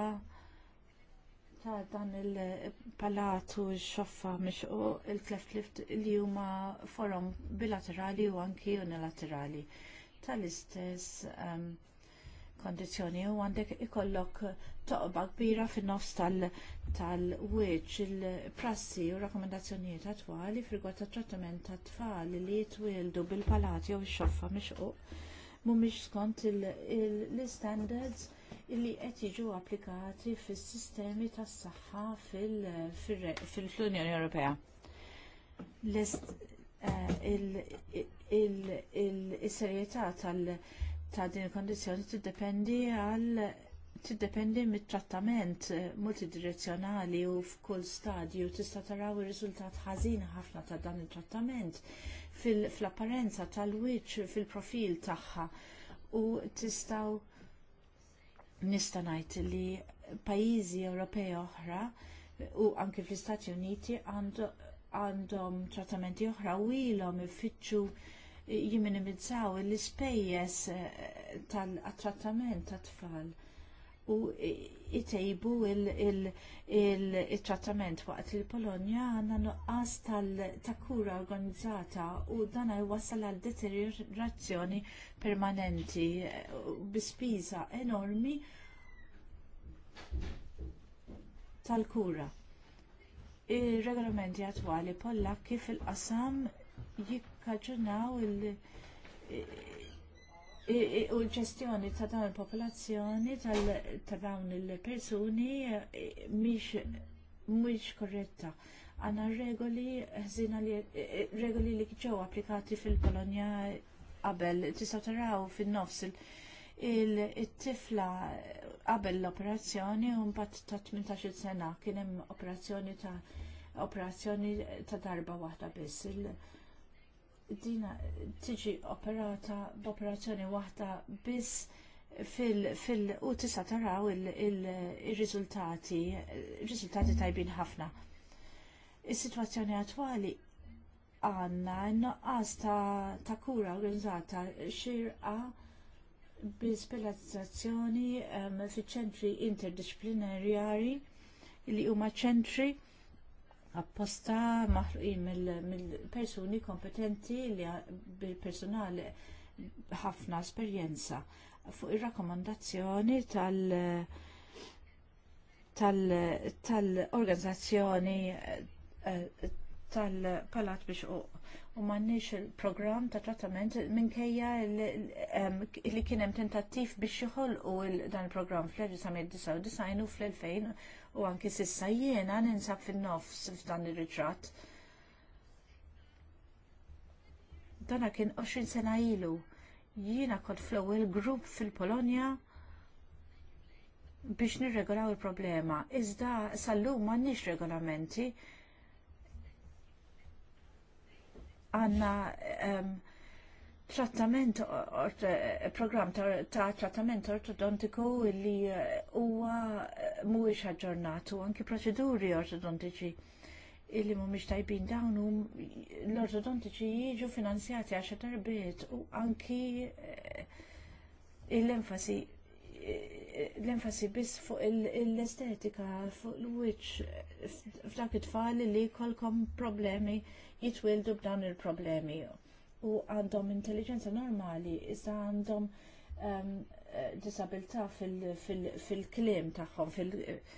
ta' dan il-palatu, xoffa, mixqu, il-cleft lift li huma forum bilaterali u anki unilaterali. Tal-istess um, kondizjoni u għandek ikollok toqba kbira fin-nofs tal wiċċ il-prassi u rakkomandazzjonijiet attwali fil ta' trattament ta' tfal li jitwildu bil-palati jew ix-xoffa u mhumiex skont l-standards illi qed jiġu applikati fis-sistemi tas-saħħa fil-Unjoni Ewropea. Eh, Is-serjetà ta' din il-kondizzjoni tiddependi għal tiddependi mit-trattament multidirezzjonali u f'kull stadju tista' taraw ir-riżultat ħażin ħafna ta' dan it-trattament fl-apparenza tal-wiċċ fil-profil tagħha u tistgħu nista' ngħid li pajjiżi Ewropej oħra u anke fl-Istati Uniti għandhom trattamenti oħra u ilhom ifittxu jiminimizzaw l-ispejjeż eh, tal-trattament tat-tfal u jtejbu il-trattament waqt li Polonja għandna nuqqas ta' kura organizzata u dan jwassal għal deteriorazzjoni permanenti bispiża enormi tal-kura. Ir-regolamenti attwali kif il qasam jikkaġunaw il- U l-ġestjoni ta' dawn il-popolazzjoni ta' dawn il-persuni mhix korretta. Għanna regoli zina li regoli li ġew applikati fil-Polonja qabel tistgħu taraw fin-nofs il-tifla qabel l-operazzjoni u mbagħad ta' 18 sena kien hemm operazzjoni ta' operazzjoni ta' darba waħda biss dina tiġi operata b'operazzjoni waħda biss fil, fil u tista' taraw il-riżultati, il riżultati tajbin ħafna. Is-sitwazzjoni attwali għandna n-noqqas ta', ta kura organizzata xirqa bi spelatizzazzjoni um, ehm, fiċ ċentri interdisciplinarjari li huma ċentri apposta maħruqin mill-persuni kompetenti li bil personali ħafna esperjenza fuq ir-rakkomandazzjoni tal- tal-organizzazzjoni eh, tal-palat biex u u mannix il-program ta' trattament minkejja li kienem tentattiv biex u dan il-program fl-1999 u fl-2000 u anki sissa jiena ninsab fin-nofs f'dan ir-ritratt. Dana kien 20 sena ilu. Jiena kont fl-ewwel grupp fil-Polonja biex nirregolaw il-problema. Iżda sal-lum m'għandniex regolamenti. Għanna um, trattament eh, eh, program ta' trattament ortodontiku li eh, huwa mhuwiex aġġornatu anki proċeduri ortodontiċi illi mhumiex tajbin dawn l-ortodontiċi jiġu finanzjati għax darbiet u anki l-enfasi l-enfasi biss fuq l-estetika, fuq l-wiċ, f'dak it-tfal li kolkom problemi jitwildu b'dan il-problemi u għandhom intelligenza normali, issa għandhom um, disabilità fil-klim fil, fil, fil tagħhom, fil- eh.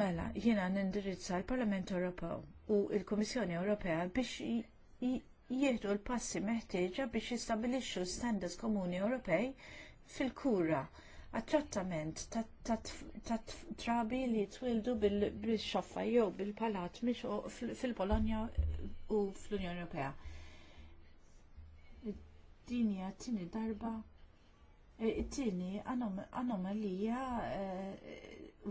Mela, jiena nindirizza l-Parlament Ewropew u l kummissjoni Ewropea biex jieħdu l-passi meħtieġa biex jistabilixxu standards komuni Ewropej fil-kura għat-trattament tat trabi li twildu bil-xoffa jew bil-palat fil-Polonja u fl-Unjoni Ewropea. Din hija darba it-tieni e, anomalija e,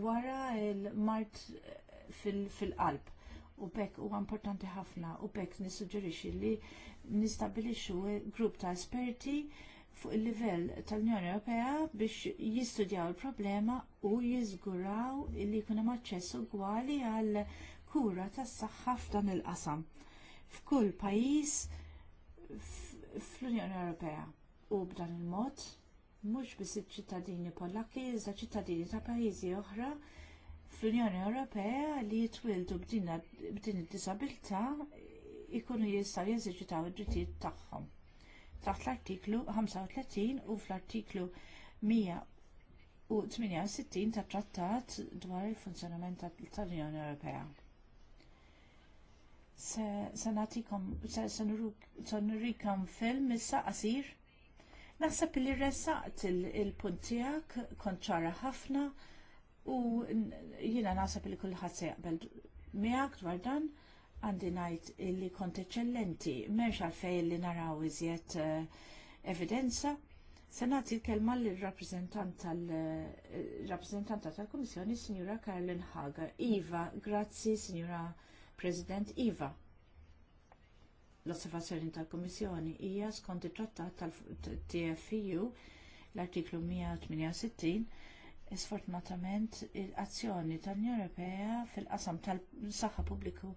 wara l-mart e, fil-qalb u bekk huwa importanti ħafna u bekk nissuġġerixxi li nistabilixxu grupp ta' esperti fuq il-livell tal-Unjoni Ewropea biex jistudjaw il-problema u jiżguraw li jkun hemm aċċess ugwali għal kura tas-saħħa f'dan il-qasam f'kull pajjiż fl-Unjoni Ewropea u b'dan il-mod mhux biss iċ-ċittadini Pollakki iżda ċittadini ta' pajjiżi oħra fl-Unjoni Ewropea li jitwildu b'din id-diżabilità ikunu jistgħu jeżiċitaw id-drittijiet tagħhom taħt l-artiklu 35 u fl-artiklu 168 tat trattat dwar il-funzjonament tal-Unjoni Ewropea. Se natikom, se nurikom film issa qasir. Naħseb li resaqt il-punt tiegħek kont ċara ħafna u jiena naħseb li kulħadd se jaqbel miegħek dwar dan għandi ngħid illi kont eċċellenti, m'hemmx għalfejn li naraw iżjed eh, evidenza. Se nagħti l-kelma l eh, rappreżentanta tal kummissjoni Sinjura Karlin Hager. Iva, grazzi, Sinjura President Iva l-osservazzjoni tal kummissjoni hija skont it-trattat tal-TFU e l-artiklu 168 sfortunatament l-azzjoni tal-Unjoni Ewropea fil-qasam tal-saħħa pubbliku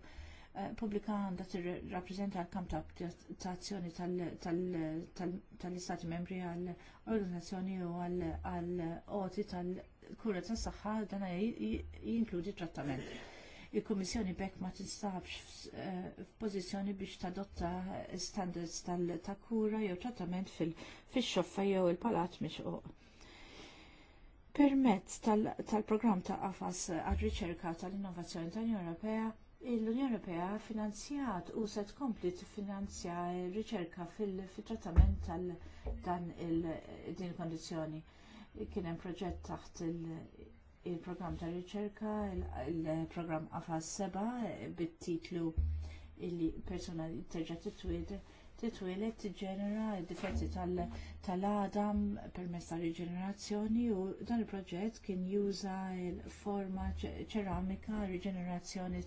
Eh, pubblika għandha tirrappreżenta l-kamp ta' azzjoni tal-Istati membri għall-organizzazzjoni u għall-oti tal-kura tas saħħa dan jinkludi trattament. Il-Kummissjoni bekk ma tinstabx eh, f'pożizzjoni biex tadotta standards tal-kura jew trattament fil-xoffa jew il-palat mixquq. Permezz tal-programm ta' qafas għal-riċerka tal-innovazzjoni tal-Ewropea, l-Unjoni Ewropea finanzjat u se tkompli tiffinanzja r-riċerka fil-trattament tal dan din il-kondizzjoni. Kien hemm proġett taħt il-programm ta' riċerka, il-programm AFAS seba' bit-titlu Il persuna terġa' titwied titwilet ġenera id difetti tal-għadam permezz tal-riġenerazzjoni u dan il-proġett kien juża l-forma ċeramika riġenerazzjoni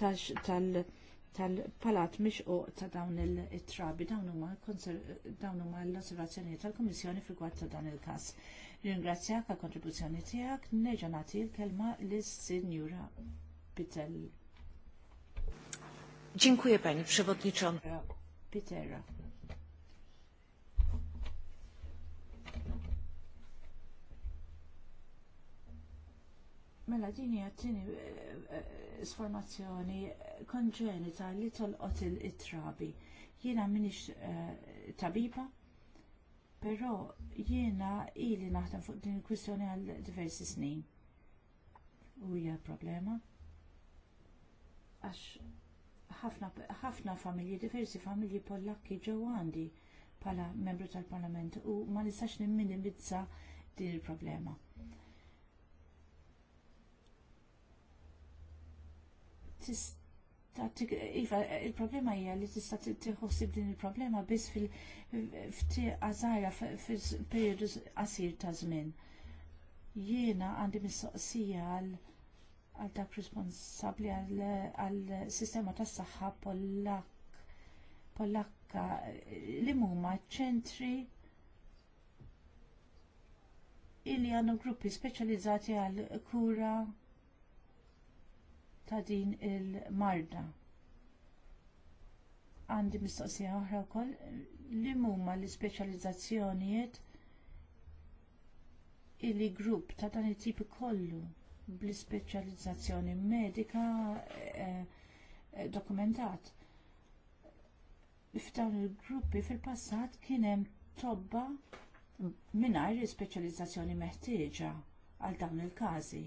tal-palat mixquq ta' dawn il-trabi. Dawn huma l-osservazzjoni tal-Kummissjoni fil-gwatt ta' dan il-każ. Ringrazzjak għal kontribuzzjoni tiegħek, nerġa' nagħti l-kelma lis-Sinjura Pitel. Dziękuję Pani Przewodnicząca. Pitera. Mela dini għattini eh, eh, sformazzjoni konġenita li tolqot il-trabi. Jiena minix eh, tabiba, però jiena ili naħdem fuq din il-kwistjoni għal diversi snin. U hija problema. Għax ħafna familji, diversi familji pollakki ġew għandi bħala membru tal-Parlament u ma nistax nimminimizza din il-problema. Iva, il-problema hija li tista' tiħossib din il-problema biss fil-ftiq għażajja fil-perjodu qasir ta' żmien. Jiena għandi mistoqsija għal għal dak responsabbli għal sistema tas saħħa Pollakka li huma ċentri illi għandhom gruppi speċjalizzati għal kura ta' din il-marda. Għandi mistoqsija oħra wkoll li huma l-ispeċjalizzazzjonijiet illi grupp ta' dan it-tip kollu bl-ispeċjalizzazzjoni medika eh, eh, dokumentat. F'dawn il-gruppi fil-passat kien hemm tobba mingħajr ispeċjalizzazzjoni meħtieġa għal dawn il-każi.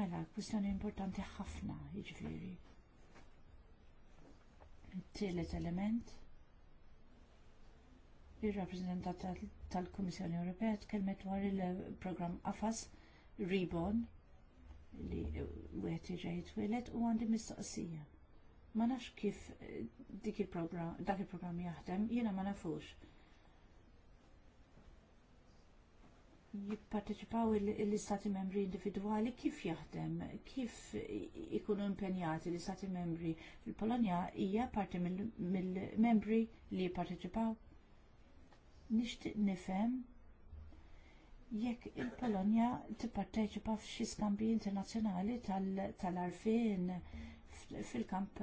Mela, kwistjoni importanti ħafna, jiġifieri. Tielet element ir-rappreżentant tal-Kummissjoni Ewropea tkellmet dwar il-programm AFAS Reborn li wieħed jiġi jitwielet u għandi mistoqsija. Ma nafx kif eh, dik il-programm dak il-programm jaħdem, jiena ma nafux. Jipparteċipaw l-istati membri individwali kif jaħdem, kif ikunu impenjati l-istati membri. Il-Polonja hija parti mill-membri li jipparteċipaw nixtieq nifhem jekk il-Polonja tipparteċipa f'xi skambji internazzjonali tal-arfin tal arfin fil kamp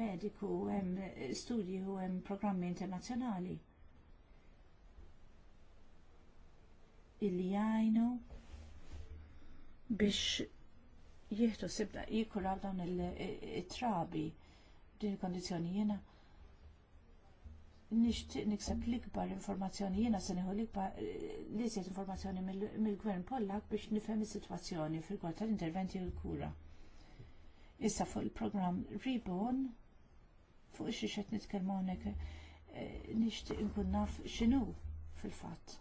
mediku u hemm studji u hemm programmi internazzjonali. Illi jgħinu biex jieħdu sibda jikuraw dawn it trabi din il-kondizjoni jiena nixtieq nikseb l-ikbar informazzjoni jiena se nieħu l-ikbar eh, li informazzjoni mill-Gvern Pollak biex nifhem is-sitwazzjoni fil tal-interventi u l-kura. Issa fuq il-programm Reborn fuq ix qed nitkellmu hawnhekk eh, nixtieq inkun naf x'inhu fil-fatt.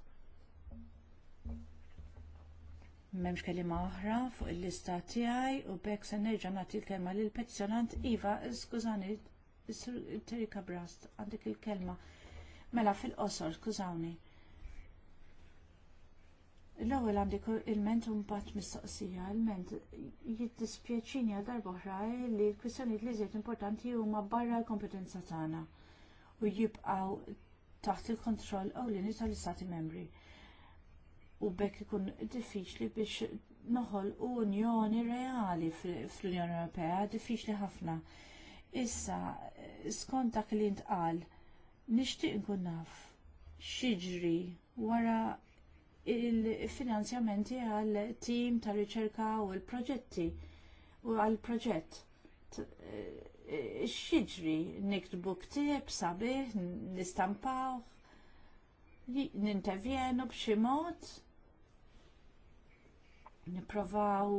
M'hemmx kelima oħra fuq il-lista tiegħi u bekk se nerġa' nagħti l-kelma lill petizzjonant Iva, skużani Terika Brast, għandek il-kelma. Mela fil-qosor, skużawni. L-ewwel għandek il-ment u mbagħad mistoqsija. Il-ment jiddispjaċini għal darba oħra li l-kwistjonijiet li żejt importanti huma barra l-kompetenza tagħna u jibqgħu taħt il-kontroll ewlieni tal-Istati membri. U bekk ikun diffiċli biex noħol unjoni reali fl-Unjoni Ewropea, diffiċli ħafna. Issa, skont dak li ntqal, nixtieq inkun naf xiġri wara il-finanzjamenti għal tim ta' riċerka u l-proġetti u għal proġett. Xiġri niktbu ktieb sabiħ, nistampaw, nintervjenu b'xi mod, nipprovaw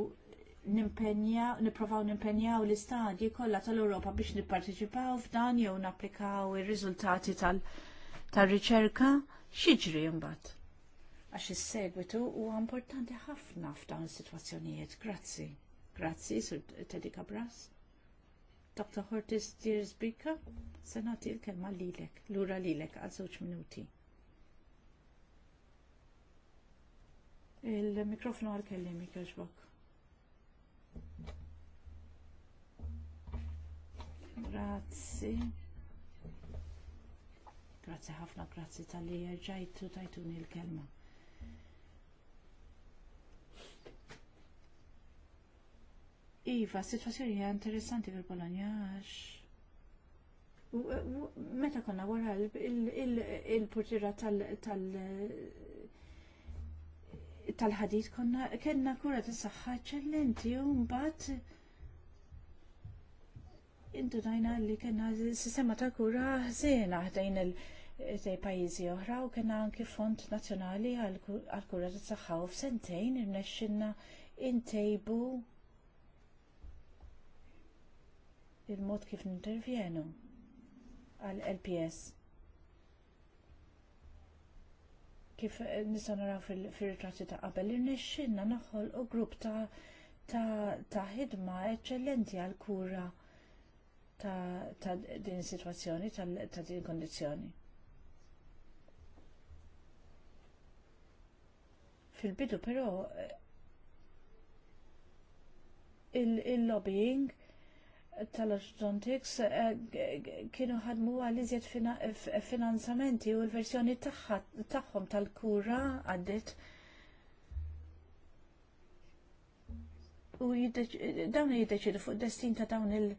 nimpenjaw, niprofaw nimpenjaw l-istadji kollha tal-Ewropa biex nipparteċipaw f'dan jew napplikaw ir-riżultati tal-riċerka xiġri mbagħad. Għax is-segwitu huwa importanti ħafna f'dawn is-sitwazzjonijiet. Grazzi. Grazzi, Sur Teddy Cabras. Dr. Hortis Diersbika, se nagħti l-kelma lilek, lura lilek għal żewġ minuti. Il-mikrofonu għal-kellim, jekk Grazzi. Grazzi ħafna, grazzi tal-li ġajtu tajtuni l-kelma. Iva, situazzjoni hija interessanti fil-Polonja meta konna wara il-portira tal-, tal, tal tal-ħadid konna kellna kura tas saħħa eċċellenti u mbagħad indunajna li kellna sistema ta' kura ħżiena ħdejn il pajjiżi oħra u kellna anki fond nazzjonali għall kura tas saħħa u f'sentejn irnexxinna intejbu il-mod kif nintervjenu għall lps kif nistgħu naraw fil-ritratti ta' qabel, irnexxinna naħol u grupp ta' ta' ħidma eċċellenti għal kura ta' din is-sitwazzjoni ta' din kondizzjoni. Fil-bidu però eh, il-lobbying tal-Argentix eh, kienu ħadmu għal iżjed finanzamenti u l-versjoni tagħhom tal-kura għaddit. U dawn jiddeċidu fuq destin ta' dawn il-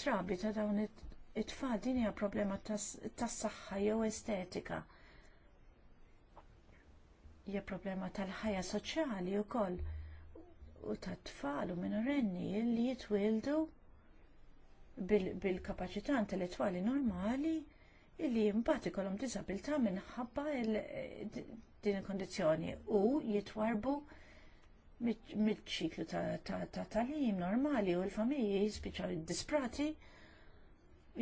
trabi ta' dawn it-tfal, din hija problema tas-saħħa jew estetika. Hija problema tal-ħajja soċjali wkoll u ta' tfal u minorenni li jitwildu bil-kapacità bil intellettuali normali illi mbagħad ikollhom diżabilità minħabba din il-kondizzjoni u jitwarbu mit ċiklu ta' talim normali u l-familji jispiċċaw disprati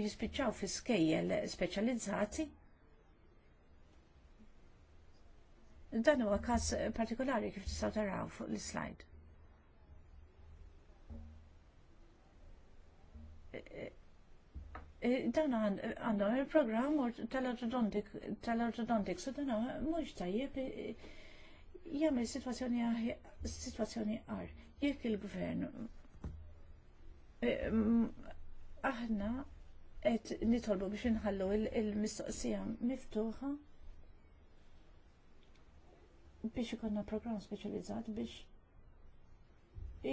jispiċċaw fi skejjel speċjalizzati Dan huwa każ partikolari kif tistgħu taraw fuq l-slide. Eh, eh, dan għandhom il-programm tal-ortodontik, dan mhux tajjeb eh, jagħmel sitwazzjoni sitwazzjoni qar. Jekk il-gvern mm, aħna qed nitolbu biex inħallu il-mistoqsija miftuħa biex ikonna programm speċjalizzat biex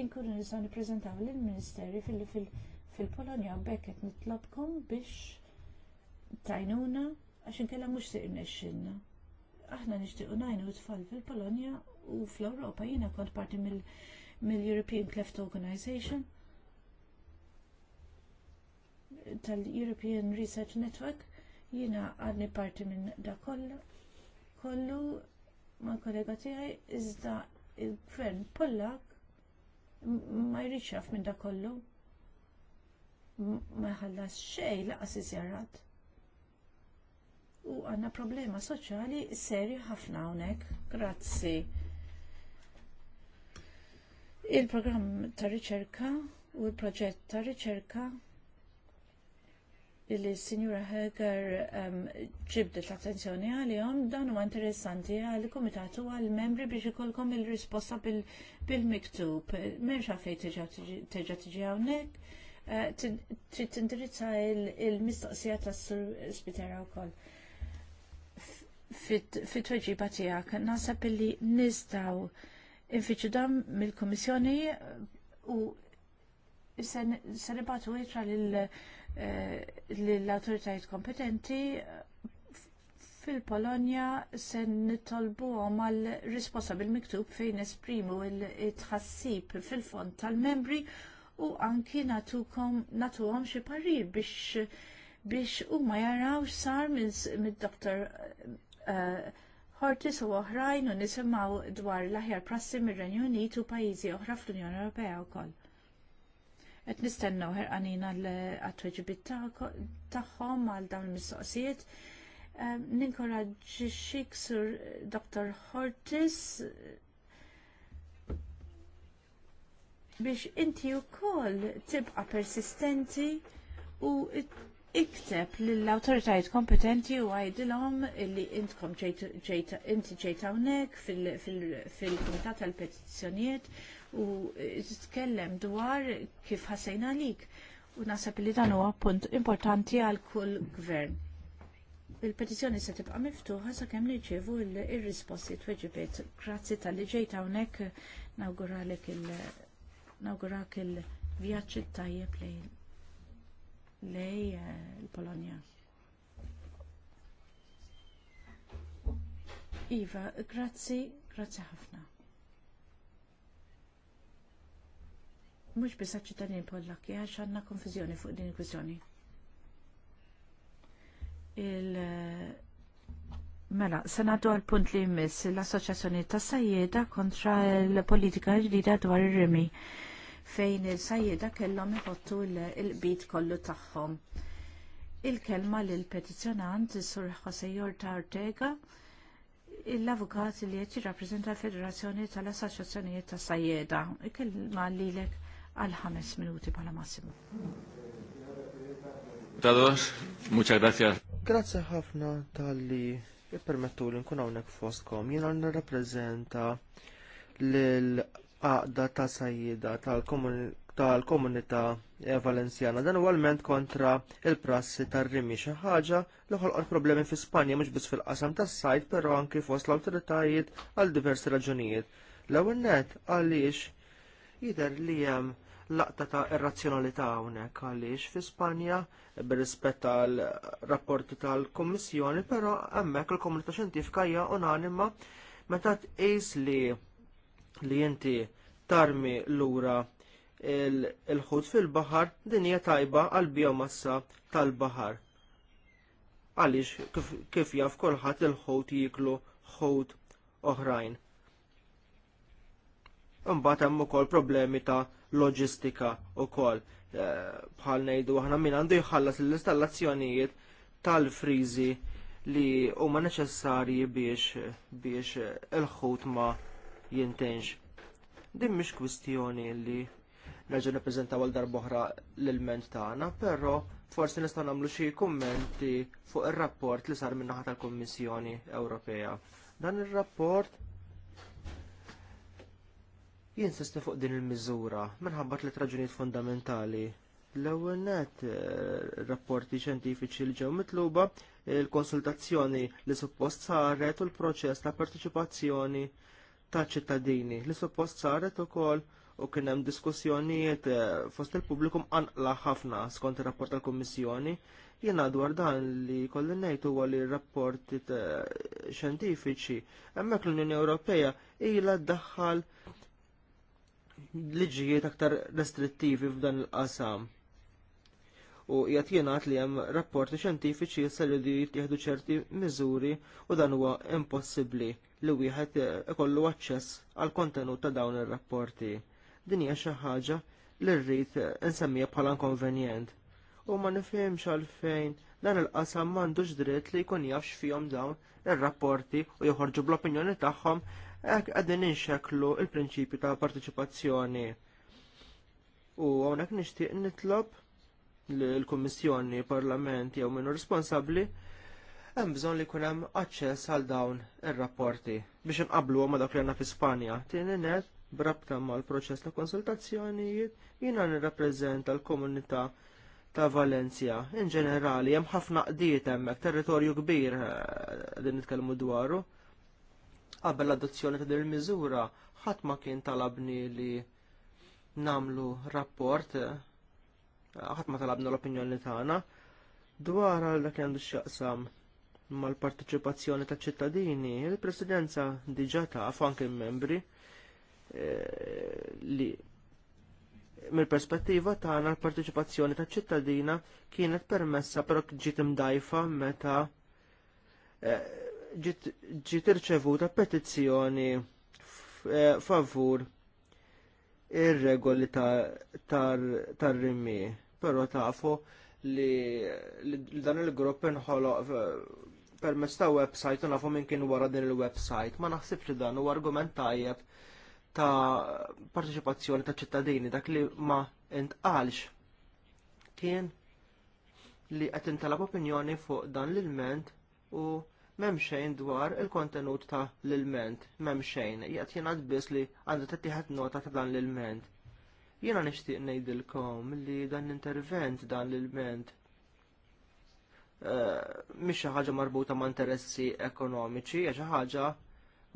inkunu nistgħu nippreżentaw lill-Ministeri fil- fil- fil-Polonja bekk qed nitlobkom biex tajnuna għax inkella mhux se irnexxinna. Aħna nixtiequ ngħinu tfal fil-Polonja u fl-Ewropa jiena kont parti mill-European Cleft Organization tal-European Research Network jiena għadni parti minn da kollu kollu ma' kollega tiegħi iżda il-gvern Pollak ma jridx jaf minn da kollu ma jħallas xejn laqas iżjarat. U għandna problema soċjali seri ħafna hawnhekk. Grazzi. Il-programm ta' riċerka u l-proġett ta' riċerka li s-Sinjura Heger um, l-attenzjoni għalihom dan huwa interessanti għal komitatu għal membri biex ikolkom il-risposta bil-miktub. Bil Merxa fejn teġa tiġi hawnhekk Eh, trid tindirizza il-mistoqsija tas-sur Spitera wkoll. Fit-tweġiba tiegħek naħseb illi nistgħu infiċu dam mill-Kummissjoni eh, u se nibatu itra lill-awtoritajiet eh, kompetenti fil-Polonja se nitolbu għom għal bil-miktub fejn esprimu il-tħassib fil-fond tal-membri u anki natukom natuhom xi parir biex biex u ma jaraw sar mid-doktor uh, eh, eh, Hortis u oħrajn u nisimgħu dwar l-aħjar prassi mir-Renju Unit u pajjiżi oħra fl-Unjoni Ewropea wkoll et nistennu ħerqanina l-atweġibit taħħom għal dawn il-mistoqsijiet. Eh, Ninkoraġi xik sur Dr. Hortis biex inti wkoll tibqa persistenti u ikteb lill awtoritajiet kompetenti u għajdilom li intkom inti ġejta hawnhekk fil-Kumitat tal-Petizzjonijiet u tkellem dwar kif ħassejna għalik u naħseb li dan huwa punt importanti għal kull gvern. Il-petizzjoni se tibqa' miftuħa sakemm nirċevu r-risposti weġibet Grazzi tal-li ġejt hawnhekk nawguralek il- nawgurak il-vjaġġ tajjeb lejn lej eh, il-Polonja. Iva, grazzi, grazzi ħafna. Mux bisa ċittadini pollakki, għax għanna konfuzjoni fuq din il-kwizjoni. Il- eh, Mela, senatu għal punt li jmiss l-Assoċjazzjoni tas sajjeda kontra l-politika ġdida dwar ir-rimi fejn il-sajjida kellhom iħottu l-bit kollu tagħhom. Il-kelma lill petizzjonant Sur Jose Jorta Ortega l-avukat li qed jirrappreżenta l-Federazzjoni tal-Assoċjazzjonijiet tas Sajjeda. Ikellma lilek għal ħames minuti bħala massimu. Tados, Grazie ħafna tal-li permettu li nkun hawnhekk fostkom. Jiena nirrappreżenta lil għaqda ta' sajjida tal-komunità ta valenzjana dan huwa alment kontra il-prassi tar-rimi xi ħaġa li ħolqot problemi fi Spanja mhux biss fil-qasam tas-sajt però anke fost l-awtoritajiet għal diversi raġunijiet. L-ewwel nett għaliex jidher li hemm laqta ta' irrazzjonalità hawnhekk għaliex fi Spanja bir-rispett tal rapporti tal-Kummissjoni, però hemmhekk il-komunità xjentifika hija unanima meta tqis li li inti tarmi lura il-ħut fil baħar din hija tajba għal biomassa tal baħar Għaliex kif, kif jaf kolħat il-ħut jiklu ħut oħrajn. Imbagħad hemm ukoll problemi ta' loġistika ukoll. Eh, bħal ngħidu aħna min għandu jħallas l-installazzjonijiet tal-friżi li huma neċessarji biex biex il-ħut ma' jintenx. Din mhix kwistjoni li nerġa' nippreżentaw għal darb'oħra l-ilment tagħna, però forsi nistgħu nagħmlu xi kummenti fuq ir-rapport li sar min-naħa tal-Kummissjoni Ewropea. Dan ir-rapport jinsisti fuq din il-miżura minħabba tliet raġunijiet fundamentali. L-ewwel net eh, rapporti xjentifiċi li ġew mitluba, il-konsultazzjoni li suppost saret u l-proċess ta' parteċipazzjoni ta' ċittadini li suppost saret ukoll u kien hemm diskussjonijiet eh, fost il-pubblikum anqla ħafna skont ir-rapport tal-Kummissjoni. Jiena dwar dan li kolli ngħid huwa li rapporti eh, xjentifiċi hemmhekk l-Unjoni Ewropea ilha ddaħħal liġijiet aktar restrittivi f'dan il-qasam u jgħat jenat li hemm rapporti xjentifiċi jissal li jittieħdu ċerti miżuri u dan huwa impossibbli li wieħed ikollu aċċess għal kontenut ta' dawn ir-rapporti. Din hija xi ħaġa li rrid insemmija bħala inkonvenjent. U ma nifhimx għalfejn dan il-qasam m'għandux dritt li jkun jafx fihom dawn ir-rapporti u joħorġu bl-opinjoni tagħhom hekk qegħdin inxeklu l prinċipju ta' partiċipazzjoni. U hawnhekk nixtieq nitlob l-Kummissjoni, Parlament jew minnu responsabbli, hemm bżonn li jkun hemm aċċess għal dawn ir-rapporti biex inqablu ma dak li għandna fi Spanja. Tieni net brabta mal-proċess ta' konsultazzjonijiet jiena nirrappreżenta l-komunità ta' Valencia. In ġenerali, hemm ħafna qdiet hemmhekk, territorju kbir eh, din nitkellmu dwaru. Qabel l-adozzjoni ta' din il-miżura, ħadd ma kien talabni li namlu rapport eh, ħadd ma talabna l-opinjoni tagħna dwar għal dak għandu x'jaqsam mal-partiċipazzjoni taċ ċittadini, il-Presidenza diġà taf anke membri eh, li mill-perspettiva tagħna l parteċipazzjoni taċ ċittadina kienet permessa però ġiet imdajfa meta eh, ġiet irċevuta petizzjoni eh, favur ir-regoli tar-rimmi però tafu li, li dan il-grupp inħoloq eh, per ta' website u nafu minn kien wara din il-website. Ma naħsibx li dan u argument tajjeb ta' parteċipazzjoni ta' ċittadini dak li ma intqalx kien li qed intalab opinjoni fuq dan l-ilment u m'hemm xejn dwar il-kontenut ta' l-ilment, m'hemm xejn, jgħat jenad biss li għandu t-tiħat nota ta' dan l-ilment Jiena nixtieq ngħidilkom li dan intervent dan l-ilment eh, mhix xi ħaġa marbuta ma' interessi ekonomiċi, hija xi ħaġa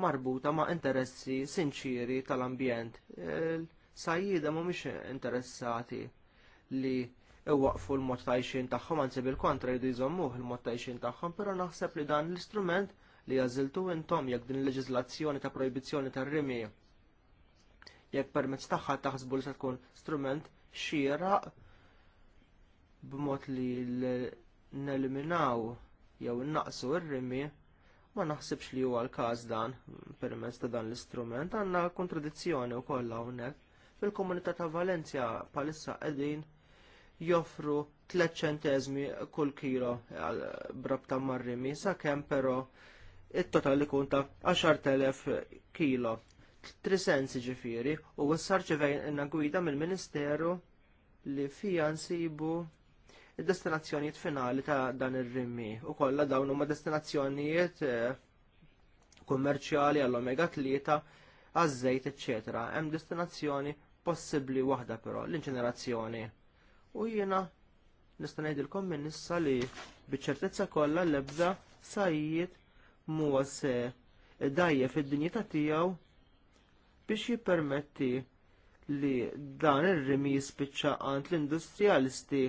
marbuta ma' interessi sinċiri tal-ambjent. Sajjida mhumiex interessati li iwaqfu l-mod tajxin tagħhom anzi bil-kontra jridu jżommuh il-mod tajxin tagħhom, però naħseb li dan l-istrument li jażiltu intom jekk din il leġiżlazzjoni ta' projbizzjoni tar-rimi jekk permezz tagħha taħsbu li se tkun strument xieraq b'mod li neliminaw jew innaqsu r-rimi ma naħsibx li huwa l-każ dan permezz ta' dan l-istrument għandna kontradizzjoni wkoll hawnhekk fil-komunità ta' Valencia bħalissa qegħdin joffru 3 ċentezmi kull kilo eh, brabta mar-rimi sakemm però it-total ikun ta' 10,000 kilo trisens ġifiri u wissar inna gwida mill-Ministeru li fija nsibu id-destinazzjonijiet finali ta' dan ir-rimmi u kollha dawn huma destinazzjonijiet eh, kummerċjali għall-omega 3 għaż-żejt eċetera. Hemm destinazzjoni possibbli waħda però l-inċenerazzjoni. U jiena nista' ngħidilkom minn issa li biċ-ċertezza kollha l-ebda sajjiet mhuwa se dajje fid-dinjità tiegħu biex jippermetti li dan ir-rimi jispiċċa għand l-industrijalisti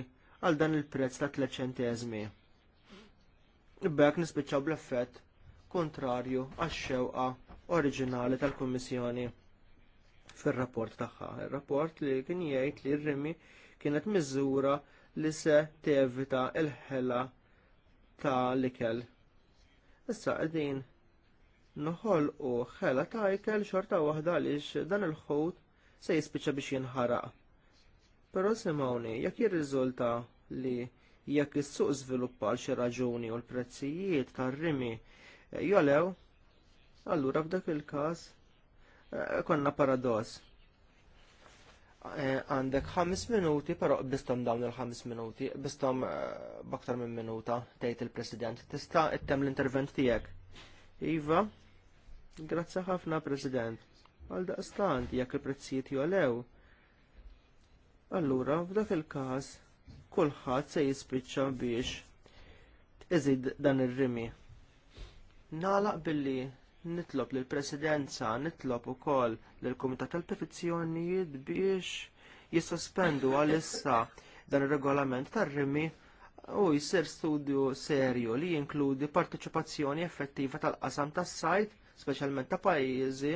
għal dan il-prezz ta' 3 ċentesmi. Ibbek nispiċċaw bl-effett kontrarju għax-xewqa oriġinali tal-Kummissjoni fir-rapport tagħha. Ir-rapport li kien jgħid li r-rimi kienet miżura li se tevita l ħela ta' l-ikel. Issa qegħdin u ħela ta' ikel xorta waħda għaliex dan il-ħut se jispiċċa biex jinħaraq. Però simawni, jekk jirriżulta li jekk is-suq żviluppa għal xi raġuni u l-prezzijiet tar-rimi eh, jolew, allura f'dak il-każ eh, konna paradoss. Eh, għandek 5 minuti, però bistom dawn il-5 minuti, bistom baktar minn minuta, tgħid il-President, tista' ittem l-intervent tiegħek. Iva, Grazzi ħafna, President. Għal daqstant, jekk il-prezzijiet jolew. Allura, f'dak il-każ, kulħadd se jispiċċa biex iżid dan ir-rimi. Nalaq billi nitlob lill presidenza nitlob ukoll lill kumitat tal-Petizzjonijiet biex jissospendu għalissa dan ir-regolament tar-rimi u jsir studju serju li jinkludi parteċipazzjoni effettiva tal-qasam tas-sajt speċjalment ta' pajjiżi,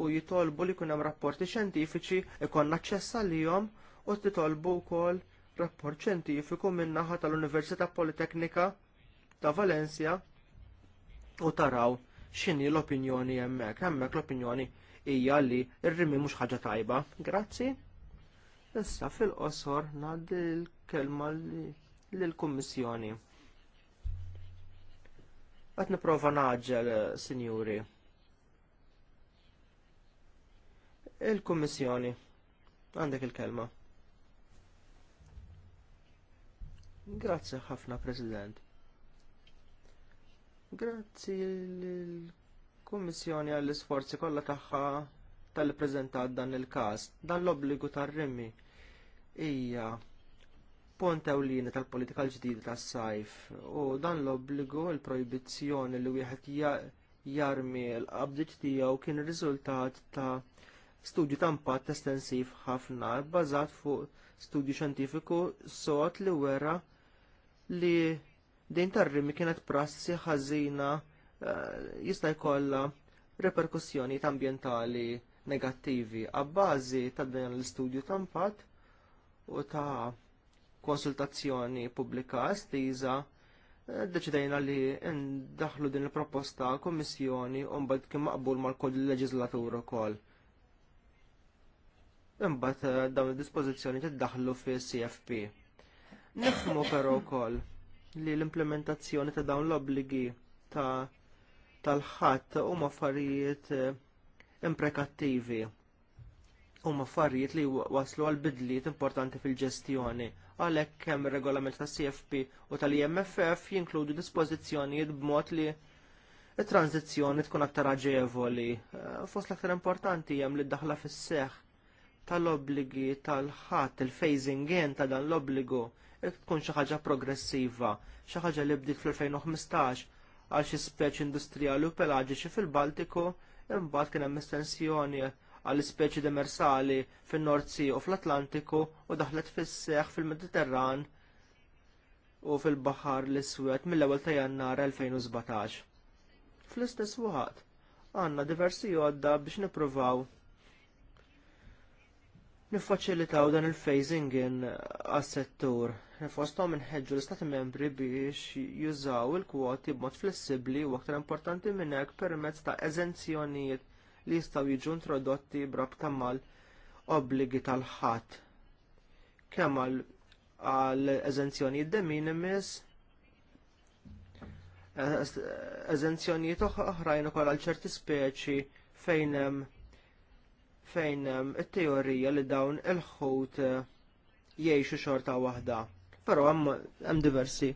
u jitolbu li jkun hemm rapporti xjentifiċi ikon aċċess għalihom u titolbu wkoll rapport xjentifiku min-naħa tal-Università Politeknika ta' Valencia u taraw x'inhi l-opinjoni hemmhekk. Hemmhekk l-opinjoni hija li r-rimi mhux ħaġa tajba. Grazzi. Issa fil-qosor ngħaddi l-kelma lill-Kummissjoni. Għat niprofa naġġel, eh, sinjuri. Il-Kummissjoni. Għandek il-kelma. Grazzi ħafna, President. Grazzi l-Kummissjoni għall-isforzi kollha tagħha tal-prezentat dan il-każ, dan l-obbligu tar-rimmi. Ija, u ewlieni tal-politika l-ġdida tas-sajf u dan l-obbligu l-projbizzjoni li wieħed jarmi l-qabdiċ tiegħu kien riżultat ta' studju ta' impatt estensiv ħafna bbażat fuq studju xjentifiku sot li wera li din tarrimi kienet prassi ħażina eh, jista' jkollha reperkussjonijiet ambjentali negattivi għabbażi ta' dan l-istudju ta' impatt u ta' konsultazzjoni pubblika estiża eh, deċidejna li ndaħlu din il-proposta kommissjoni u mbagħad kien maqbul mal-koll leġislatur ukoll. Imbagħad eh, dawn id-dispożizzjoni tiddaħlu fi CFP. Nifhmu però wkoll li l-implementazzjoni ta' dawn l-obbligi ta' tal-ħadd huma affarijiet eh, imprekattivi huma affarijiet li waslu għal bidliet importanti fil-ġestjoni għalhekk kemm ir-regolament tas CFP u tal-IMFF jinkludu dispożizzjonijiet b'mod li it-tranzizzjoni tkun aktar aġevoli. Eh, fost l-aktar importanti hemm li daħla fis-seħħ tal-obbligi tal-ħadd il-phasing in ta' dan l-obbligu tkun xi ħaġa progressiva, xi ħaġa li bdiet fl-2015 għal xi speċi industrijali u pelaġiċi fil-Baltiku imbagħad kien hemm estensjoni għall speċi demersali fin-Nord Sea u fl-Atlantiku u daħlet fis-seħħ fil-Mediterran u fil-Baħar l-Iswed mill-ewwel ta' Jannar 2017. Fl-istess waqt, għandna diversi għodda biex nippruvaw niffaċilitaw dan il-phasing in għas-settur. Fostom inħeġġu l-Istati membri biex jużaw il-kwoti b'mod flessibbli u aktar importanti minn hekk permezz ta' eżenzjonijiet li jistgħu jiġu introdotti brab mal obbligi tal-ħadd. Kemm għal ezenzjoni de minimis eżenzjonijiet oħrajn ukoll għal ċerti speċi fejn hemm il it-teorija li dawn il-ħut eh, jgħixu xorta waħda. Però hemm diversi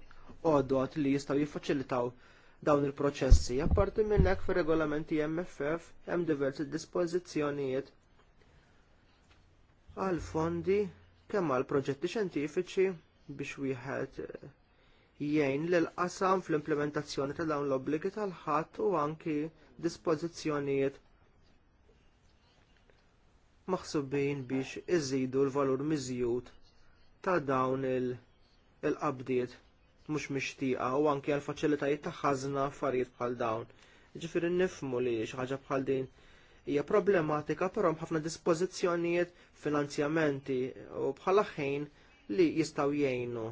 għodot li jistgħu jiffaċilitaw dawn il-proċessi. Apparti minn hekk fir-regolamenti MFF hemm diversi dispożizzjonijiet għal fondi kemm għal proġetti xjentifiċi biex wieħed eh, jgħin lill qasam fl-implementazzjoni ta' dawn l-obbligi tal-ħadd u anki dispożizzjonijiet maħsubin biex iżidu l-valur miżjud ta' dawn il-qabdiet mhux mixtieqa u anke għal faċilitajiet ta' ħażna affarijiet bħal dawn. Ġifiri nifmu li xi ħaġa bħal din hija problematika però ħafna dispożizzjonijiet, finanzjamenti u bħala ħin li jistgħu jgħinu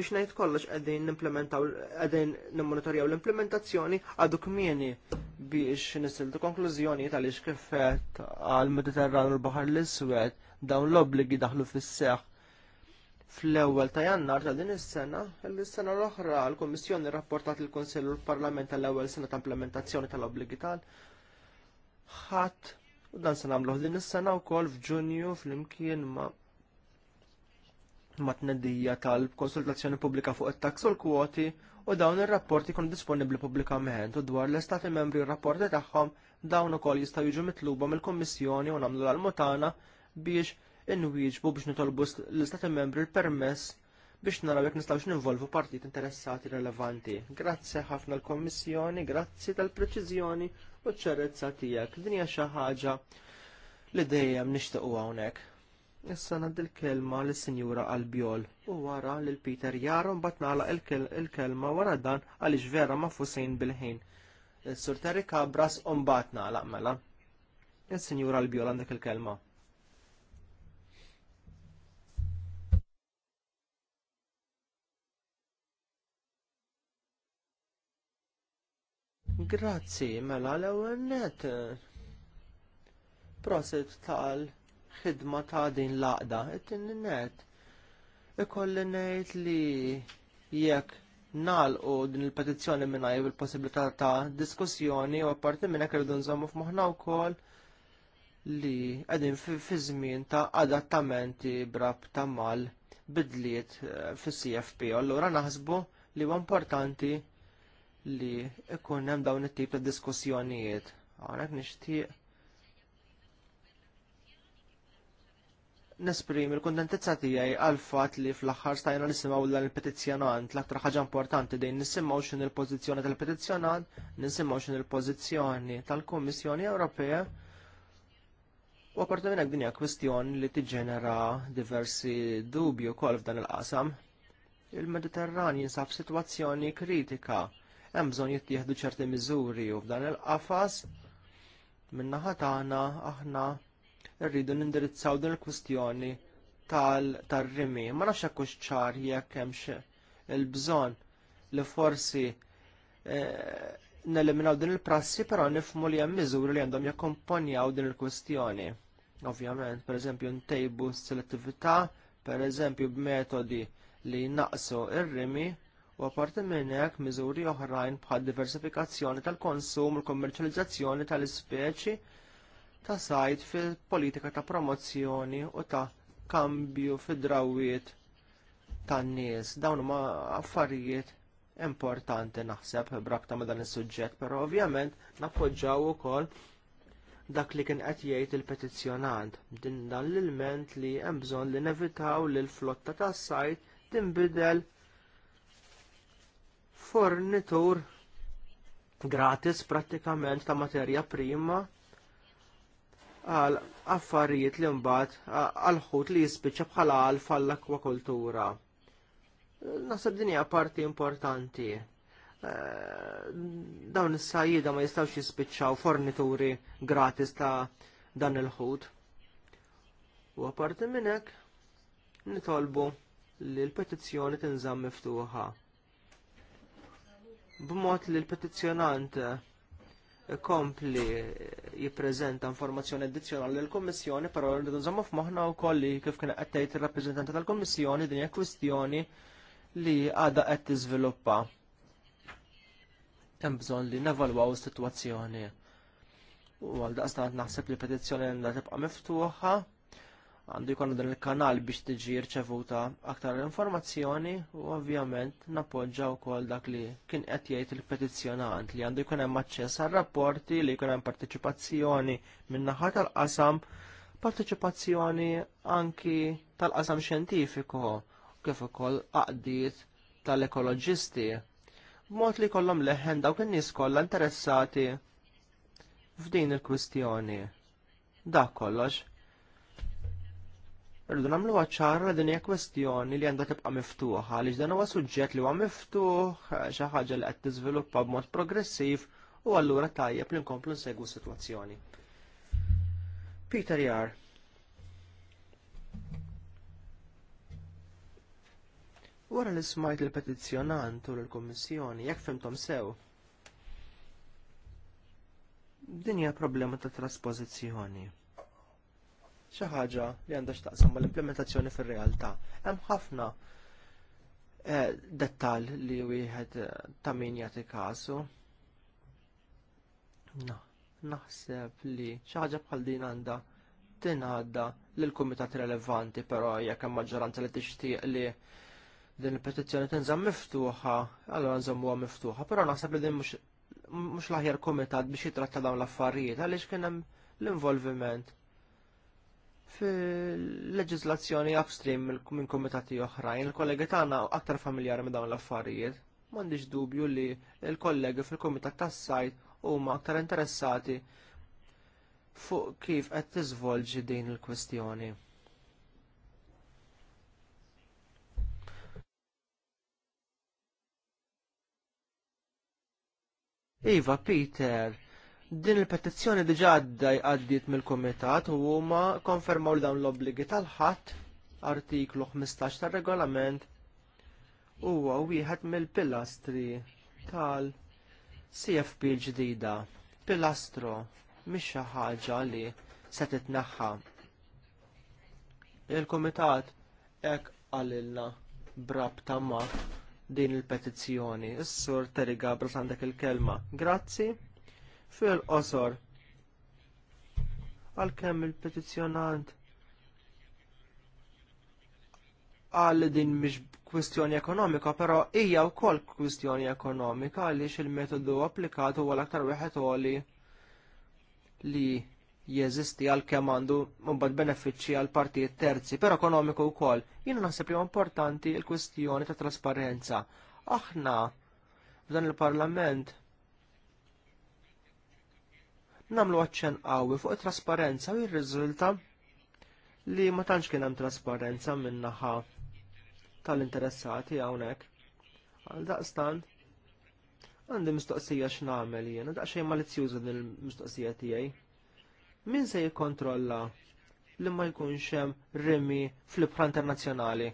biex ngħid kollox qegħdin nimplementaw qegħdin nimmonitorjaw l-implementazzjoni għadu kmieni biex nisiltu konklużjoni tal-ix kifet għal mediterran u l-Baħar l-Iswed dawn l obbligi daħlu fis-seħħ fl-ewwel ta' jannar ta' din is-sena, is-sena l-oħra l-Kummissjoni rrapportat il-Kunsill u l-Parlament tal-ewwel sena ta' implementazzjoni tal-obbligi tal ħadd u dan se nagħmluh din is-sena wkoll f'Ġunju flimkien ma' ma' tnedija tal-konsultazzjoni pubblika fuq it-tax u l-kwoti u dawn ir-rapporti jkunu disponibbli pubblikament u dwar l-Istati membri r-rapporti tagħhom dawn ukoll jistgħu jiġu mitluba mill-Kummissjoni u nagħmlu l mutana biex inwieġbu biex nitolbu l-Istati membri l-permess biex naraw jekk nistgħux ninvolvu partit interessati relevanti. Grazzi ħafna l-Kommissjoni, grazzi tal-preċiżjoni u ċerezza tiegħek. Din hija xi ħaġa li dejjem nixtiequ hawnhekk. Issa ngħaddi il-kelma lis sinjura Albiol u wara lil Peter Jaro mbagħad nagħlaq il-kelma wara dan għaliex vera ma' fusejn bil-ħin. Is-Sur Terry Cabras u mbagħad nagħlaq mela. Is-Sinjura Albiol għandek il-kelma. Grazzi, mela l-ewwel net. Prosit tal-ħidma ta' din laqda, it-tin net. Ikolli ngħid li jekk nagħlqu din il-petizzjoni mingħajr il-possibilità ta' diskussjoni u apparti minn hekk irridu nżommu f'moħħna wkoll li qegħdin fi żmien ta' adattamenti b'rab ta' mal bidliet eh, fis-CFP. Allura naħsbu li huwa importanti li ikun hemm dawn it-tip ta' diskussjonijiet. Għonek nixtieq nesprimi l-kundentizza tiegħi għal fatt li fl-aħħar stajna nisimgħu l-petizzjonant l-aktar ħaġa importanti dejn nisimgħu x'in il-pożizzjoni tal-petizzjonant, nisimgħu x'in il-pożizzjoni tal-Kummissjoni Ewropea. U apparti minn hekk din hija kwistjoni li tiġġenera diversi dubju wkoll f'dan il-qasam. Il-Mediterran jinsab f'sitwazzjoni kritika hemm bżonn jittieħdu ċerti miżuri u f'dan il-qafas minna naħa tagħna aħna rridu nindirizzaw din il-kwistjoni tal-rimi. Ma nafx hekk hux ċar jekk hemmx il-bżonn li forsi eh, neliminaw din il-prassi però nifmu li hemm miżuri li għandhom jakkomponjaw din il-kwistjoni. Ovvjament, pereżempju ntejbu s-selettività, pereżempju b'metodi li naqsu ir-rimi u apparti minn hekk miżuri oħrajn bħal diversifikazzjoni tal-konsum u l-kommerċjalizzazzjoni tal-ispeċi ta' sajt fil-politika ta' promozzjoni u ta' kambju fid-drawiet tan-nies. Dawn huma affarijiet importanti naħseb brakta ma' dan is-suġġett, però ovvjament nappoġġaw ukoll dak li kien qed jgħid il-petizzjonant din dan l-ilment li hemm bżonn li nevitaw li l-flotta tas-sajt tinbidel fornitur gratis prattikament ta' materja prima għal affarijiet li mbagħad għal ħut li jispiċċa bħala għalf l akwakultura Naħseb din hija parti importanti. Eh, dawn is-sajjida ma jistgħux jispiċċaw fornituri gratis ta' dan il-ħut. U apparti minn hekk nitolbu li l-petizzjoni tinżamm miftuħa b'mod li l-petizzjonant kompli jippreżenta informazzjoni addizzjonali l kummissjoni però rridu nżommu f'moħħna wkoll li kif kien qed tgħid ir-rappreżentanti tal-Kummissjoni din hija kwistjoni li għadha qed tiżviluppa. Hemm bżonn li nevalwaw is-sitwazzjoni. U għal daqstant naħseb li petizzjoni għandha tibqa' miftuħa għandu jkun dan il-kanal biex tiġi rċevuta aktar informazzjoni u ovvjament nappoġġa wkoll dak li kien qed jgħid il-petizzjonant li għandu jkun hemm aċċess għar rapporti li jkun hemm partiċipazzjoni min-naħa tal-qasam, partiċipazzjoni anki tal-qasam xjentifiku kif ukoll għaqdiet tal-ekoloġisti b'mod li jkollhom leħen dawk in-nies kollha interessati f'din il-kwistjoni. Dak kollox. Rridu namlu għacċarra din hija kwestjoni li għandha tibqa' miftuħa għaliex dan huwa suġġett li huwa miftuħ xi ħaġa li qed tiżviluppa b'mod progressiv u allura tajjeb li nkomplu nsegwu s-sitwazzjoni. Peter Jar. Wara li smajt il-petizzjonant u l-Kommissjoni, jekk fimtom sew, din hija problema ta' traspożizzjoni xi ħaġa li għandha x'taqsam mal-implementazzjoni fir-realtà. Hemm ħafna eh, dettal li wieħed eh, ta' min jagħti każu. Naħseb li xi ħaġa bħal din għandha tingħadda lill kumitat relevanti però jekk hemm maġġoranza li tixtieq li din il-petizzjoni tinżamm miftuħa, allora nżammuha miftuħa, però naħseb li din mhux mhux l-aħjar kumitat biex jitratta dawn l-affarijiet għaliex kien hemm l-involviment fil-leġizlazzjoni upstream minn komitati oħrajn, il-kollegi tagħna aktar familjari minn dawn l-affarijiet. M'għandix dubju li l-kollegi fil-komitat tas-sajt huma aktar interessati fuq kif qed tiżvolġi din il-kwestjoni. Iva, Peter, Din il-petizzjoni diġa għaddiet mill-Kumitat u huma konfermaw li dawn l-obbligi tal-ħadd artiklu 15 tar-regolament huwa wieħed mill-pilastri tal-CFP ġdida. Pilastro mhix xi ħaġa li se titneħħa. Il-Kumitat hekk għalilna brabta ma' din il-petizzjoni. Is-sur Terry Gabros għandek il-kelma. Grazzi fil-qosor għalkemm il-petizzjonant għal din mhix kwistjoni ekonomika, però hija wkoll kwistjoni ekonomika għaliex il-metodu applikat huwa l-aktar wieħed għoli li jeżisti għal kemm għandu mbagħad benefiċċji għal partijiet terzi, però ekonomiku wkoll. Jiena naħseb importanti l-kwistjoni ta' trasparenza. Aħna f'dan il-Parlament namlu għacċen qawwi fuq trasparenza u jirriżulta li ma tantx kien hemm trasparenza min-naħa tal-interessati hawnhekk. Għal daqstant għandi mistoqsija x'nagħmel jien, daqsxejn malizzjuża din il-mistoqsija tiegħi. Min se jikkontrolla li ma jkunx hemm rimi fl-ibħra internazzjonali?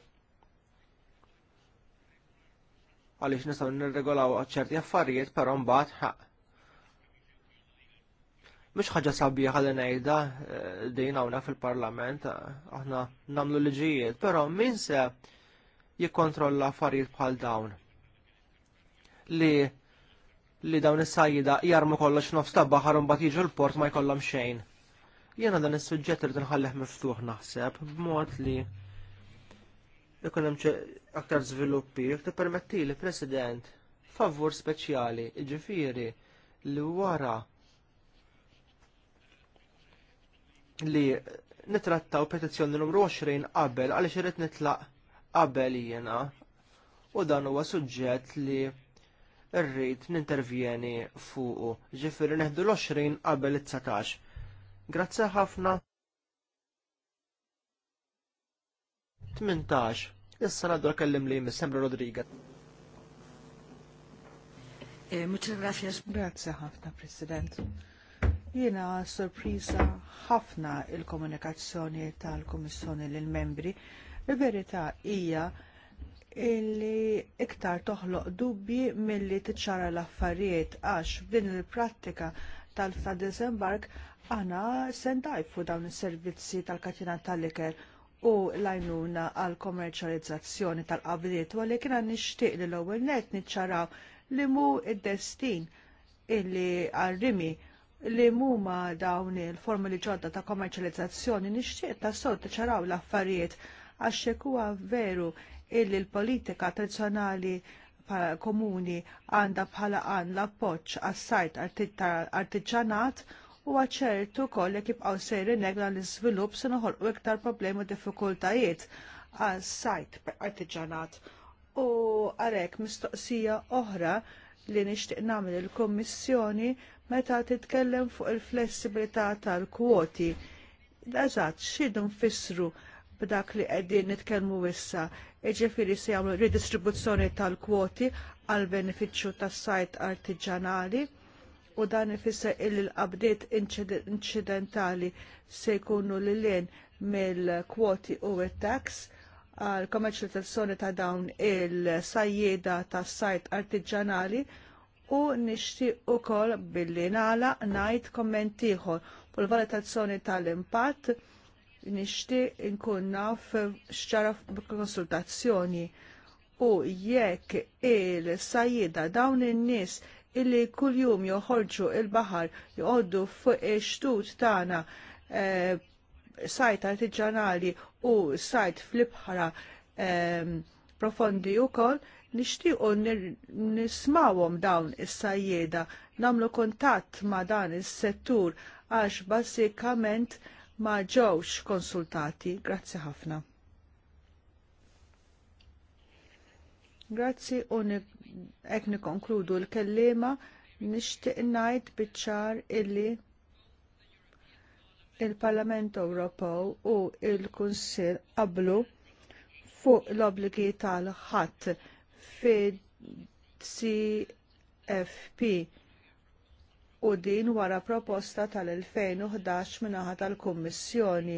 Għaliex nistgħu nirregolaw ċerti affarijiet, però mbagħad ħaq Mhux ħaġa sabiħa li ngħidha eh, din hawnhekk fil-Parlament eh, aħna nagħmlu liġijiet, però min se jikkontrolla affarijiet bħal dawn. Li li dawn is-sajjida jarmu kollox nofs ta' baħar u mbagħad jiġu l-port ma jkollhom xejn. Jiena dan is-suġġett irid nħalleh miftuħ naħseb b'mod li ikun hemm aktar żviluppi, tippermettili President favur speċjali, jiġifieri li wara li nitrattaw petizzjoni numru 20 qabel għaliex irid nitlaq qabel jiena u dan huwa suġġett li rrid nintervjeni fuqu ġifieri neħdu l-20 qabel it-19. Grazzi ħafna. 18. Issa nagħdu kellim li Sembra Rodriguez. Eh, muchas gracias. Grazie ħafna, President. Jiena sorpriża ħafna il-komunikazzjoni tal-Kummissjoni lill membri Il-verità hija illi iktar toħloq dubbi milli tiċċara l-affarijiet għax din il-prattika tal-ta' Desembark aħna se ndajfu dawn is-servizzi tal-katina tal-ikel u l-għajnuna għall kommerċjalizzazzjoni tal-qabliet u għalhekk kien nixtieq li l-ewwel nett niċċaraw li mhu id-destin illi għarrimi rimi li muma dawn il formuli li ġodda ta' komerċializzazzjoni nixtieq ta' sort ċaraw l-affarijiet għax huwa veru illi l-politika tradizzjonali komuni għandha bħala għan l-appoġġ għas-sajt artiġanat huwa ċertu koll jekk jibqgħu sejri negla l-iżvilupp se noħolqu iktar problemi u diffikultajiet għas-sajt artiġanat. U għalhekk mistoqsija oħra li nixtieq nagħmel il-Kummissjoni meta titkellem fuq il-flessibilità tal-kwoti. Dażat, xidu nfissru b'dak li qegħdin nitkellmu wissa. jiġifieri se jagħmlu ridistribuzzjoni tal-kwoti għal benefiċċju tas-sajt artiġanali, u dan ifisser illi l-qabdiet inċidentali se jkunu lilien mill-kwoti u it-tax għal komerċjalizzazzjoni ta' dawn il-sajjeda tas-sajt artiġjanali u nixtieq ukoll billi nala ngħid komment ieħor fuq valutazzjoni tal-impatt nixtieq inkun naf xċara konsultazzjoni u jekk il-sajjida dawn in-nies illi kuljum joħorġu il-baħar joqoddu fuq ix-xtut tagħna eh, sajt artiġjanali u sajt fl-ibħra eh, profondi wkoll nixtiequ nismawhom dawn is-sajjeda nagħmlu kuntatt ma' dan is-settur għax bażikament ma ġewx konsultati. Grazzi ħafna. Grazzi u hekk nikkonkludu l-kellima nixtieq ngħid biċ-ċar illi il-Parlament Ewropew u l kunsill qablu fuq l obbligi tal-ħadd fil cfp u din wara proposta tal-2011 minnaħa tal-Kummissjoni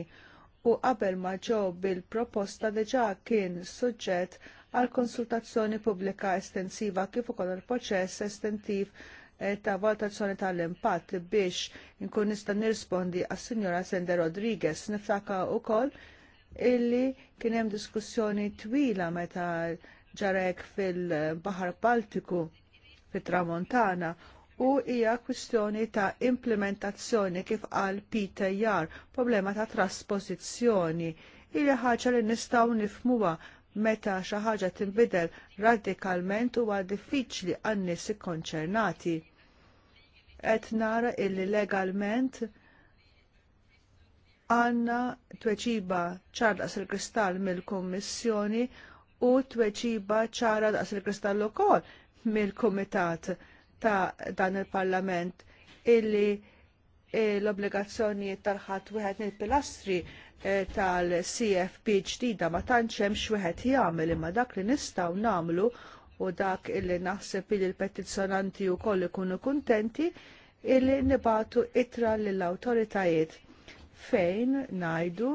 u qabel ma ġew bil-proposta diġà kien suġġett għal konsultazzjoni pubblika estensiva kif ukoll il-proċess estentiv eh, ta' valutazzjoni tal-impatt biex inkun nista' nirrispondi għas-Sinjora Sende Rodriguez niftaka wkoll illi kien hemm diskussjoni twila meta ġarek fil-Bahar Baltiku fit-Tramontana u hija kwistjoni ta' implementazzjoni kif qal Peter Jar, problema ta' trasposizzjoni. Hija ħaġa li nistgħu nifmuwa meta xi ħaġa tinbidel radikalment huwa diffiċli għan-nies ikkonċernati. Qed nara illi legalment għandna tweġiba ċarlaqs il-kristall mill-Kummissjoni u tweċiba ċara daqs il-kristallu kol mill-Kumitat ta' dan il-Parlament illi l-obbligazzjonijiet tal-ħadd wieħed mill-pilastri eh, tal-CFP ġdida ma tantx x'wieħed jagħmel imma dak li nistgħu nagħmlu u dak illi naħseb li l-petizzjonanti wkoll ikunu kuntenti illi nibatu itra lill-awtoritajiet fejn ngħidu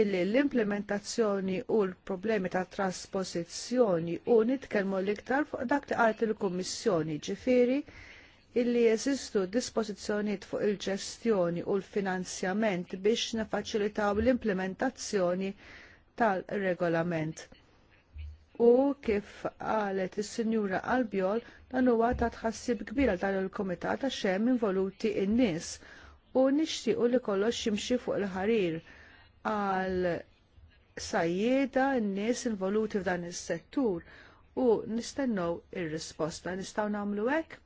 illi l-implementazzjoni u l-problemi ta' trasposizjoni u nitkellmu l-iktar fuq dak li għalt il-Kummissjoni ġifiri illi jeżistu dispożizzjonijiet fuq il-ġestjoni u l-finanzjament biex nefaċilitaw l-implementazzjoni tal-regolament u kif qalet is-Sinjura Albiol dan huwa ta' tħassib kbir tal dan il-Kumitat għax involuti n-nies u nixtiequ li kollox jimxi fuq il-ħarir għal sajjeda n-nies involuti f'dan is-settur u nistennew ir-risposta nistgħu nagħmlu hekk.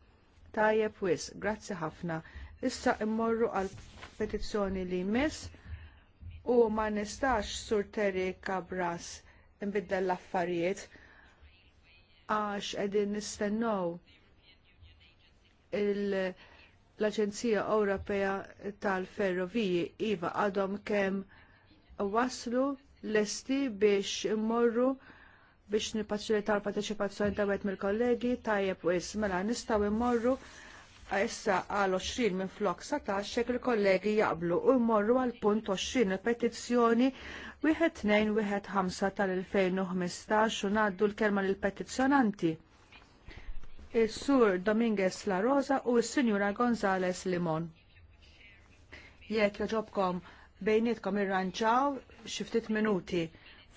Tajjeb wis, grazzi ħafna. Issa immorru għal petizzjoni li jmiss u ma nistax sur Terry Cabras nbiddel l-affarijiet għax qegħdin nistennew l-Aġenzija Ewropea tal-Ferroviji iva għadhom kemm waslu l-esti biex immorru biex nipaċilita l-parteċipazzjoni ta' wet mill-kollegi tajjeb u mela nistgħu immorru issa għal 20 minn flok 17 il-kollegi jaqblu u immorru għal punt 20 il-petizzjoni 1215 tal-2015 u ngħaddu l-kelma lill-petizzjonanti. Is-sur Dominguez La Rosa u s-Sinjura Gonzales Limon. Jekk joġobkom bejnietkom irranċaw xiftit minuti,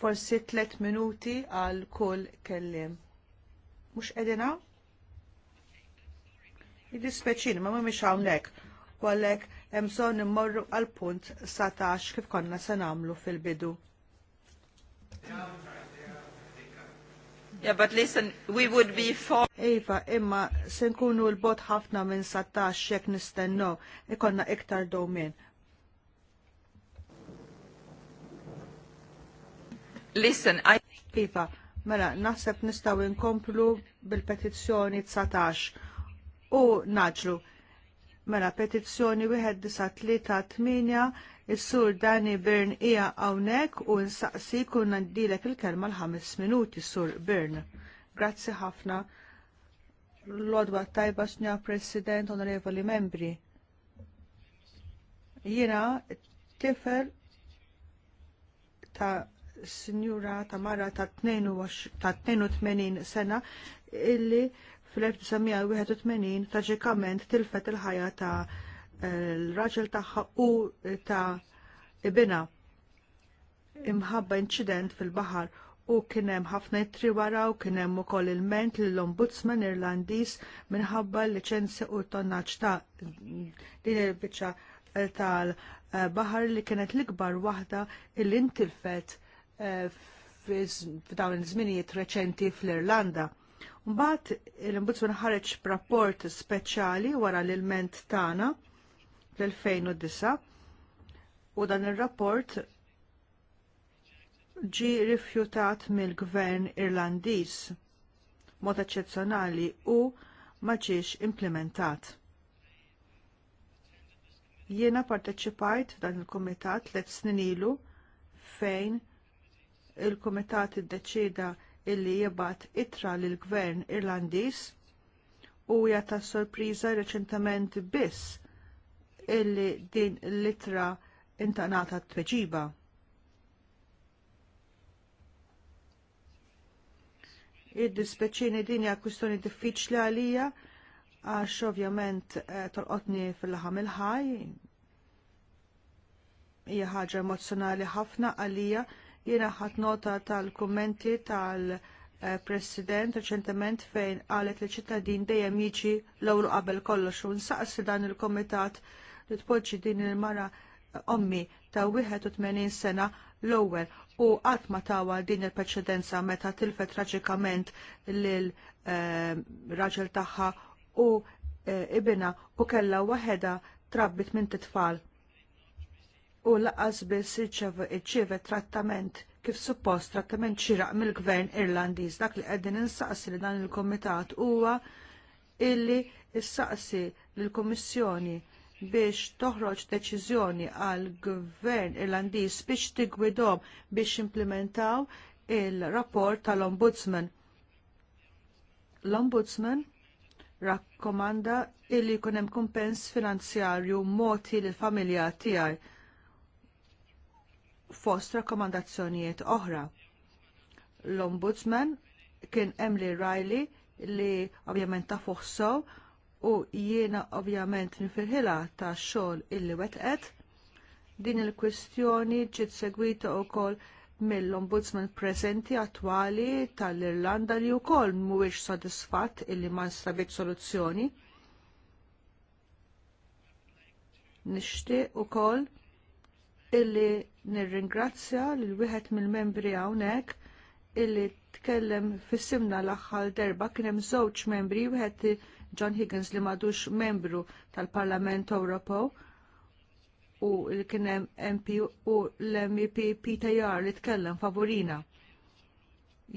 forsi tlet minuti għal kull kellim. Mux edina? Id-dispeċin, ma mumiex hawnhekk, u għalhekk hemm bżonn immorru għal punt satax kif konna se nagħmlu fil-bidu. Yeah, but listen, we would be for... Iva, imma se nkunu l-bot ħafna minn 17 jekk nistenno, ikonna iktar domen. Listen, I... Iva, mela, naħseb nistaw inkomplu bil-petizzjoni 19 u naġlu. Mela, petizzjoni tminja, Is-sur Dani Byrne hija hawnhekk u nsaqsi kun ndilek il-kelma l-ħames minuti, sur Byrne. Grazzi ħafna. L-odwa tajba xnja President, onorevoli membri. Jiena tifel ta' sinjura Tamara ta' 82 sena illi fl-1981 traġikament tilfet il-ħajja ta' l-raġel tagħha u ta' ibina imħabba incident fil-baħar u kien hemm ħafna ittri wara u kien hemm ukoll il-ment lill-Ombudsman Irlandiż minħabba l-liċenzja u t-tonnaġġ ta' din il-biċċa tal bahar li kienet l-ikbar waħda il intilfet Eh, f'dawn iż-żminijiet reċenti fl-Irlanda. Mbagħad l-Ombudsman ħareġ b'rapport speċjali wara l-ilment tagħna fl-2009 u dan ir-rapport ġi rifjutat mill-Gvern Irlandiż mod eċċezzjonali u ma ġiex implementat. Jiena parteċipajt dan il-Kumitat tliet snin ilu fejn il-Kumitat iddeċida illi jibgħat ittra lill gvern Irlandiż u hija ta' sorpriża reċentament biss illi din l-ittra intanata tweġiba. Id-dispeċini din hija kwistjoni diffiċli għalija għax ovvjament eh, tolqotni fil-laħam il-ħaj hija ħaġa emozzjonali ħafna għalija Jiena ħadt nota tal-kummenti tal-President reċentement fejn qalet li ċittadin dejjem jiġi l-ewlu qabel kollox u nsaqsi dan il-komitat li tpoġġi din il-mara ommi ta' 81 sena l-ewwel u qatt ma tawa din il-preċedenza meta tilfet traġikament lil eh, raġel tagħha u eh, ibina u kellha waħedha trabbit minn titfal u laqas biss iċċeve trattament kif suppost trattament xiraq mill-gvern Irlandiż dak li qegħdin insaqsi li dan il-Kumitat huwa illi issaqsi lill-Kummissjoni biex toħroġ deċiżjoni għal gvern Irlandiż biex tigwidhom biex implementaw il-rapport tal-Ombudsman. L-Ombudsman rakkomanda illi jkun hemm kumpens finanzjarju moti lill familja tiegħi fost rakkomandazzjonijiet oħra. L-Ombudsman kien Emily Riley li ovvjament ta' fuħsow u jiena ovvjament nifirħila ta' xogħol illi wetqet. Din il-kwistjoni ġiet segwita wkoll mill-Ombudsman preżenti attwali tal-Irlanda li wkoll mhuwiex sodisfatt illi ma nstabit soluzzjoni. Nixtieq ukoll illi nirringrazzja lil wieħed mill-membri hawnhekk illi tkellem fis-simna l-aħħar darba kien hemm żewġ membri wieħed John Higgins li madux membru tal-Parlament Ewropew u li kien hemm MP u l-MEP Peter Jar li tkellem favorina.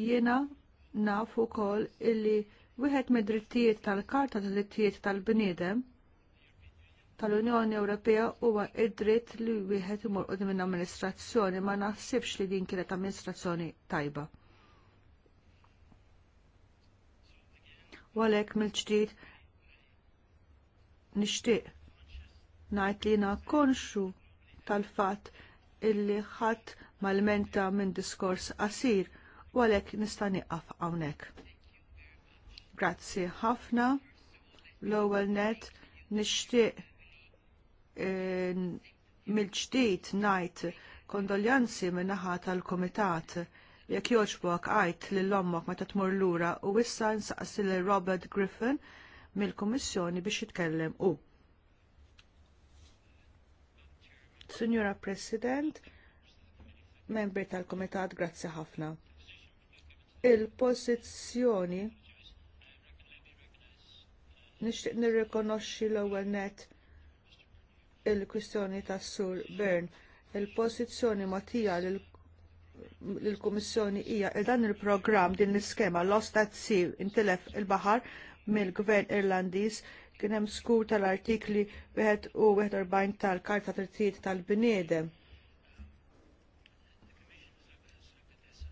Jiena naf ukoll illi wieħed mid-drittijiet tal-Karta tad-Drittijiet tal-Bniedem tal-Unjoni Ewropea huwa id-dritt li wieħed imur qudiem minn amministrazzjoni ma naħsibx li din kienet amministrazzjoni tajba. U għalhekk mill-ġdid nixtieq ngħid li jiena konxu tal-fatt illi ħadd mal-menta minn diskors qasir u għalhekk nista' nieqaf hawnhekk. Grazzi ħafna l-ewwel net nixtieq Eh, mil ġdid ngħid kondoljanzi min-naħa tal-Kumitat jekk jogħġbok għajt lil ommok meta tmur lura u issa nsaqsi Robert Griffin mill-Kummissjoni biex jitkellem u. Signora President, membri tal-Komitat, grazzi ħafna. Il-pozizjoni nixtieq nirrikonoxxi l-ewwel net il-kwistjoni tas Sur Bern. Il-pożizzjoni matija l-Kummissjoni hija il dan il-programm din l-iskema Lost at Sea intilef il-baħar mill-Gvern Irlandiż kien hemm skur tal-artikli 41 tal-Karta Trittijiet tal-Bniedem.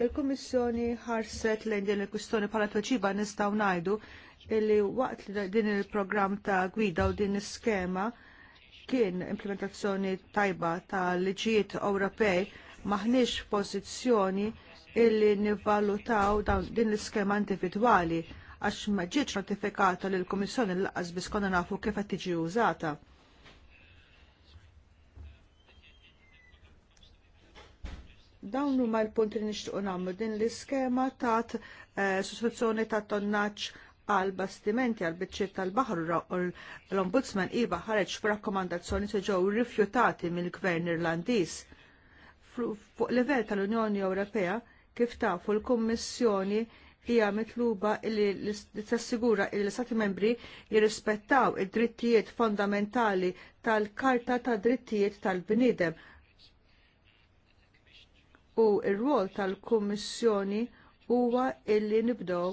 Il-Kummissjoni ħarset lejn din il-kwistjoni bħala tweġiba nistgħu ngħidu illi waqt din il-programm ta' gwida u din l-iskema il kien implementazzjoni tajba ta' liġijiet Ewropej maħniex pożizzjoni illi nivvalutaw din l-iskema individwali għax ma ġietx ratifikata lil kummissjoni l-laqas biss konna nafu kif qed tiġi użata. Dawn huma l-punti li nixtiequ nagħmlu din l-iskema ta' eh, sostituzzjoni ta' tonnaġġ għal bastimenti għal biċċiet tal-baħar u l-Ombudsman iva ħareġ f'rakkomandazzjoni se ġew rifjutati mill-Gvern Irlandiż. Fuq livell tal-Unjoni Ewropea kif tafu l-Kummissjoni hija mitluba li tassigura li l-Stati membri jirrispettaw id-drittijiet fondamentali tal-Karta ta' Drittijiet tal-Bnidem u r rwol tal-Kummissjoni huwa illi nibdew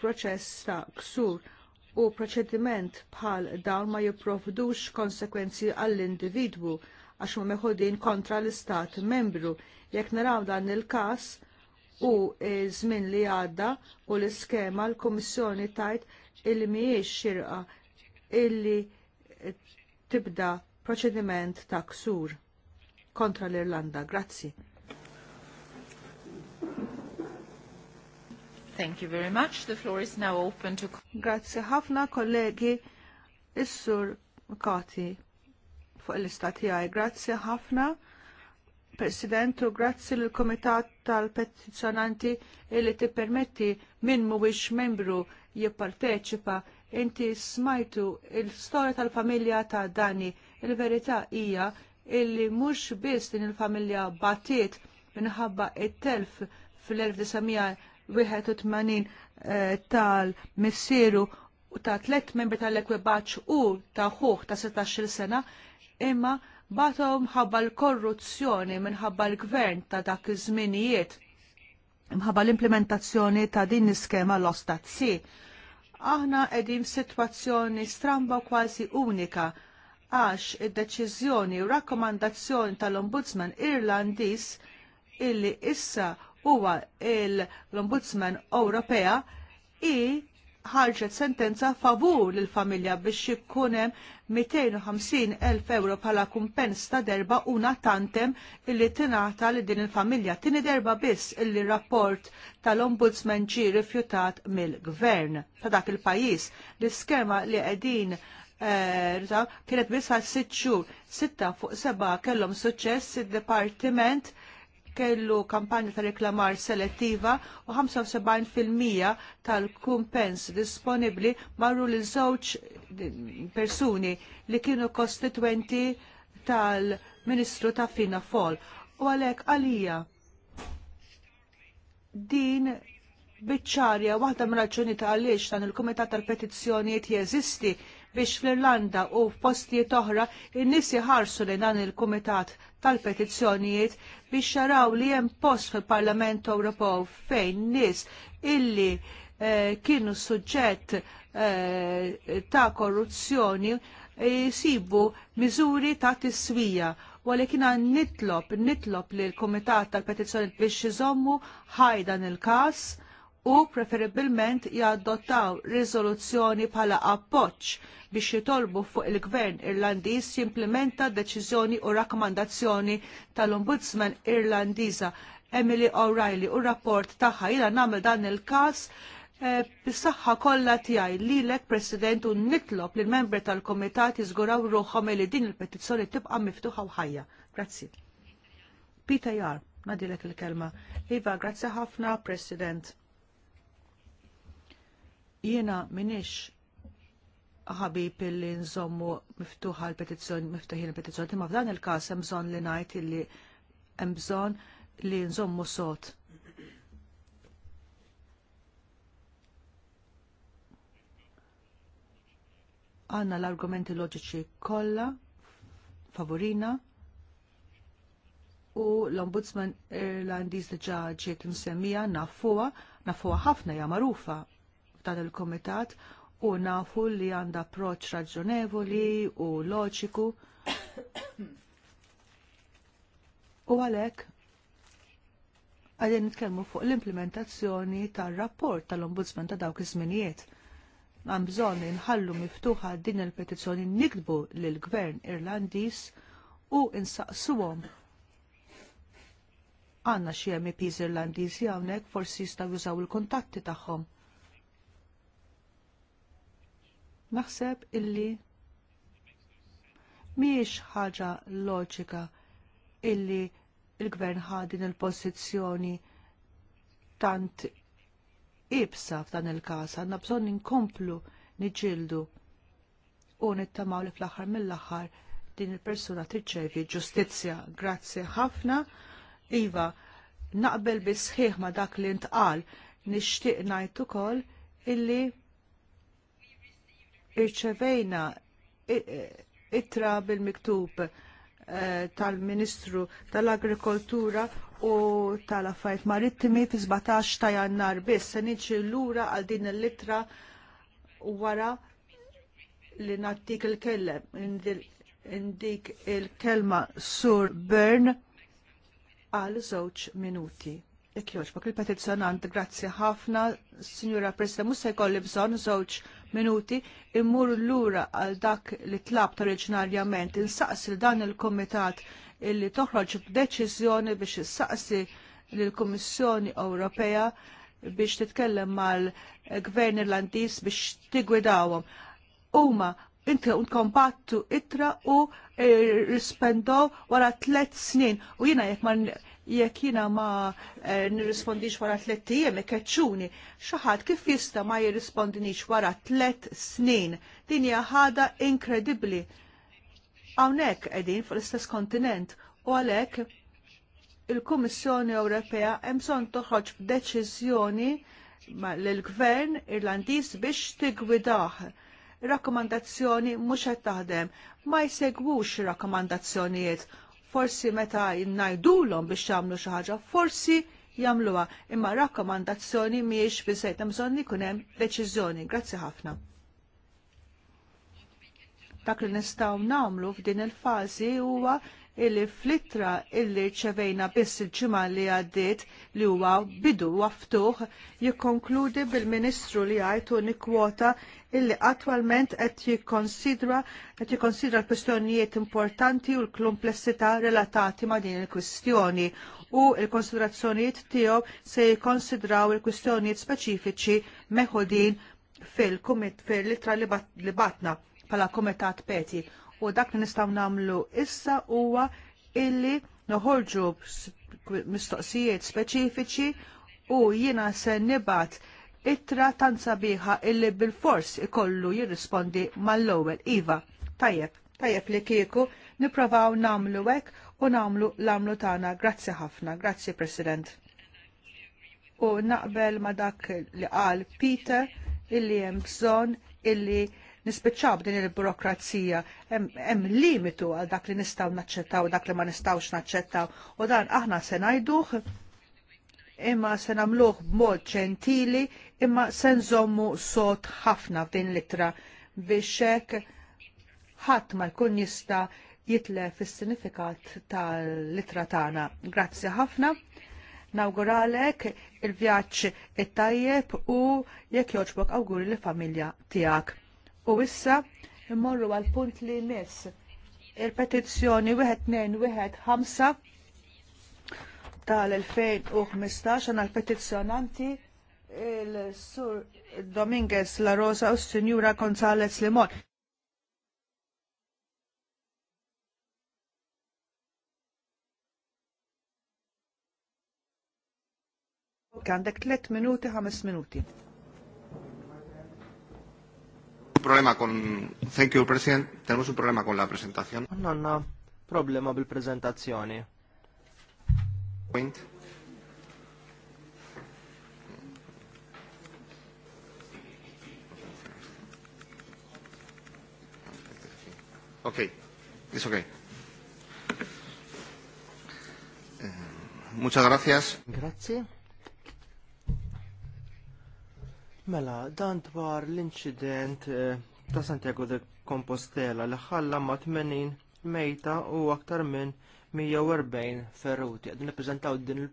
proċess ta' ksur u proċediment bħal dawn ma jipprovdux konsekwenzi għall-individwu għax ma' meħudin kontra l-istat membru. Jekk naraw dan il-każ, u żmien li għadda u l-iskema l-Kummissjoni tajt illi mhijiex xirqa illi tibda proċediment ta' ksur kontra l-Irlanda. Grazzi. Thank you very much. The floor is now open to... Grazie ħafna kollegi Is-sur Kati fuq l-istati għaj. Grazie ħafna President u grazzi l komitat tal-Petizjonanti li ti permetti minn mhuwiex membru jipparteċipa. Inti smajtu il-storja tal-familja ta' Dani. Il-verità hija illi mhux biss din il-familja batiet minħabba it-telf fl-1900 81 tal-missieru ta' tlet membri tal-ekwibaċ u ta' ħuħ ta' 16 sena imma batom ħabba l-korruzzjoni minħabba l-gvern ta' dak iż-żminijiet mħabba l-implementazzjoni ta' din l-iskema l-ostazzi. Aħna qegħdin f'sitwazzjoni stramba kważi unika għax id-deċiżjoni u rakkomandazzjoni tal-Ombudsman Irlandis illi issa huwa l-Ombudsman Ewropea i ħarġet sentenza favur lill familja biex ikun hemm 250 elf euro bħala kumpens ta' derba una tantem illi tingħata li din il-familja tieni derba biss illi rapport tal-ombudsman ġie rifjutat mill-gvern ta' dak il-pajjiż. L-iskema li qegħdin eh, kienet biss 6 sitt xhur, sitta fuq seba' kellhom suċċess id-dipartiment kellu kampanja ta' reklamar selettiva u 75% tal-kumpens disponibbli marru l żewġ persuni li kienu kostitwenti tal-Ministru ta' Fina Fol. U għalhekk għalija din biċċarja waħda mir ta' għaliex dan il-Kumitat tal-Petizzjonijiet jeżisti biex fl-Irlanda u f'postijiet oħra in-nies jħarsu lejn dan il-Kumitat tal-Petizzjonijiet biex xaraw li hemm post fil-Parlament Ewropew fejn nies illi eh, kienu suġġett eh, ta' korruzzjoni eh, jisibu miżuri ta' tiswija walekin għan nitlob, nitlob li l-Komitat tal-Petizzjoni biex jizommu ħajdan il-kas u preferibilment jadottaw riżoluzzjoni bħala appoġġ biex jitolbu fuq il-Gvern Irlandiż jimplementa deċiżjoni u rakkomandazzjoni tal-Ombudsman Irlandiża Emily O'Reilly u rapport tagħha jiena nagħmel dan il-każ eh, bis-saħħa kollha tiegħi lilek President u nitlob lil membri tal kumitat jiżguraw ruħhom li din il-petizzjoni tibqa' miftuħa u ħajja. Grazzi. Peter Jar, nadilek il-kelma. Iva, grazzi ħafna, President Jiena minix ħabib illi nżommu miftuħa l-petizzjoni, miftuħi l-petizzjoni, timma f'dan il-każ hemm bżonn li ngħid illi hemm bżonn li nżommu sot. Għanna l-argumenti loġiċi kollha favorina u l-Ombudsman Irlandiż diġà ġiet msemmija nafuha, nafuha ħafna hija magħrufa tal il kumitat u nafu li għandha approċċ raġonevoli u loġiku. u għalhekk għadin nitkellmu fuq l-implementazzjoni tar-rapport tal-Ombudsman ta' dawk iż-żminijiet. Għan bżonn inħallu miftuħa din il-petizzjoni nikdbu lill gvern Irlandiż u insaqsuhom għanna xie MPs Irlandiżi hawnhekk forsi jistgħu jużaw il-kuntatti tagħhom Naħseb illi miex ħaġa loġika illi il-gvern ħadin il-pożizzjoni tant ibsa f'dan il-każ għandna bżonn inkomplu niġildu u nittamaw li fl-aħħar mill-aħħar din il-persuna tiċċevi ġustizzja. Grazzi ħafna. Iva, naqbel bisħiħ ma dak li ntqal nixtieq ngħid ukoll illi irċevejna ittra bil-miktub eh, tal-Ministru tal-Agrikoltura u tal-Affajt Marittimi fi 17 ta' jannar biss se niġi lura għal din l-ittra wara li nattik il-kellem indik il-kelma Sur Bern għal żewġ minuti. Ek joġbok il-petizzjonant, grazzi ħafna, Signora Presidente, musa jkolli bżon żewġ minuti immur lura għal dak li tlabt oriġinarjament insaqsi dan il-Komitat illi toħroġ b'deċiżjoni biex issaqsi lill-Kummissjoni Ewropea biex titkellem mal-Gvern Irlandiż biex tigwidawhom. Huma inti kompattu itra u rispendow wara tlet snin u jina jek man jekk jiena ma eh, nirrispondix wara tliet tiem ikeċċuni, e xi ħadd kif jista' ma jirrispondinix wara tliet snin. Din hija ħada inkredibbli. Hawnhekk qegħdin l istess kontinent u għalhekk il-Kummissjoni Ewropea hemm bżonn toħroġ b'deċiżjoni l-Gvern Irlandiż biex tigwidah rakkomandazzjoni mhux qed taħdem, ma jsegwux rakkomandazzjonijiet forsi meta jnajdulhom biex jagħmlu xi ħaġa, forsi jagħmluha, imma rakkomandazzjoni mhijiex biżejt hemm bżonn ikun hemm deċiżjoni. Grazzi ħafna. Dak li nistgħu nagħmlu f'din il-fażi huwa illi flittra illi ċevejna biss il-ġimgħa li għaddiet li huwa bidu waftuħ jikkonkludi bil-Ministru li għajtu nikwota illi attwalment qed jikkonsidra qed jikkonsidra l-kwistjonijiet importanti u l-komplessità relatati ma' din il-kwistjoni u l-konsiderazzjonijiet tiegħu se jikkonsidraw il-kwistjonijiet speċifiċi meħudin fil-kumit fil-litra li batna pala komitat peti u dak li nistgħu nagħmlu issa huwa illi noħorġu mistoqsijiet speċifiċi u jiena se nibgħat ittra tant sabiħa illi bil-fors ikollu jirrispondi mal-ewwel iva. Tajjeb, tajjeb li kieku nipprovaw nagħmlu hekk u namlu l-amlu tana. Grazzi ħafna, grazzi President. U naqbel ma dak li qal Peter illi hemm bżonn illi nispiċċaw din il-burokrazija hemm limitu għal dak li nistgħu naċċettaw dak li ma nistgħux naċċettaw u dan aħna se ngħiduh imma se nagħmluh b'mod ċentili imma se nżommu sod ħafna f'din litra biex hekk ħadd ma jkun jista' jitlef is-sinifikat tal-litra tagħna. Grazzi ħafna nawguralek il-vjaċ it-tajjeb u jekk joġbok awguri l-familja tijak. U issa immorru għal punt li nis il-petizzjoni 1215 tal-2015 għana l-petizzjonanti il-Sur Dominguez La Rosa u Sinjura Gonzalez Limon. Għandek 3 minuti, 5 minuti problema con... Thank you, President. Tenemos un problema con la presentación. No, no. Problema con la presentación. Point. Ok, it's ok. Eh, muchas gracias. Gracias. Mela, dan dwar l-inċident eh, ta' Santiago de Compostela li ħalla ma' 80 mejta u aktar minn 140 ferruti. Għadin nippreżentaw din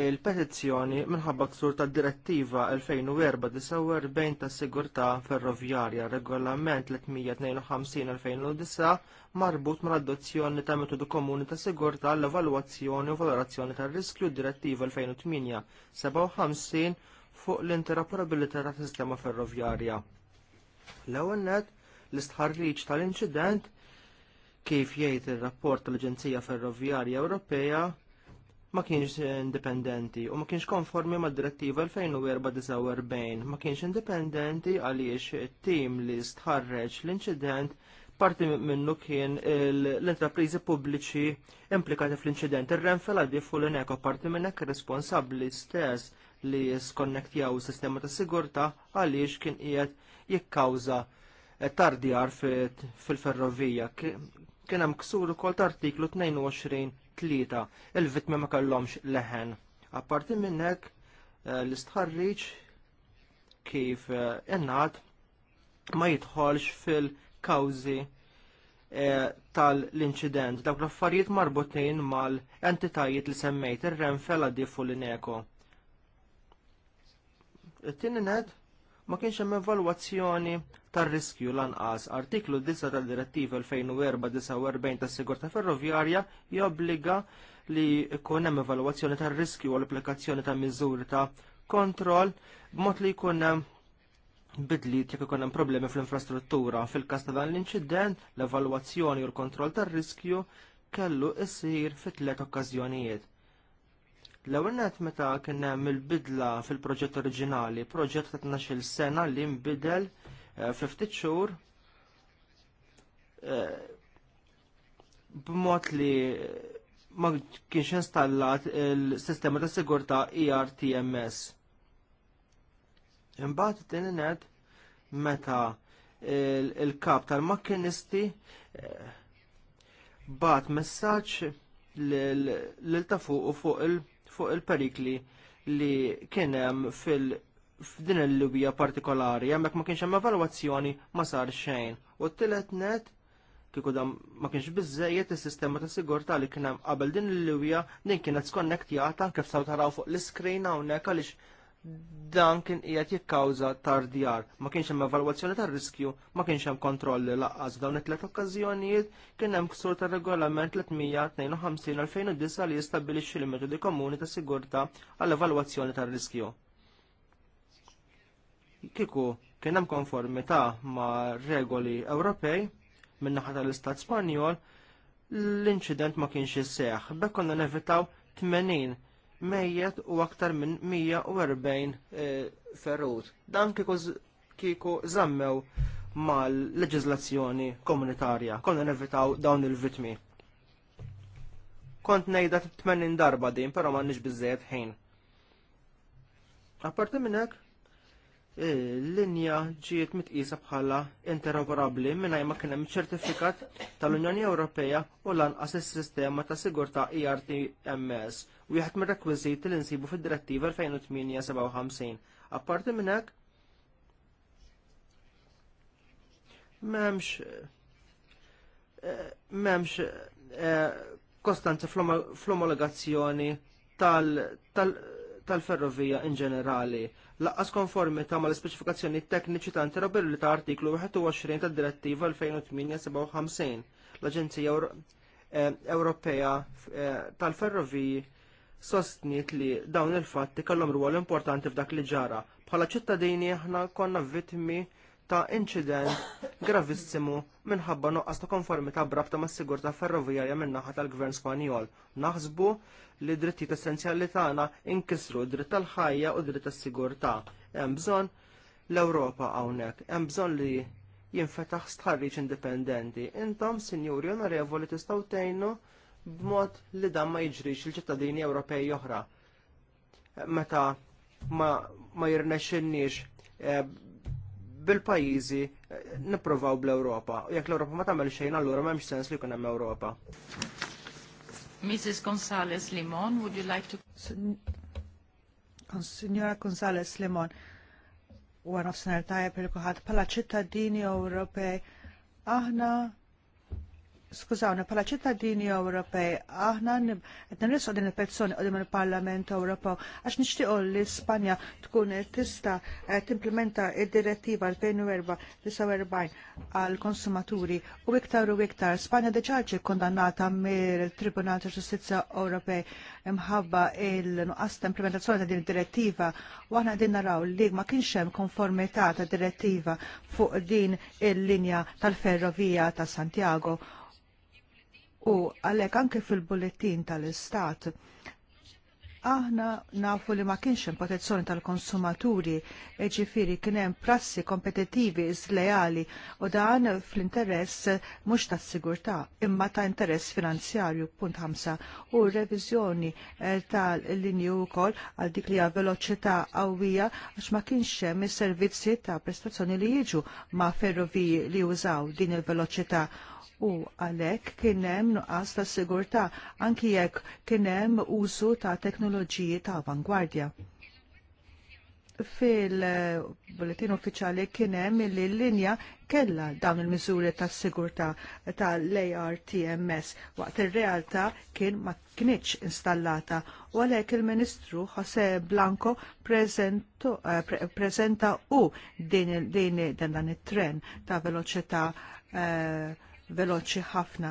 il-petizzjoni minħabba ksur ta' direttiva 2004-49 ta' sigurtà Ferrovjarja regolament 352-2009 marbut mal adozzjoni ta' metodu komuni ta' sigurtà l-evalwazzjoni u valorazzjoni tar riskju direttiva 2008-57 fuq l-interoperabilità ta' sistema ferroviarja. L-ewwel net l-istħarriġ tal-inċident kif jgħid ir-rapport tal-Aġenzija Ferroviarja Ewropea ma kienx indipendenti u ma kienx konformi mad direttiva 2004-49 ma kienx indipendenti għaliex it-tim li stħarreġ l-inċident parti minnu kien l intrapriżi pubbliċi implikati fl-inċident ir-renfela fu l eneko parti minnek responsabli stess li jiskonnektjaw is-sistema ta' sigurtà għaliex kien qiegħed jikkawża tardjar fil-ferrovija. Kien hemm ksur ukoll ta' artiklu 22-3 il-vittmi ma kellhomx leħen. Apparti minn hekk eh, l-istħarriġ kif eh, innat ma jidħolx fil-kawżi eh, tal-inċident. Dawk l-affarijiet marbutin mal-entitajiet li semmejt ir-renfel għaddi fuq l-ineko t net, ma kienx hemm evalwazzjoni tar-riskju lanqas. Artiklu 9 tad-Direttiva 2004-49 tas-Sigurtà Ferroviarja jobbliga li jkun hemm evalwazzjoni tar-riskju u l-applikazzjoni ta' miżuri ta' kontroll b'mod li jkun hemm bidliet jekk ikun hemm problemi fl-infrastruttura. Fil-każ ta' dan l-inċident, l-evalwazzjoni u l-kontroll tar-riskju kellu issir fit tliet okkażjonijiet. L-ewwel meta kien hemm il-bidla fil-proġett oriġinali, proġett ta' tnax-il sena li nbidel eh, fi ftit xhur eh, b'mod li ma kienx installat il-sistema ta' sigurtà ERTMS. Imbagħad it-tieni net meta il-kap tal-makkinisti eh, bat messaġġ lil ta' fuq u fuq il- fuq il-perikli li kien hemm fil- f'din il lubija partikolari, hemmhekk ma kienx hemm evalwazzjoni ma sar xejn. U t tilet net kieku dam ma kienx biżejjed is-sistema ta' sigurtà li kien hemm qabel din il lubija din kienet skonnektjata kif saw taraw fuq l-iskrin hawnhekk għaliex dan kien qiegħed jikkawża tardjar. Ma kienx hemm evalwazzjoni tar-riskju, ma kienx hemm kontrolli laqqas dawn it-tliet okkażjonijiet kien hemm ksur tar-regolament 352/2009 li jistabbilixxi l-metodi komuni ta' sigurtà għall-evalwazzjoni tar-riskju. Kiku kien hemm konformità ma' regoli Ewropej min-naħa tal-Istat Spanjol l-inċident ma kienx isseħ. Bekk konna nevitaw 80 mejjet u aktar minn 140 e, ferrut. Dan kieku kiko zammew mal-leġizlazzjoni komunitarja. Konna nevitaw dawn il-vitmi. Kont nejda 80 darba din, pero ma nix bizzejet ħin. Apparti minn hekk, l linja ġiet mitqisa bħala interoperabbli mingħajr ma kien hemm ċertifikat tal-Unjoni Ewropea u lanqas is-sistema ta' sigurtà u e wieħed mir-rekwiżiti li nsibu fid-Direttiva 2008-57. Apparti minn hekk m'hemmx eh, m'hemmx eh, kostanza fl-omologazzjoni tal-ferrovija in ġenerali laqqas konformita ma l-ispeċifikazzjoni tekniċi ta' interoperabilità artiklu 21 tad direttiva 2008-57 l-Aġenzija eh, Ewropea eh, tal-Ferroviji sostniet li dawn il-fatti kellhom rwol importanti f'dak li ġara. Bħala ċittadini aħna konna vittmi ta' inċident gravissimu minħabba noqqas ta' konformità brabta mas sigurtà ferrovijarja min-naħa tal-Gvern Spanjol. Naħsbu li drittijiet essenzjali tagħna inkisru dritt tal-ħajja u dritt tas-sigurtà. Hemm bżonn l-Ewropa hawnhekk, hemm bżonn li jinfetaħ stħarriġ indipendenti. Intom, sinjuri onorevoli, tistgħu tgħinu b'mod li dan ma jiġrix il-ċittadini Ewropej oħra. Meta ma, ma jirnexxinniex eh, bil-pajjiżi eh, niprovaw bl europa Jekk l europa ma tagħmel xejn allura m'hemmx sens li jkun hemm Ewropa. Mrs. Gonzalez Limon, would you like to Signora Gonzalez Limon, u għan of senar tajab il-kuħat pala ċittadini Ewropej, aħna skużawna, pala ċittadini Ewropej, aħna qed nirrisqu din il-pezzjoni qudiem il-Parlament Ewropew għax nixtiequ li Spanja tkun tista eh, timplementa id-direttiva 2004 għal konsumaturi u iktar u iktar Spanja deċaċi kondannata mir tribunal ta' Ġustizzja Ewropej imħabba il-nuqqas ta' implementazzjoni ta' din id-direttiva u aħna qegħdin naraw li ma kienx hemm konformità ta' direttiva fuq din il-linja tal-ferrovija ta' Santiago u għalhekk anke fil-bulletin tal-Istat aħna nafu li ma kienx hemm protezzjoni tal-konsumaturi, ġifiri kien hemm prassi kompetitivi izlejali u dan fl-interess mhux tas-sigurtà imma ta' interess finanzjarju punt ħamsa u reviżjoni eh, tal-linji wkoll għal dik li veloċità qawwija għax ma kienx hemm is-servizzi ta' prestazzjoni li jiġu ma' ferroviji li jużaw din il-veloċità u għalhekk kien hemm nuqqas ta' sigurtà anki jekk kien hemm użu ta' teknoloġiji ta' avangwardja. Fil-bulletin uffiċjali kien hemm li l-linja kellha dawn il-miżuri ta' sigurtà tal-ARTMS waqt ir-realtà kien ma kinitx installata u għalhekk il-Ministru Jose Blanco eh, preżenta u din dan it-tren ta' veloċità uh, veloċi ħafna.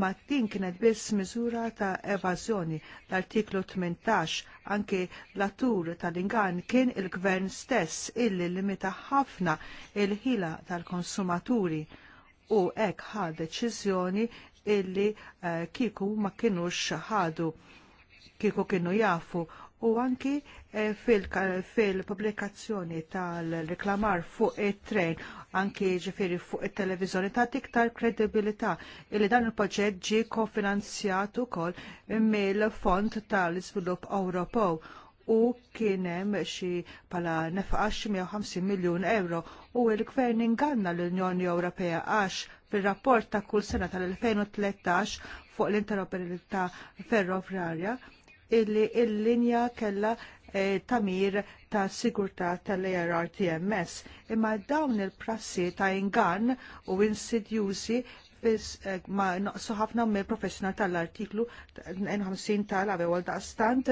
Ma din kienet biss miżura ta' evażjoni l-artiklu 18 anke l-attur tal-ingan kien il-gvern stess illi limita ħafna il-ħila tal-konsumaturi u hekk ħa deċiżjoni illi uh, eh, kiku ma kienux ħadu kiku kienu jafu u anki Eh, fil-publikazzjoni tal-reklamar fuq it tren anki ġifiri fuq it-televizjoni ta' tiktar kredibilità illi dan il-proġett ġi kofinanzjat ukoll mill-Fond tal-Iżvilupp Ewropew u kien hemm xi bħala nefqax 150 miljun euro u l-Gvern inganna l-Unjoni Ewropea għax fir-rapport ta' kull sena tal-2013 fuq l-interoperabilità ferroviarja illi l-linja kella E, tamir ta' sigurtà tal-ARRTMS. Imma dawn il-prassi ta' ingann u insidjużi e, ma noqsu ħafna mill professjonal tal-artiklu 50 tal stant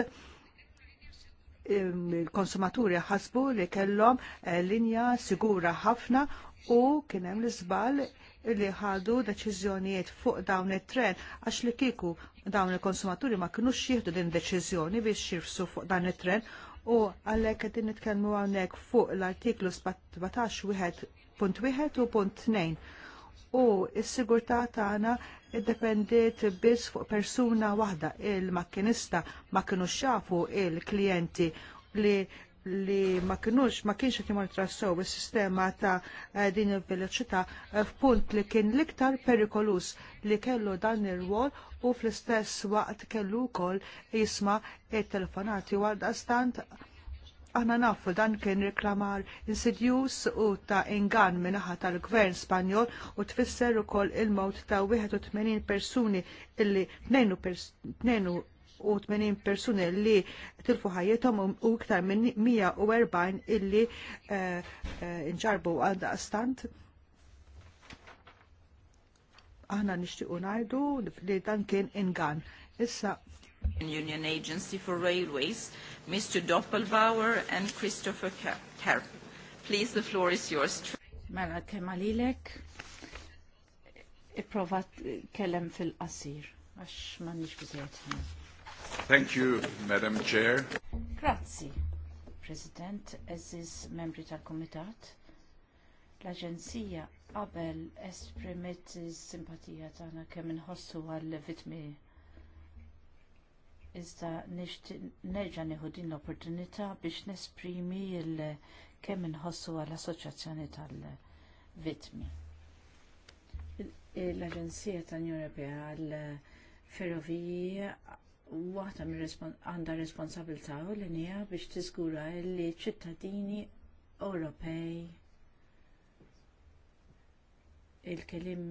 il konsumaturi ħasbu li kellhom linja sigura ħafna u kien hemm l izbal li ħadu deċiżjonijiet fuq dawn it-tren għax li kieku dawn il-konsumaturi ma kinux jieħdu din deċiżjoni biex jirfsu fuq dan it-tren u għalhekk qegħdin nitkellmu hawnhekk fuq l-artiklu 17.1 u punt 2 u s-sigurtà tagħna iddependiet biss fuq persuna waħda, il-makkinista ma kinux xafu il-klijenti li li ma kienux, ma kienx qed jimortrassew is-sistema ta' eh, din il-veloċità eh, f'punt li kien l-iktar perikolus li kellu dan ir-rwol u fl-istess waqt kellu wkoll jisma' it-telefonati għal stant Aħna nafu dan kien reklamar insidjus u ta' ingan minnaħa tal-gvern Spanjol u tfisser ukoll il mod ta' 81 persuni illi 180 persuni li tilfu ħajjetom u iktar minn 140 illi eh, eh, nġarbu għal stand. Aħna nixtiequ ngħidu li dan kien ingan. Issa Union Agency for Railways, Mr. Doppelbauer and Christopher Kerr. Please, the floor is yours. Mela kemalilek, iprova kellem fil-qasir, għax ma nix bizziet Thank you, Madam Chair. Grazzi, President, eżis membri tal-Komitat. L-Aġenzija qabel esprimit simpatija tagħna kemm inħossu għall-vitmi iżda nerġa' nieħu din l-opportunità biex nesprimi l kemm inħossu għall assoċjazzjoni tal-vitmi. L-Aġenzija tan Ewropea għall ferroviji waħda għandha responsabilità u l nija biex tiżgura li ċittadini Ewropej il-kelim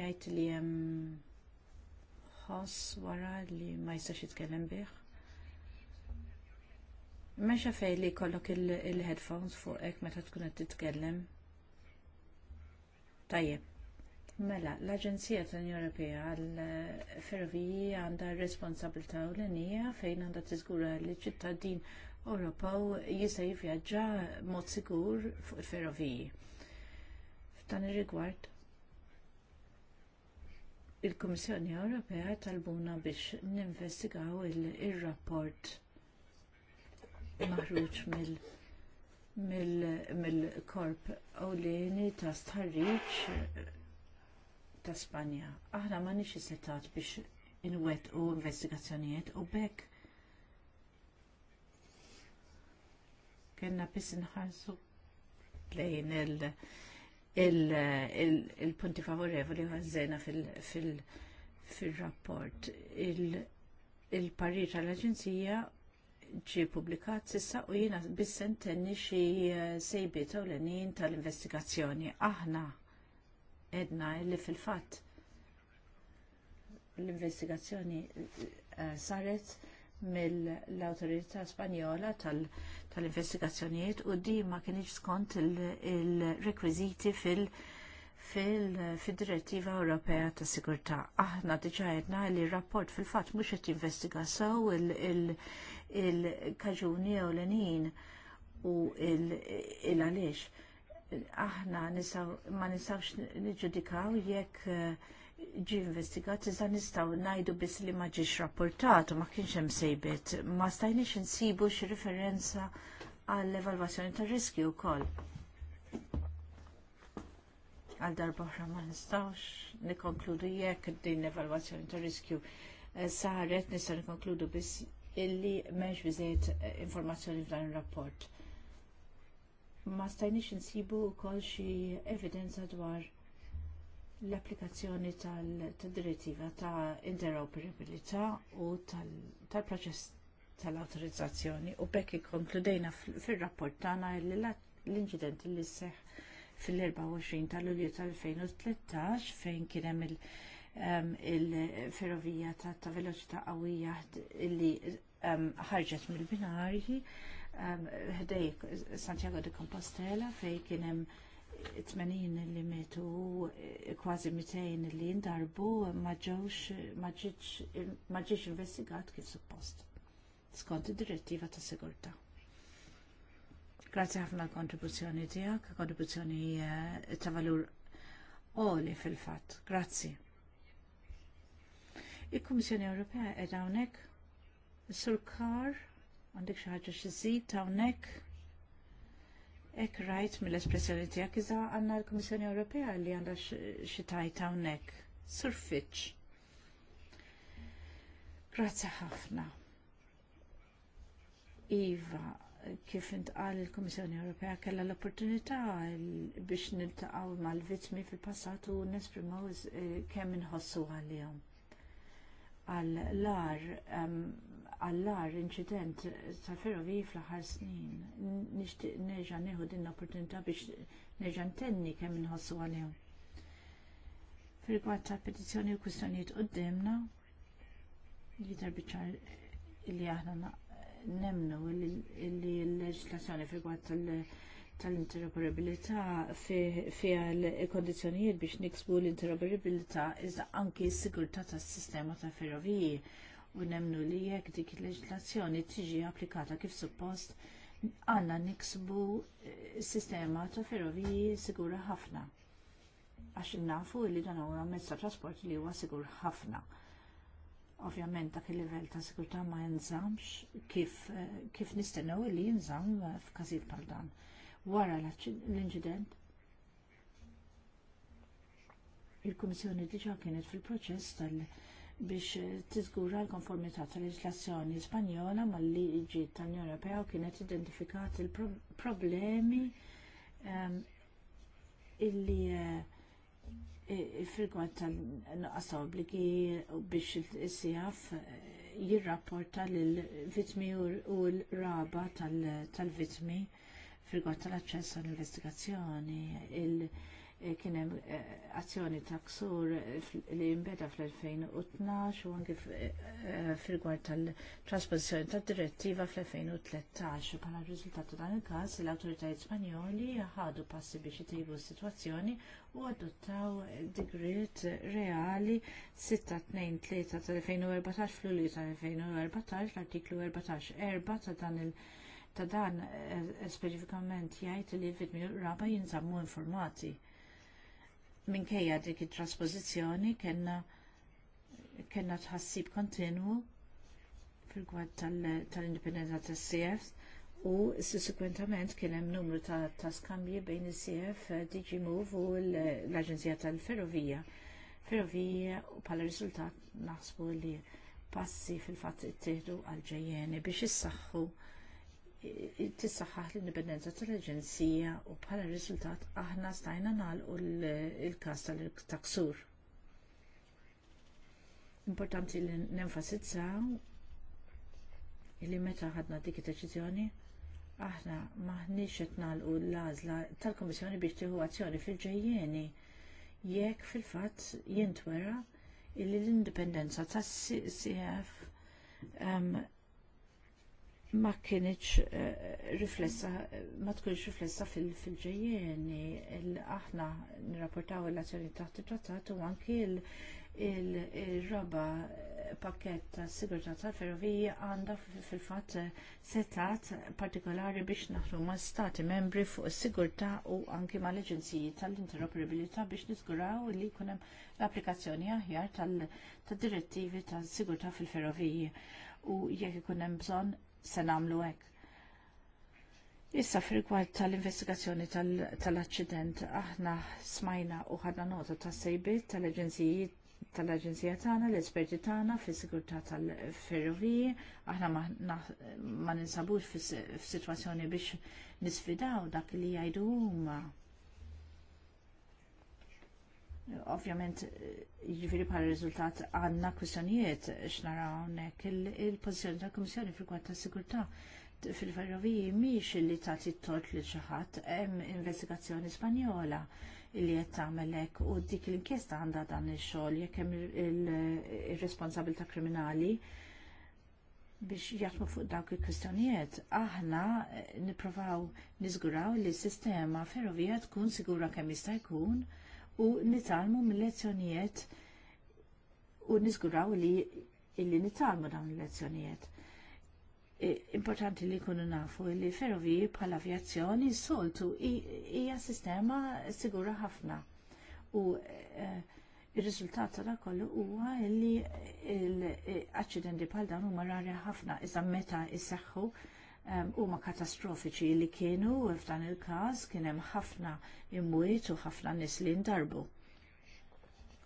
jgħid li hemm ħoss wara li ma jistax jitkellem bih. Meċa fej li jkollok il-headphones fuq ek meta tkun qed titkellem. Tajjeb. Mela, l-Aġenzija tal-Unjoni Ewropea għall-Ferroviji għandha responsabilità ewlenija fejn għandha tiżgura li ċittadin Ewropew jista' jivvjaġġa mod sigur fuq il-ferroviji. F'dan ir-rigward il-Kummissjoni Ewropea talbuna biex ninvestigaw il-rapport maħruġ mill- mill-korp mil ta' starriċ ta' Spanja. Aħna ma nix isetat biex inwet u investigazzjonijiet u bekk Kenna biss nħarsu lejn il-punti favorevoli għazzena fil-rapport. Il-parir tal-Aġenzija ġie publikat sissa u jiena biss sentenni xi sejbiet ewlenin tal-investigazzjoni. Aħna edna li fil-fatt l-investigazzjoni eh, saret mill-autorità spanjola tal-investigazzjonijiet u di ma kienx skont il-rekwiziti fil- fil-direttiva Ewropea ta' Sigurtà. Aħna diġà għedna li rapport fil-fatt mhux qed jinvestiga sew il-kaġuni ewlenin u il-għaliex aħna ma nisawx niġudikaw jekk eh, ġi investigat, iżda nistgħu ngħidu biss li ma ġiex rapportat u ma kienx hemm sejbet, ma stajniex insibu xi referenza għall evalwazzjoni tar riskju wkoll. Għal darba oħra ma nistgħux nikkonkludu jekk din l-evalwazzjoni riski riskju eh, saret nistgħu nikkonkludu biss illi m'hemmx biżejjed eh, informazzjoni f'dan ir-rapport ma stajniex insibu wkoll xi evidenza dwar l-applikazzjoni tal-direttiva ta' interoperabilità u tal-proċess tal awtorizzazzjoni u bekk ikkonkludejna fir rapport tagħna li l-inċident li seħħ fil-24 ta' Lulju tal-2013 fejn kien hemm il-ferrovija ta' veloċità qawwija li ħarġet mill-binarji ħdejk Santiago de Compostela fej kienem 80 li metu e, kważi 200 li indarbu maġġiġ investigat kif suppost skont id-direttiva ta' sigurta. Grazie ħafna kontribuzzjoni tijak, e, kontribuzzjoni ta' valur oli fil-fat. Grazzi. Il-Kommissjoni Ewropea ed hawnhekk Sur Kar Għandek xi ħaġa xi żid hawnhekk? Ek rajt mill-espressjoni tiegħek iżda għandna l-Kummissjoni Ewropea li għandha xi tajt hawnhekk. Surfiċ. Grazzi ħafna. Iva, kif intqal il-Komissjoni Ewropea kellha l-opportunità biex niltaqgħu mal-vittmi fil-passat u nesprimaw eh, kemm inħossu għalihom għal lar ehm, għallar inċident ta' ferroviji fl aħħar snin. Nixtieq nerġa' nieħu din l-opportunità biex nerġa' ntenni kemm inħossu għalihom. Fil-rigward tal-petizzjoni u kwistjonijiet qudiemna, jidher biċar li aħna nemnu li l-leġislazzjoni fil tal-interoperabilità fiha l kundizzjonijiet biex niksbu l-interoperabilità iżda anki s-sigurtà tas-sistema tal-ferroviji u nemnu li jekk dik il-leġislazzjoni tiġi applikata kif suppost għanna niksbu eh, sistema ta' ferroviji sigura ħafna. Għax nafu li dan huwa mezz ta' trasport li huwa sigur ħafna. Ovvjament dak il-livell ta' sigurtà ma jinżamx kif, eh, kif nistennew li jinżamm f'każijiet bħal dan. Wara l-inċident il-Kummissjoni diġà kienet fil-proċess tal- biex tiżgura l-konformità tal-leġislazzjoni Spanjola mal-liġi tal-Unjoni Ewropea u kienet identifikat il-problemi ehm, illi eh, fil tal-nuqqas obbligi biex il-CF eh, jirrapporta l-vitmi u l-raba tal-vitmi fil-gwad tal-aċċess għall-investigazzjoni. il cf jirrapporta l vitmi u l raba tal vitmi fil tal aċċess għall investigazzjoni Eh, kien hemm eh, azzjoni ta' ksur eh, li jimbeda fl-2012 u anke fil-gwar tal-trasposizjoni tad-direttiva fl-2013 bħala pala ta' dan il-każ l-awtoritajiet Spanjoli ħadu passi biex itejbu s-sitwazzjoni u adottaw digrit reali 623 tal-2014 fl-Ulju tal-2014 l-artiklu 14-4 ta' dan il- ta' dan speċifikament jgħid li vitmi raba jinżammu informati minkejja dik it-traspożizzjoni kellna tħassib kontinwu fil-gwad tal-indipendenza tal tas-CF u sissekwentament kien hemm numru ta', skambji bejn is-CF DG Move u l-Aġenzija tal-Ferrovija. Ferrovija u bħala riżultat naħsbu li passi fil-fatt ittieħdu għal ġejjeni biex issaħħu tissaħħaħ l-indipendenza tal-Aġenzija u bħala riżultat aħna stajna nagħlqu l-każ tal-taksur. Importanti li nenfasizzaw li meta ħadna dik id-deċiżjoni aħna maħniex qed nagħlqu l-għażla tal-Kummissjoni biex tieħu azzjoni fil-ġejjeni jekk fil-fatt jintwera li l-indipendenza tas-CF ma kienieċ eh, riflessa, ma tkunx riflessa fil-ġejjeni, aħna nirrapportaw il-azzjoni taħt il-trattat u anki il-raba pakket ta' sigurtà tal-ferrovija għandha fil-fatt setat partikolari biex naħlu ma' stati membri fuq is-sigurtà u anki mal l-Eġenziji tal-Interoperabilità biex nisguraw li jkun hemm l-applikazzjoni aħjar tad direttivi tas sigurtà fil-ferroviji u jekk ikun hemm bżonn se nagħmlu hekk. Issa frikwart tal-investigazzjoni tal-accident aħna smajna u ħadna nota tas sejbiet tal-aġenzijiet tal-Aġenzija tagħna, l-esperti tagħna fis-sigurtà tal-ferroviji, aħna ma ninsabux fis-sitwazzjoni biex nisfidaw dak li jgħidu huma Ovvjament, jiġifieri bħala riżultat għandna kwistjonijiet x'naraw hawnhekk il-pożizzjoni tal-Kummissjoni fil-kwad tas-sigurtà fil-ferroviji mhix li tagħti tort lil xi ħadd hemm investigazzjoni Spanjola li qed tagħmel hekk u dik l-inkjesta għandha dan ix-xogħol jekk hemm ir-responsabilità kriminali biex jaħdmu fuq dawk il-kwistjonijiet. Aħna nippruvaw niżguraw li s-sistema ferrovija tkun sigura kemm jista' jkun u nitalmu mill-lezzjonijiet u nizguraw li illi nitalmu dawn il-lezzjonijiet. Importanti li kunu nafu li ferroviji bħal avjazzjoni soltu hija sistema sigura ħafna u eh, il-riżultat ta' kollu huwa li l-aċċidenti eh, bħal dawn huma rari ħafna iżda meta isseħħu. is huma katastrofiċi li kienu u f'dan il-każ kien hemm ħafna immwiet u ħafna nies li ndarbu.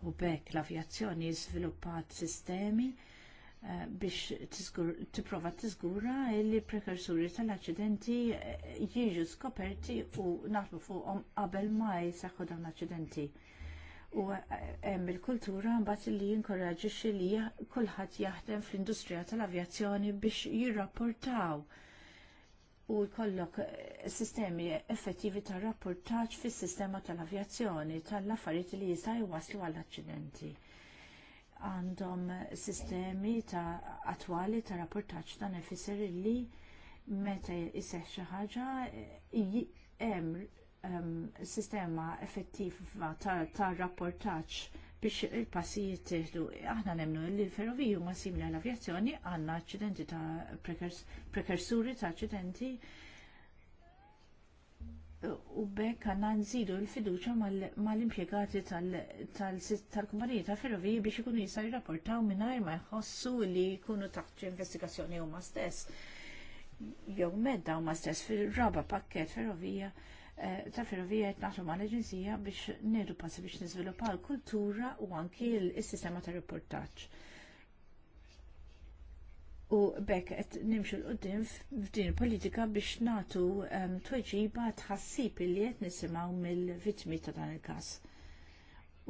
U bekk l-avjazzjoni żviluppat sistemi eh, biex tipprova tiżgura li prekursuri tal-aċċidenti eh, jiġu skoperti u naħlu fuqhom qabel ma jsaħħu dawn l-aċċidenti. U eh, hemm il-kultura mbagħad li jinkoraġixxi li kulħadd jaħdem fl-industrija tal-avjazzjoni biex jirrapportaw u jkollok eh, sistemi effettivi ta' rapportaġġ fis sistema tal-avjazzjoni tal-affarijiet li jista' jwasslu għall aċċidenti Għandhom sistemi ta' attwali ta' rapportaġġ ta' nefisir li meta jseħħ xi ħaġa eh, hemm ehm, sistema effettiva ta', ta rapportaġġ biex il passijiet jittieħdu. Aħna nemnu li l-ferroviju ma simili għall-avjazzjoni għandna aċċidenti ta' prekursuri ta' aċċidenti u bekk għandna nżidu l-fiduċa mal-impjegati tal-kumpaniji ta' ferroviji biex ikunu jista' jirrapportaw mingħajr ma jħossu li jkunu taħt investigazzjoni huma stess. Jew medda huma stess fir-raba pakkett ferrovija Eh, ta' ferrovija qed ma mal-Aġenzija biex nieħdu passi biex l kultura u anki l-sistema ta' reportaċ. U bekk qed nimxu l qudiem f'din politika biex nagħtu ehm, tweġiba tħassib li qed nisimgħu mill-vittmi ta' dan il-każ.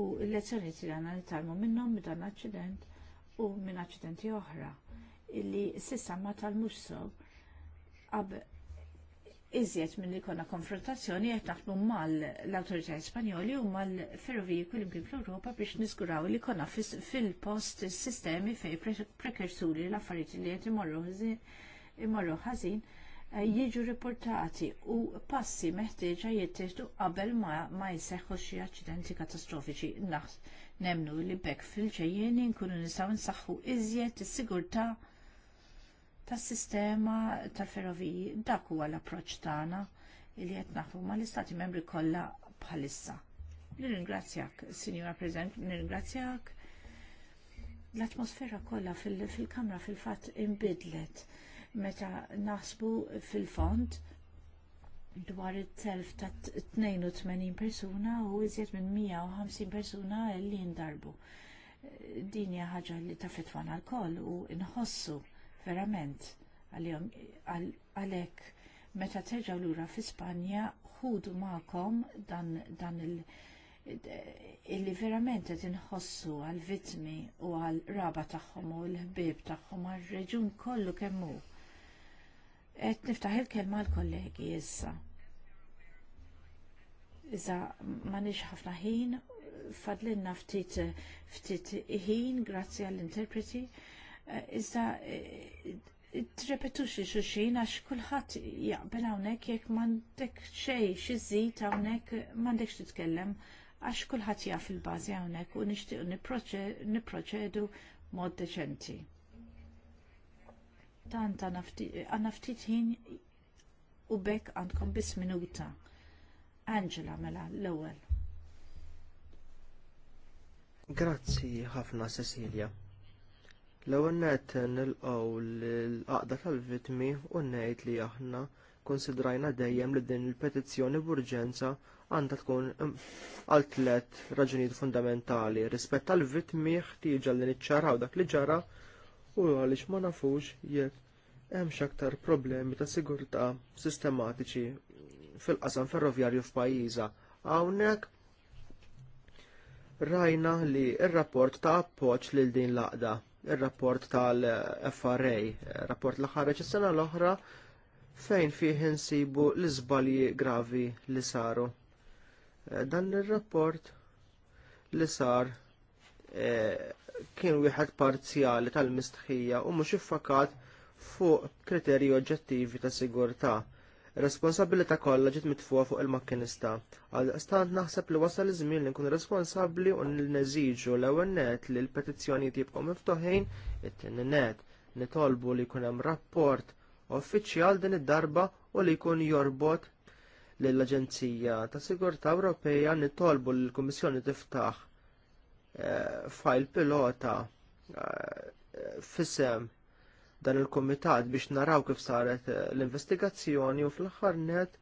U l-lezzjoni tirana nitalmu minnhom minn dan l-aċċident u minn aċċidenti oħra illi sissa ma tal-mux iżjed minn li konna konfrontazzjoni qed naħdmu mal-Awtorità Spanjoli u mal-Ferroviji kullimkien fl-Ewropa biex nisguraw li konna fil-post sistemi fej prekursuri l-affarijiet li qed imorru ħażin eh, jiġu riportati u passi meħtieġa jittieħdu qabel ma, ma jseħħu xi aċċidenti katastrofiċi naħs nemnu li bekk fil-ġejjeni nkunu nistgħu nsaħħu iżjed is-sigurtà tas-sistema tal-ferroviji. Dak huwa l-approċċ tagħna li qed nafu mal-istati membri kollha bħalissa. Nirringrazzjak, Sinjura President, nirringrazzjak. L-atmosfera kollha fil-kamra fil fatt inbidlet meta naħsbu fil-fond dwar it-telf ta' 82 persuna u iżjed minn 150 persuna li ndarbu. Din hija ħaġa li tafetwana l-koll u nħossu verament għalhekk meta l lura fi Spanja ħudu ma'kom dan, dan il- illi verament qed inħossu għal vittmi u għal raba tagħhom u l-ħbieb tagħhom għal reġun kollu kemm hu. Qed niftaħ il-kelma l-kollegi issa. Iza m'għandix ħafna ħin, fadlinna ftit ftit ħin grazzi għall-interpreti Eh, iżda eh, t-repetuxi xuxin għax kulħadd jaqbel hawnhekk jekk m'għandek xej, xi żid hawnhekk m'għandekx titkellem għax kulħadd jaf il-bażi hawnhekk u nishtiq nipproċedu mod deċenti. Tant għandna ftit ħin u bekk għandkom bis minuta. Angela mela l-ewwel. Grazzi ħafna Cecilia. L-ewwel nett nilqgħu l aqda tal-vittmi u ngħid li aħna konsidrajna dejjem li din il-petizzjoni b'urġenza għandha tkun mm, għal tliet raġunijiet fundamentali rispett tal vittmi ħtieġa li niċċaraw dak li ġara u għaliex ma nafux jekk hemm aktar problemi ta' sigurtà sistematiċi fil-qasam ferroviarju f'pajjiża. Hawnhekk rajna li r rapport ta' appoġġ lil din l-aqda ir-rapport tal-FRA, rapport l ħareġ is-sena l-oħra fejn fih insibu l-iżbalji gravi li saru. Eh, dan ir-rapport li sar eh, kien wieħed parzjali tal-mistħija u mhux iffakat fuq kriterji oġġettivi ta' sigurtà responsabilità kollha ġiet mitfuha fuq il-makkinista. Għal-stant naħseb li wasal iż-żmien li nkun responsabbli u neżiġu l-ewwel net li l-petizzjonijiet jibqgħu miftuħin, it-tieni net nitolbu li jkun hemm rapport uffiċjal din id-darba u li jkun jorbot lill-Aġenzija ta' Sigurtà Ewropea nitolbu li l-Kummissjoni tiftaħ eh, file pilota eh, fisem dan il kumitat biex naraw kif saret eh, l-investigazzjoni u fl-aħħar net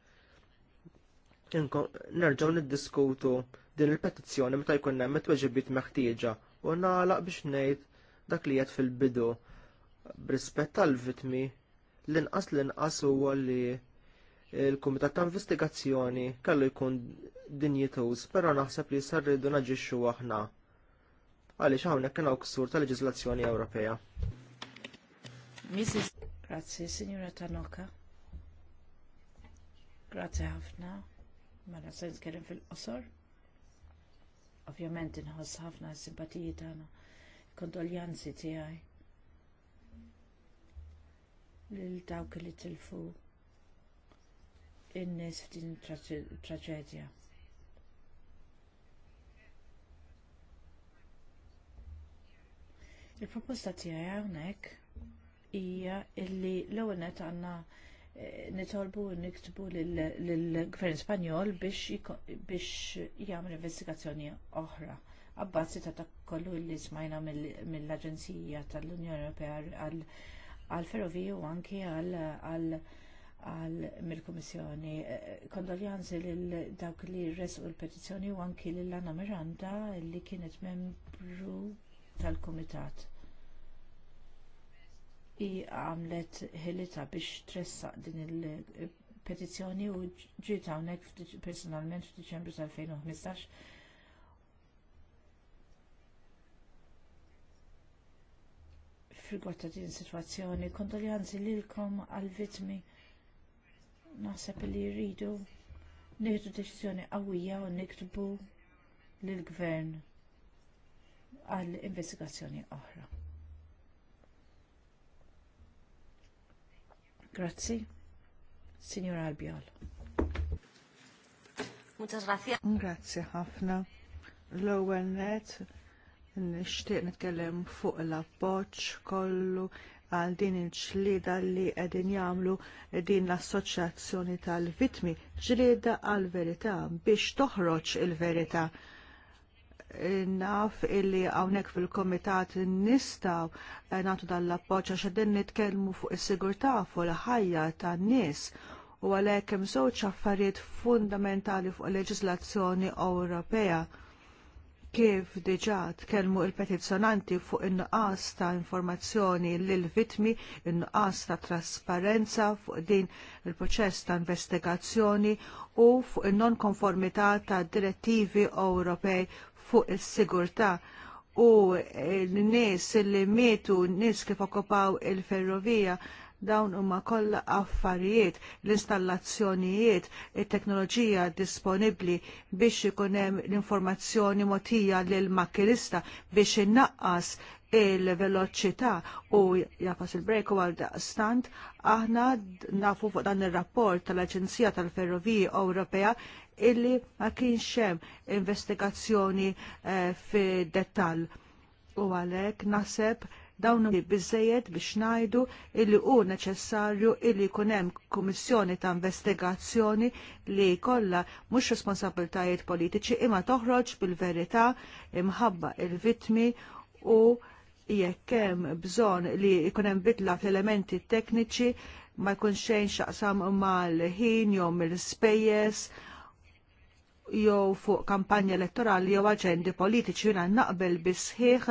nerġgħu niddiskutu din il-petizzjoni meta jkun hemm it-tweġibiet meħtieġa u nagħlaq biex ngħid dak li qed fil-bidu b'rispett tal-vitmi l-inqas l-inqas huwa li l-Kumitat ta' Investigazzjoni kellu jkun dinjituż, però naħseb li sarridu naġixxu aħna għaliex hawnhekk kien hawn ksur tal-leġiżlazzjoni Ewropea. Mrs. Grazie, signora Tanoka. Grazie ħafna. Mela se nitkellem fil-qosor. Ovvjament inħoss ħafna simpatiji tagħna, kondoljanzi tiegħi. Lil dawk li tilfu in-nies f'din traġedja. Il-proposta tiegħi hawnhekk hija illi l-ewwel net għandna eh, nitolbu niktbu lill-Gvern Spanjol biex jagħmel investigazzjoni oħra għabbazzi ta' dak kollu li smajna mill-Aġenzija tal-Unjoni Ewropea għall-Ferroviju u anki għall mil komissjoni eh, Kondoljanzi lil dawk li resu l-petizzjoni u anki l Anna Miranda li kienet membru tal-Kumitat i għamlet ħilita biex tressaq din il-petizzjoni u ġiet hawnhekk personalment f'Diċembru tal-2015 fil ta' din situazzjoni, kondoljanzi lilkom għall-vittmi. Naħseb li jridu nieħdu deċiżjoni qawwija u niktbu lill-gvern għall investigazzjoni oħra. Grazzi. Signora Albiol. Muchas gracias. Grazie ħafna. L-ewwel net nixtieq nitkellem fuq l-appoġġ kollu għal din il-ġlieda li qegħdin jagħmlu din l-assoċjazzjoni tal-vitmi ġlieda għal verità biex toħroġ il-verità naf illi hawnhekk fil-komitat nistaw eh, nagħtu dan l-appoġġ nitkelmu nitkellmu fuq is-sigurtà fuq il-ħajja tan-nies u għalhekk hemm żewġ affarijiet fundamentali fuq il-leġiżlazzjoni Ewropea kif diġà tkellmu il-petizzjonanti fuq in-nuqqas ta' informazzjoni lil vitmi, in-nuqqas ta' trasparenza fuq din il-proċess ta' investigazzjoni u fuq in-non konformità ta' direttivi Ewropej fuq is-sigurtà u n-nies li mietu n-nies kif okkupaw il-ferrovija dawn huma kollha affarijiet, l-installazzjonijiet, it-teknoloġija disponibbli biex ikun hemm l-informazzjoni mogħtija lil makinista biex innaqqas il-veloċità u jafas il brejk u għal stant aħna nafu fuq dan il-rapport tal-Aġenzija tal-Ferroviji Ewropea illi ma kienx hemm investigazzjoni eh, fi dettall u għalhekk naħseb dawn biżejjed biex ngħidu illi hu neċessarju illi jkun hemm kummissjoni ta' investigazzjoni li jkollha mhux responsabiltajiet politiċi imma toħroġ bil-verità imħabba il-vitmi u jekk hemm bżonn li jkun hemm bidla fl-elementi tekniċi ma jkun xejn xaqsam mal-ħin jew mill spejjes jew fuq kampanja elettorali jew aġendi politiċi jina naqbel bisħiħ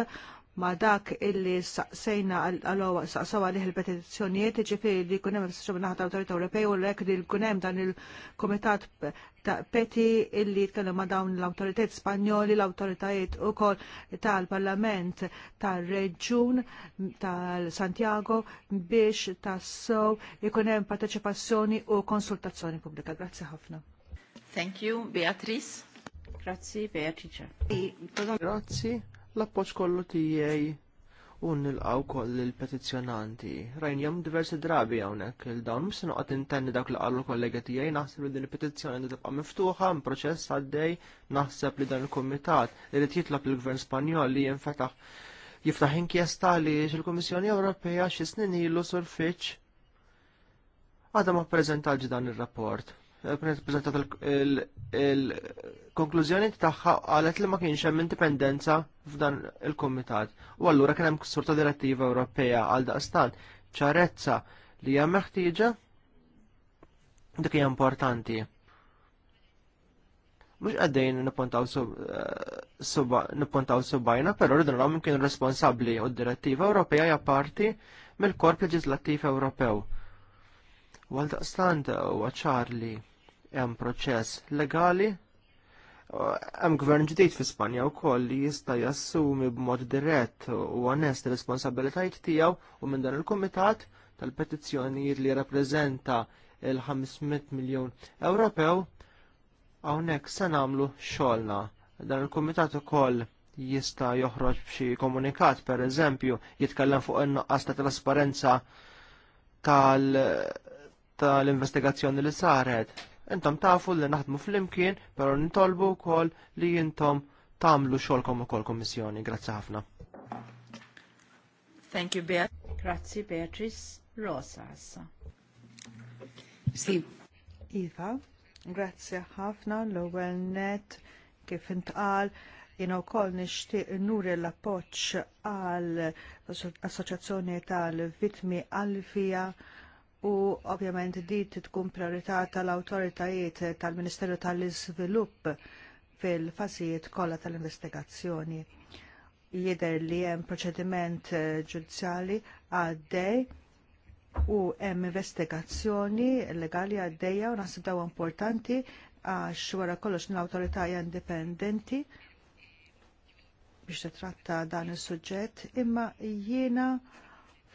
ma dak illi saqsejna għal-għalaw saqsawa liħ il-petizzjonijiet ġifiri li kunem s-sġu naħta autorità Ewropej u l-ek li kunem dan il-komitat ta' peti illi jitkellem ma' dawn l-autoritet spanjoli, l autoritet u kol tal-parlament tal-reġun tal-Santiago biex tassow ikunem partecipazzjoni u konsultazzjoni pubblika. Grazie ħafna. Thank you, Beatrice. Grazie, Beatrice. Grazie, l-appoċ kollu tijaj u nilqaw koll il-petizjonanti. Rajnjom diversi drabi hawnhekk il-dawn mhux se noqgħod intenni dak li qalu kollega tiegħi naħseb li din il-petizzjoni li tibqa' miftuħa proċess għaddej naħseb li dan il-kumitat irid jitlob lill-Gvern Spanjol li jinfetaħ jiftaħ inkjesta li il-Kummissjoni Ewropea xi snin ilu sur Fitch għadha ma ppreżentax dan ir-rapport prezentat il-konklużjoni tagħha qalet li ma kienx hemm indipendenza f'dan il-kumitat. U allura kien hemm sorta direttiva Ewropea għal daqstan ċarezza li hija meħtieġa dik hija importanti. Mhux qegħdin nippuntaw eh, nippuntaw subajna, però rridu nagħmlu kienu responsabbli u d-direttiva Ewropea hija parti mill-Korp Leġislattiv Ewropew Għal daqstant u ċar li hemm proċess legali Hemm gvern ġdid fi Spanja wkoll li jista' jassumi b'mod dirett u onest responsabilitajt tiegħu u minn dan il-kumitat tal-petizzjonijiet li jirrappreżenta il-500 miljun Ewropew hawnhekk se nagħmlu xogħolna. Dan il-kumitat ukoll jista' joħroġ b'xi komunikat pereżempju jitkellem fuq in-nuqqas ta' trasparenza tal- ta' l investigazzjoni li saret. Intom tafu li naħdmu fl-imkien, pero nitolbu kol li jintom tamlu xolkom u kol Kummissjoni. Grazie ħafna. Thank you, Beat. Grazie, Beatrice Rosa. Si. Iva, grazie ħafna l-ewwel net kif intqal jina u koll nishtiq nuri l-appoċ għal assoċazzjoni tal-vitmi Alfija u ovvjament dit tkun priorità tal-awtoritajiet tal-Ministeru tal-Iżvilupp fil-fażijiet kollha tal-investigazzjoni. Jidher li hemm proċediment eh, ġudizzjali għaddej u hemm investigazzjoni legali għaddejja u naħseb dawn importanti għax wara kollox l autorità indipendenti biex titratta dan is-suġġett, imma jiena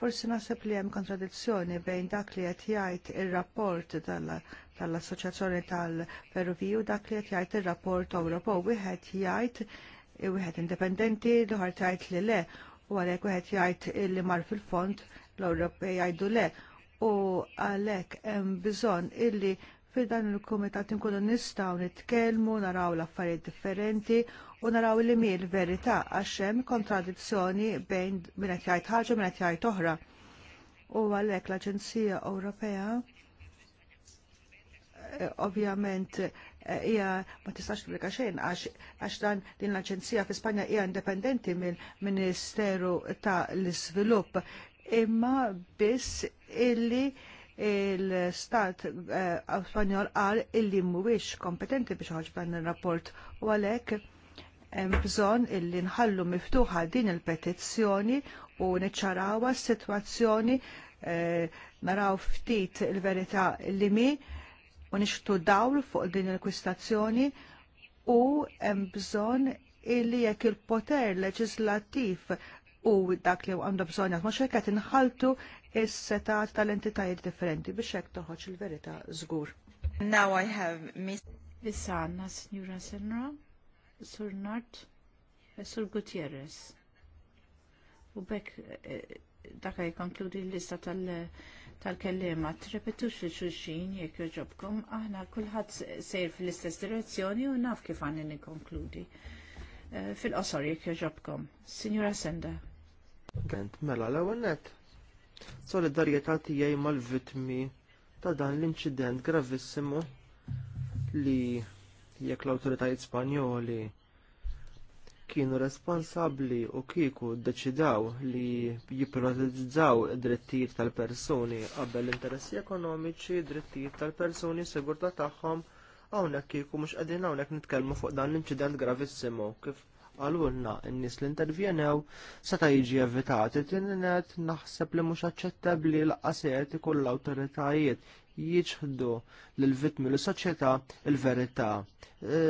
Forsi naħseb li hemm kontradizzjoni bejn dak li qed jgħid ir-rapport tal-Assoċjazzjoni tal-Ferroviju dak li qed jgħid ir-rapport Ewropew wieħed jgħid wieħed indipendenti l-oħar tgħid li le u għalhekk wieħed jgħid li mar fil-fond l-Ewropej jgħidu le u għalhekk hemm bżonn illi fil dan il kumitat inkunu nistgħu nitkellmu naraw l-affarijiet differenti u naraw li mi l-verità għax hemm kontradizzjoni bejn minn qed jgħid ħaġa minn qed jgħid oħra. U għalhekk l-Aġenzija Ewropea eh, ovvjament eh, hija ma tistax tibrika xejn għax dan din l-Aġenzija fi Spanja hija indipendenti mill Ministeru ta' l-Iżvilupp imma biss illi il-stat eh, Spanjol qal illi mhuwiex kompetenti biex ħarġ dan ir-rapport u għalhekk hemm bżonn illi nħallu miftuħa din il-petizzjoni u niċċarawa s-sitwazzjoni eh, naraw ftit il-verità li mi u nixtu dawl fuq din il-kwistazzjoni u hemm bżonn illi jekk il-poter leġislattiv u dak li għandu bżonn jgħat mhux hekk qed inħaltu setat tal-entitajiet differenti biex hekk toħroġ il-verità żgur. Now I have Miss Issa Signora Senra. Sur Nart e Sur Gutierrez. U bekk eh, eh, dakaj konkludi l-lista tal-kellima. tripetux Trepetux li xulxin jek joġobkom, aħna kullħat sejr fil-istess direzzjoni u naf kif għanni nikonkludi. Fil-qosor jek joġobkom. Signora Senda. Gent, mela l-għawennet. Solidarieta tijaj mal-vitmi ta' dan l-inċident gravissimu li jekk l-awtoritajiet Spanjoli kienu responsabbli u kieku ddeċidaw li jipprivatizzaw id-drittijiet tal-persuni qabel interessi ekonomiċi, drittijiet tal-persuni, s-sigurta' tagħhom hawnhekk kieku mhux qegħdin hawnhekk nitkellmu fuq dan l-inċident gravissimo kif għalulna n-nis li intervjenew seta' jiġi evitati tinnet naħseb li mhux aċċettabbli l-qaset kull l-awtoritajiet jiġħdu l-vitmi l-soċjetà il-verità. E,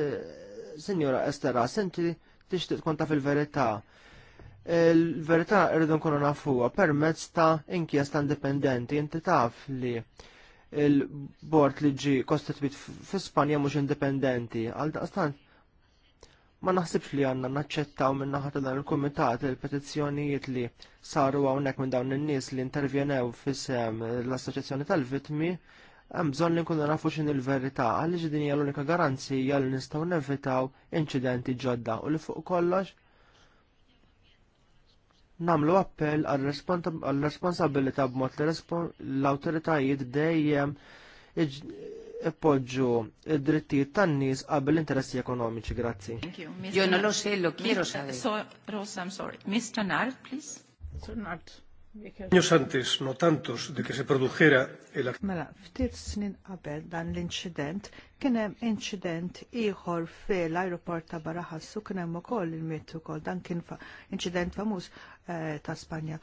Sinjora Estera, senti tixtieq konta fil verità Il-verità rridu nkunu nafuha permezz ta' inkjesta indipendenti, inti taf li il-bord li ġi kostetwit Spanja mhux indipendenti. Għal daqstant Ma naħsibx li għanna naċċettaw minn naħat dan il-komitat il-petizzjonijiet li saru hawnhekk minn dawn in-nies li intervjenew fis-sem l-Assoċjazzjoni tal-Vitmi hemm bżonn li nkunu nafu x'in il-verità għaliex din hija l-unika garanzija li nistgħu nevitaw inċidenti ġodda u li fuq kollox namlu appell għal responsabilità b'mod li l-awtoritajiet dejjem ippoġġu id-drittijiet tan-nies qabel interessi ekonomiċi. Grazzi. Jo non lo so, lo quiero saber. So, Rosa, I'm sorry. Mr. Nard, please. Mr. Nard. Años antes, no tantos, de que se produjera el Mela, ftit snin qabel dan l incident kien hemm inċident ieħor fil aeroport ta' Baraħassu kien hemm ukoll il-miet ukoll dan kien incident famuż eh, ta' Spanja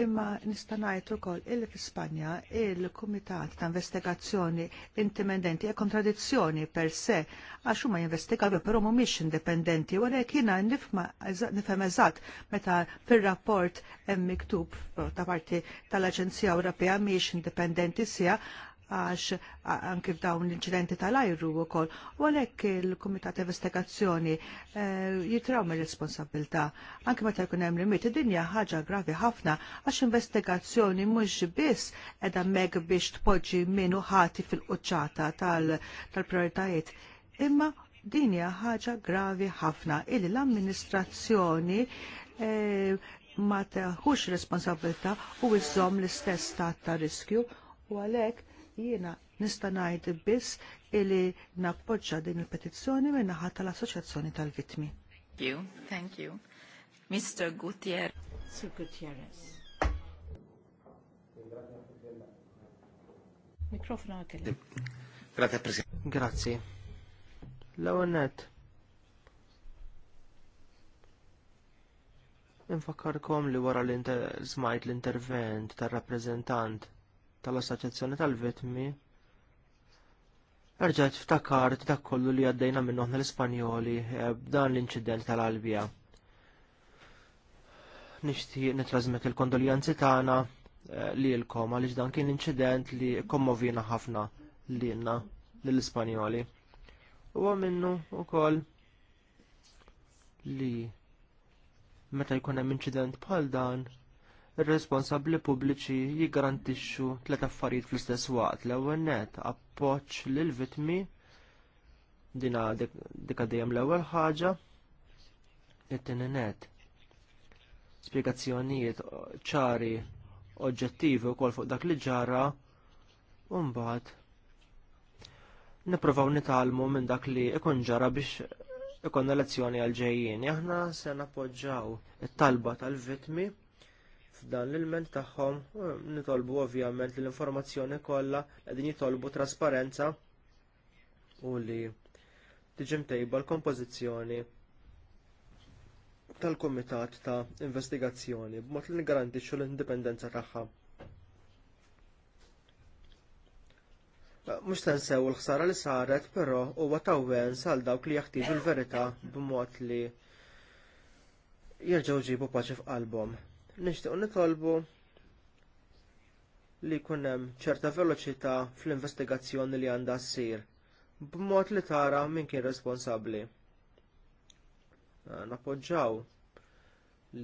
imma nista' ngħid ukoll illi fi Spanja il-Kumitat ta' Investigazzjoni Indipendenti hija kontradizzjoni per se għax huma jinvestigaw però mhumiex indipendenti għalhekk jiena nifhem eżatt meta fir-rapport hemm miktub ta' parti tal-Aġenzija Ewropea mhix indipendenti sija għax anke f'dawn l-inċidenti tal-ajru u kol. U għalek il-Komitat Investigazzjoni eh, jitraw me responsabilta. Anke ma jkun hemm limit, id-dinja ħaġa gravi ħafna għax investigazzjoni mhux biss edha meg biex tpoġġi minu ħati fil-quċċata tal-prioritajiet. Imma dinja ħaġa gravi ħafna illi l-amministrazzjoni eh, ma teħux responsabilta u iżom l-istess ta' riskju u għalek Jiena nista' ngħid biss illi nappoġġa din il-petizzjoni minn naħa tal-Assoċjazzjoni tal-Vittmi. Thank you, thank you. Mr. Gutierrez. Sir Gutierrez. Mikrofon Grazie, Presidente. Grazie. L-għonet. Infakkarkom li wara l-smajt l-intervent tar rappreżentant tal-Assoċjazzjoni tal vittmi Erġgħet ftakart dak kollu li għaddejna minnuħ aħna l-Ispanjoli eh, b'dan l-inċident tal albija Nixtieq nitrasmet il-kondoljanzi tagħna eh, lilkom għaliex dan kien inċident li kommovina ħafna lilna lill-Ispanjoli. Huwa minnu wkoll li meta jkun hemm inċident bħal dan ir-responsabbli pubbliċi jiggarantixxu tliet affarijiet fl-istess waqt. L-ewwel net appoġġ lil vittmi dina dik dejjem l-ewwel ħaġa. It-tieni net spjegazzjonijiet ċari oġġettivi wkoll fuq dak li ġara u mbagħad nipprovaw nitalmu minn dak li ikun ġara biex ikon lezzjoni għal ġejjin. Aħna se nappoġġaw it-talba tal-vitmi f'dan l-ilment tagħhom nitolbu ovvjament li l-informazzjoni kollha qegħdin jitolbu trasparenza u li tiġi mtejba l-kompożizzjoni tal-Kumitat ta' Investigazzjoni b'mod li niggarantixxu l-indipendenza tagħha. Mhux tansew l-ħsara li saret, però huwa tawwen sal dawk li jaħtieġu l-verità b'mod li jerġgħu ġibu paċi f'qalbhom nixtiequ nitolbu li jkun hemm ċerta veloċità fl-investigazzjoni li għandha ssir b'mod li tara min kien responsabbli. Ah, Napoġġaw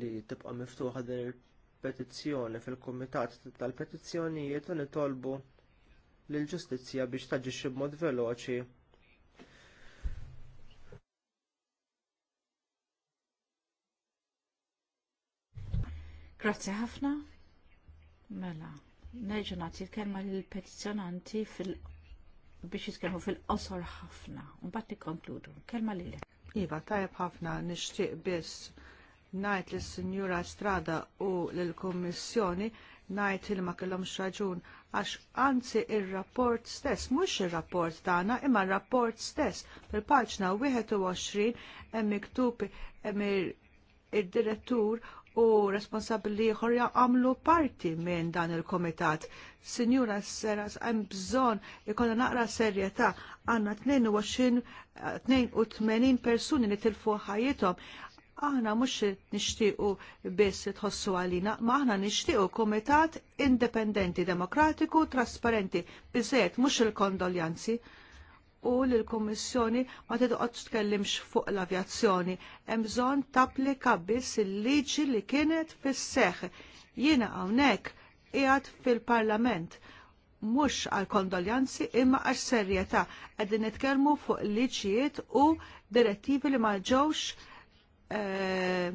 li tibqa' miftuħa din il-petizzjoni fil-Kumitat tal-Petizzjonijiet u nitolbu lill ġustizzja biex taġixxi b'mod veloċi Grazzi ħafna. Mela, nerġu nagħti kelma lill-petizzjonanti fil- biex jitkellmu fil-qosor ħafna. Mbagħad nikkonkludu. Kelma lilek. Iva, tajb ħafna nixtieq biss ngħid lis sinjura Strada u lill kummissjoni ngħid il ma kellhomx raġun għax anzi ir-rapport stess, mhux ir-rapport tagħna, imma r-rapport stess fil-paġna 21 hemm miktub hemm id-direttur u responsabili ħor għamlu parti minn dan il-komitat. Sinjura Seras, hemm bżonn ikonna naqra serjetà għandna 22 82 eh, persuni li tilfu ħajjithom aħna mux nishtiqu biss tħossu għalina, ma aħna nishtiqu komitat indipendenti, demokratiku, trasparenti, bizzet mux il-kondoljanzi u l-Kummissjoni ma tidqgħodx tkellimx fuq l-avjazzjoni. Hemm bżonn tapplika biss il-liġi li kienet fis-seħħ. Jiena hawnhekk qiegħed fil-Parlament mhux għal kondoljanzi imma għax serjetà qegħdin nitkellmu fuq liġijiet u direttivi li ma ġewx eh,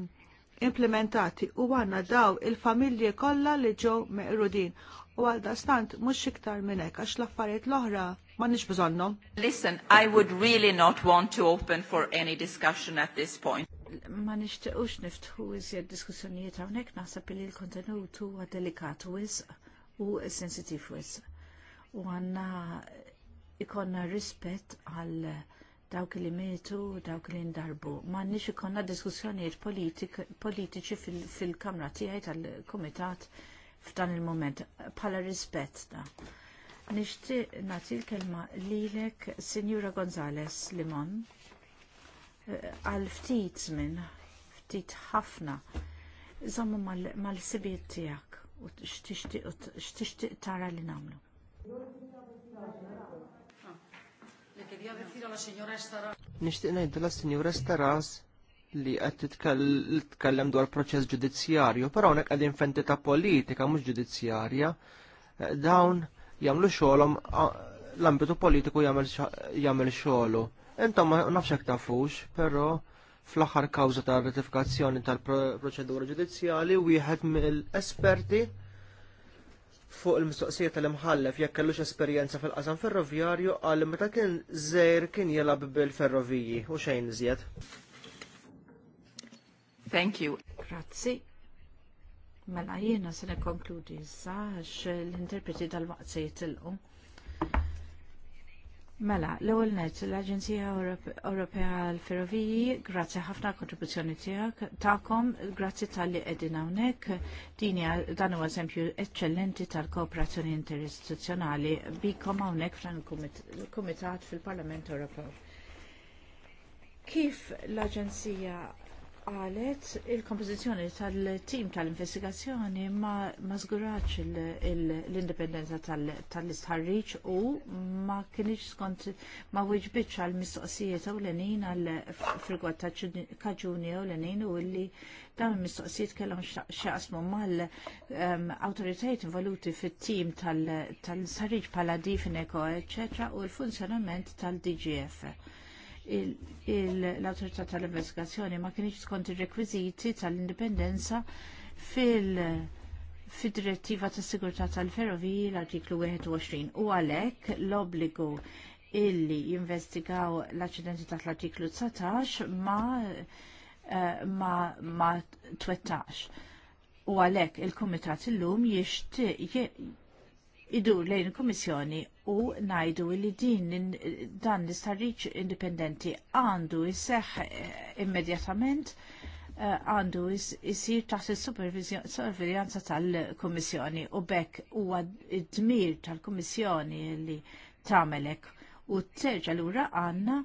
implementati u għanna daw il-familji kollha li ġew meqrudin u għal dastant mhux iktar minn hekk għax l-affarijiet l-oħra Listen, I would really not want to open for any discussion at this point. niftħu iżjed diskussjonijiet l u U ikonna għal dawk li mietu, dawk li ndarbu. M'għandniex ikonna diskussjonijiet politiċi fil-kamra tiegħi tal komitat f'dan il moment Pala rispet da. Nixtieq nagħti l-kelma lilek, Sinjura Gonzales Limon, eh, għal ftit minn, ftit ħafna, zammu mal-sibiet tiegħek u x'tixtieq tara li nagħmlu. Nixtieq ngħidha la Sinjura Staras li qed titkellem dwar proċess ġudizzjarju, però hawnhekk qegħdin fentita politika mhux ġudizzjarja. Eh, dawn Jamlu xogħolhom l-ambitu politiku jagħmel xogħlu. Enta ma nafx hekk tafux, però fl-aħħar kawża ta' ratifikazzjoni tal-proċedura ġudizzjali wieħed mill-esperti fuq il-mistoqsija tal-imħallef jekk kellux esperjenza fil-qasam ferroviarju għal meta kien żejr kien jilab bil-ferroviji u xejn iżjed. Thank you. Grazie. Mela jiena se nikkonkludi issa għax l-interpreti tal-waqt se jitilqu. Mela, l-ewwel net l-Aġenzija Ewropea għall ferroviji grazzi ħafna kontribuzzjoni tiegħek tagħkom, grazzi tal-li qegħdin hawnhekk. Din dan huwa eżempju eċċellenti tal-kooperazzjoni interistituzzjonali bikom hawnhekk fran il-Kumitat fil-Parlament Ewropew. Kif l-Aġenzija qalet il-kompożizzjoni tal-tim tal-investigazzjoni ma, ma żgurax l-indipendenza tal-istħarriċ u ma kienix skont ma wieġbitx għal mistoqsijiet ewlenin għal frigwat ta' kaġuni ewlenin u li dawn il-mistoqsijiet kellhom xaqsmu mal um, involuti fit-tim tal-istħarriċ pala difineko, eccetera, u l-funzjonament tal-DGF l-autorità tal-investigazzjoni ma kienx skont ir-rekwiżiti tal-indipendenza fil- fid-direttiva tas sigurtà tal-ferroviji l-artiklu 21 u għalhekk l-obbligu illi jinvestigaw l-aċċidenti tal-artiklu 19 ma eh, ma ma twettax. U għalhekk il-Kumitat illum jixtieq idur lejn il-Komissjoni u najdu li din dan l-istarriċ indipendenti għandu jisseħ eh, immedjatament eh, għandu jisir taħt il-supervizjanza tal kommissjoni u bekk u għad dmir tal kommissjoni li tamelek u t-terġa l-ura għanna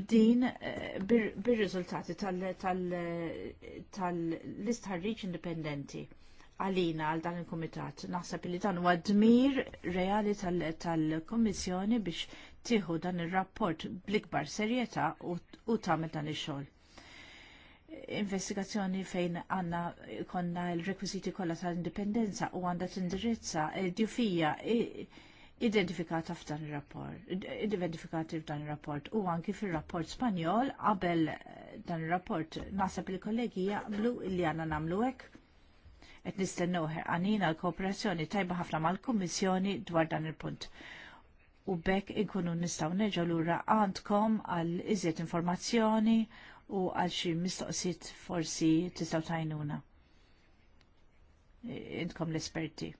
b'din eh, bir-riżultati tal-istarriċ indipendenti għalina għal dan il-komitat. Naħseb li dan huwa dmir reali tal-Kommissjoni tal biex tieħu dan ir-rapport bl-ikbar serjetà u, u tagħmel dan ix-xogħol. Investigazzjoni fejn għanna konna l-rekwiziti kollha tal-indipendenza u għandha tindirizza eh, djufija identifikata f'dan ir-rapport, identifikati f'dan ir-rapport u anki fir-rapport Spanjol qabel eh, dan ir-rapport naħseb li kollegi jaqblu li għandna nagħmlu hekk qed nistennew għanina l-kooperazzjoni tajba ħafna mal-Kummissjoni dwar dan il-punt. U bekk inkunu nistgħu l lura għandkom għal iżjed informazzjoni u għal xi mistoqsijiet forsi tistgħu tajnuna. Intkom l-esperti.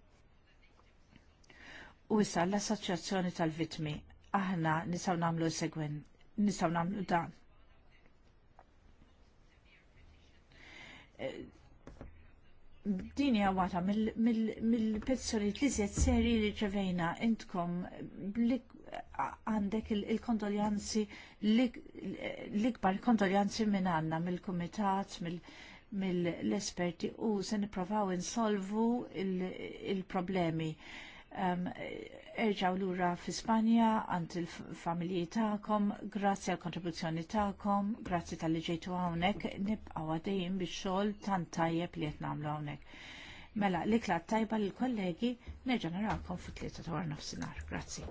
U issa l-Assoċjazzjoni tal-Vitmi aħna nistgħu nagħmlu segwen nistgħu nagħmlu dan din hija wata mill-petizzjoni li żed seri li ċevejna intkom għandek il-kondoljanzi l-ikbar kondoljanzi minn għandna mill-kumitat, mill-esperti u se nipprovaw insolvu il-problemi. il problemi erġaw lura fi Spanja għand il-familji tagħkom, grazzi għall kontribuzzjoni tagħkom, grazzi tal liġejtu ġejtu hawnhekk, nibqgħu biex bix-xogħol tant tajjeb li qed nagħmlu hawnhekk. Mela, l-ikla tajba lill kollegi nerġa' narakom fit-tlieta ta' nofsinhar. Grazzi.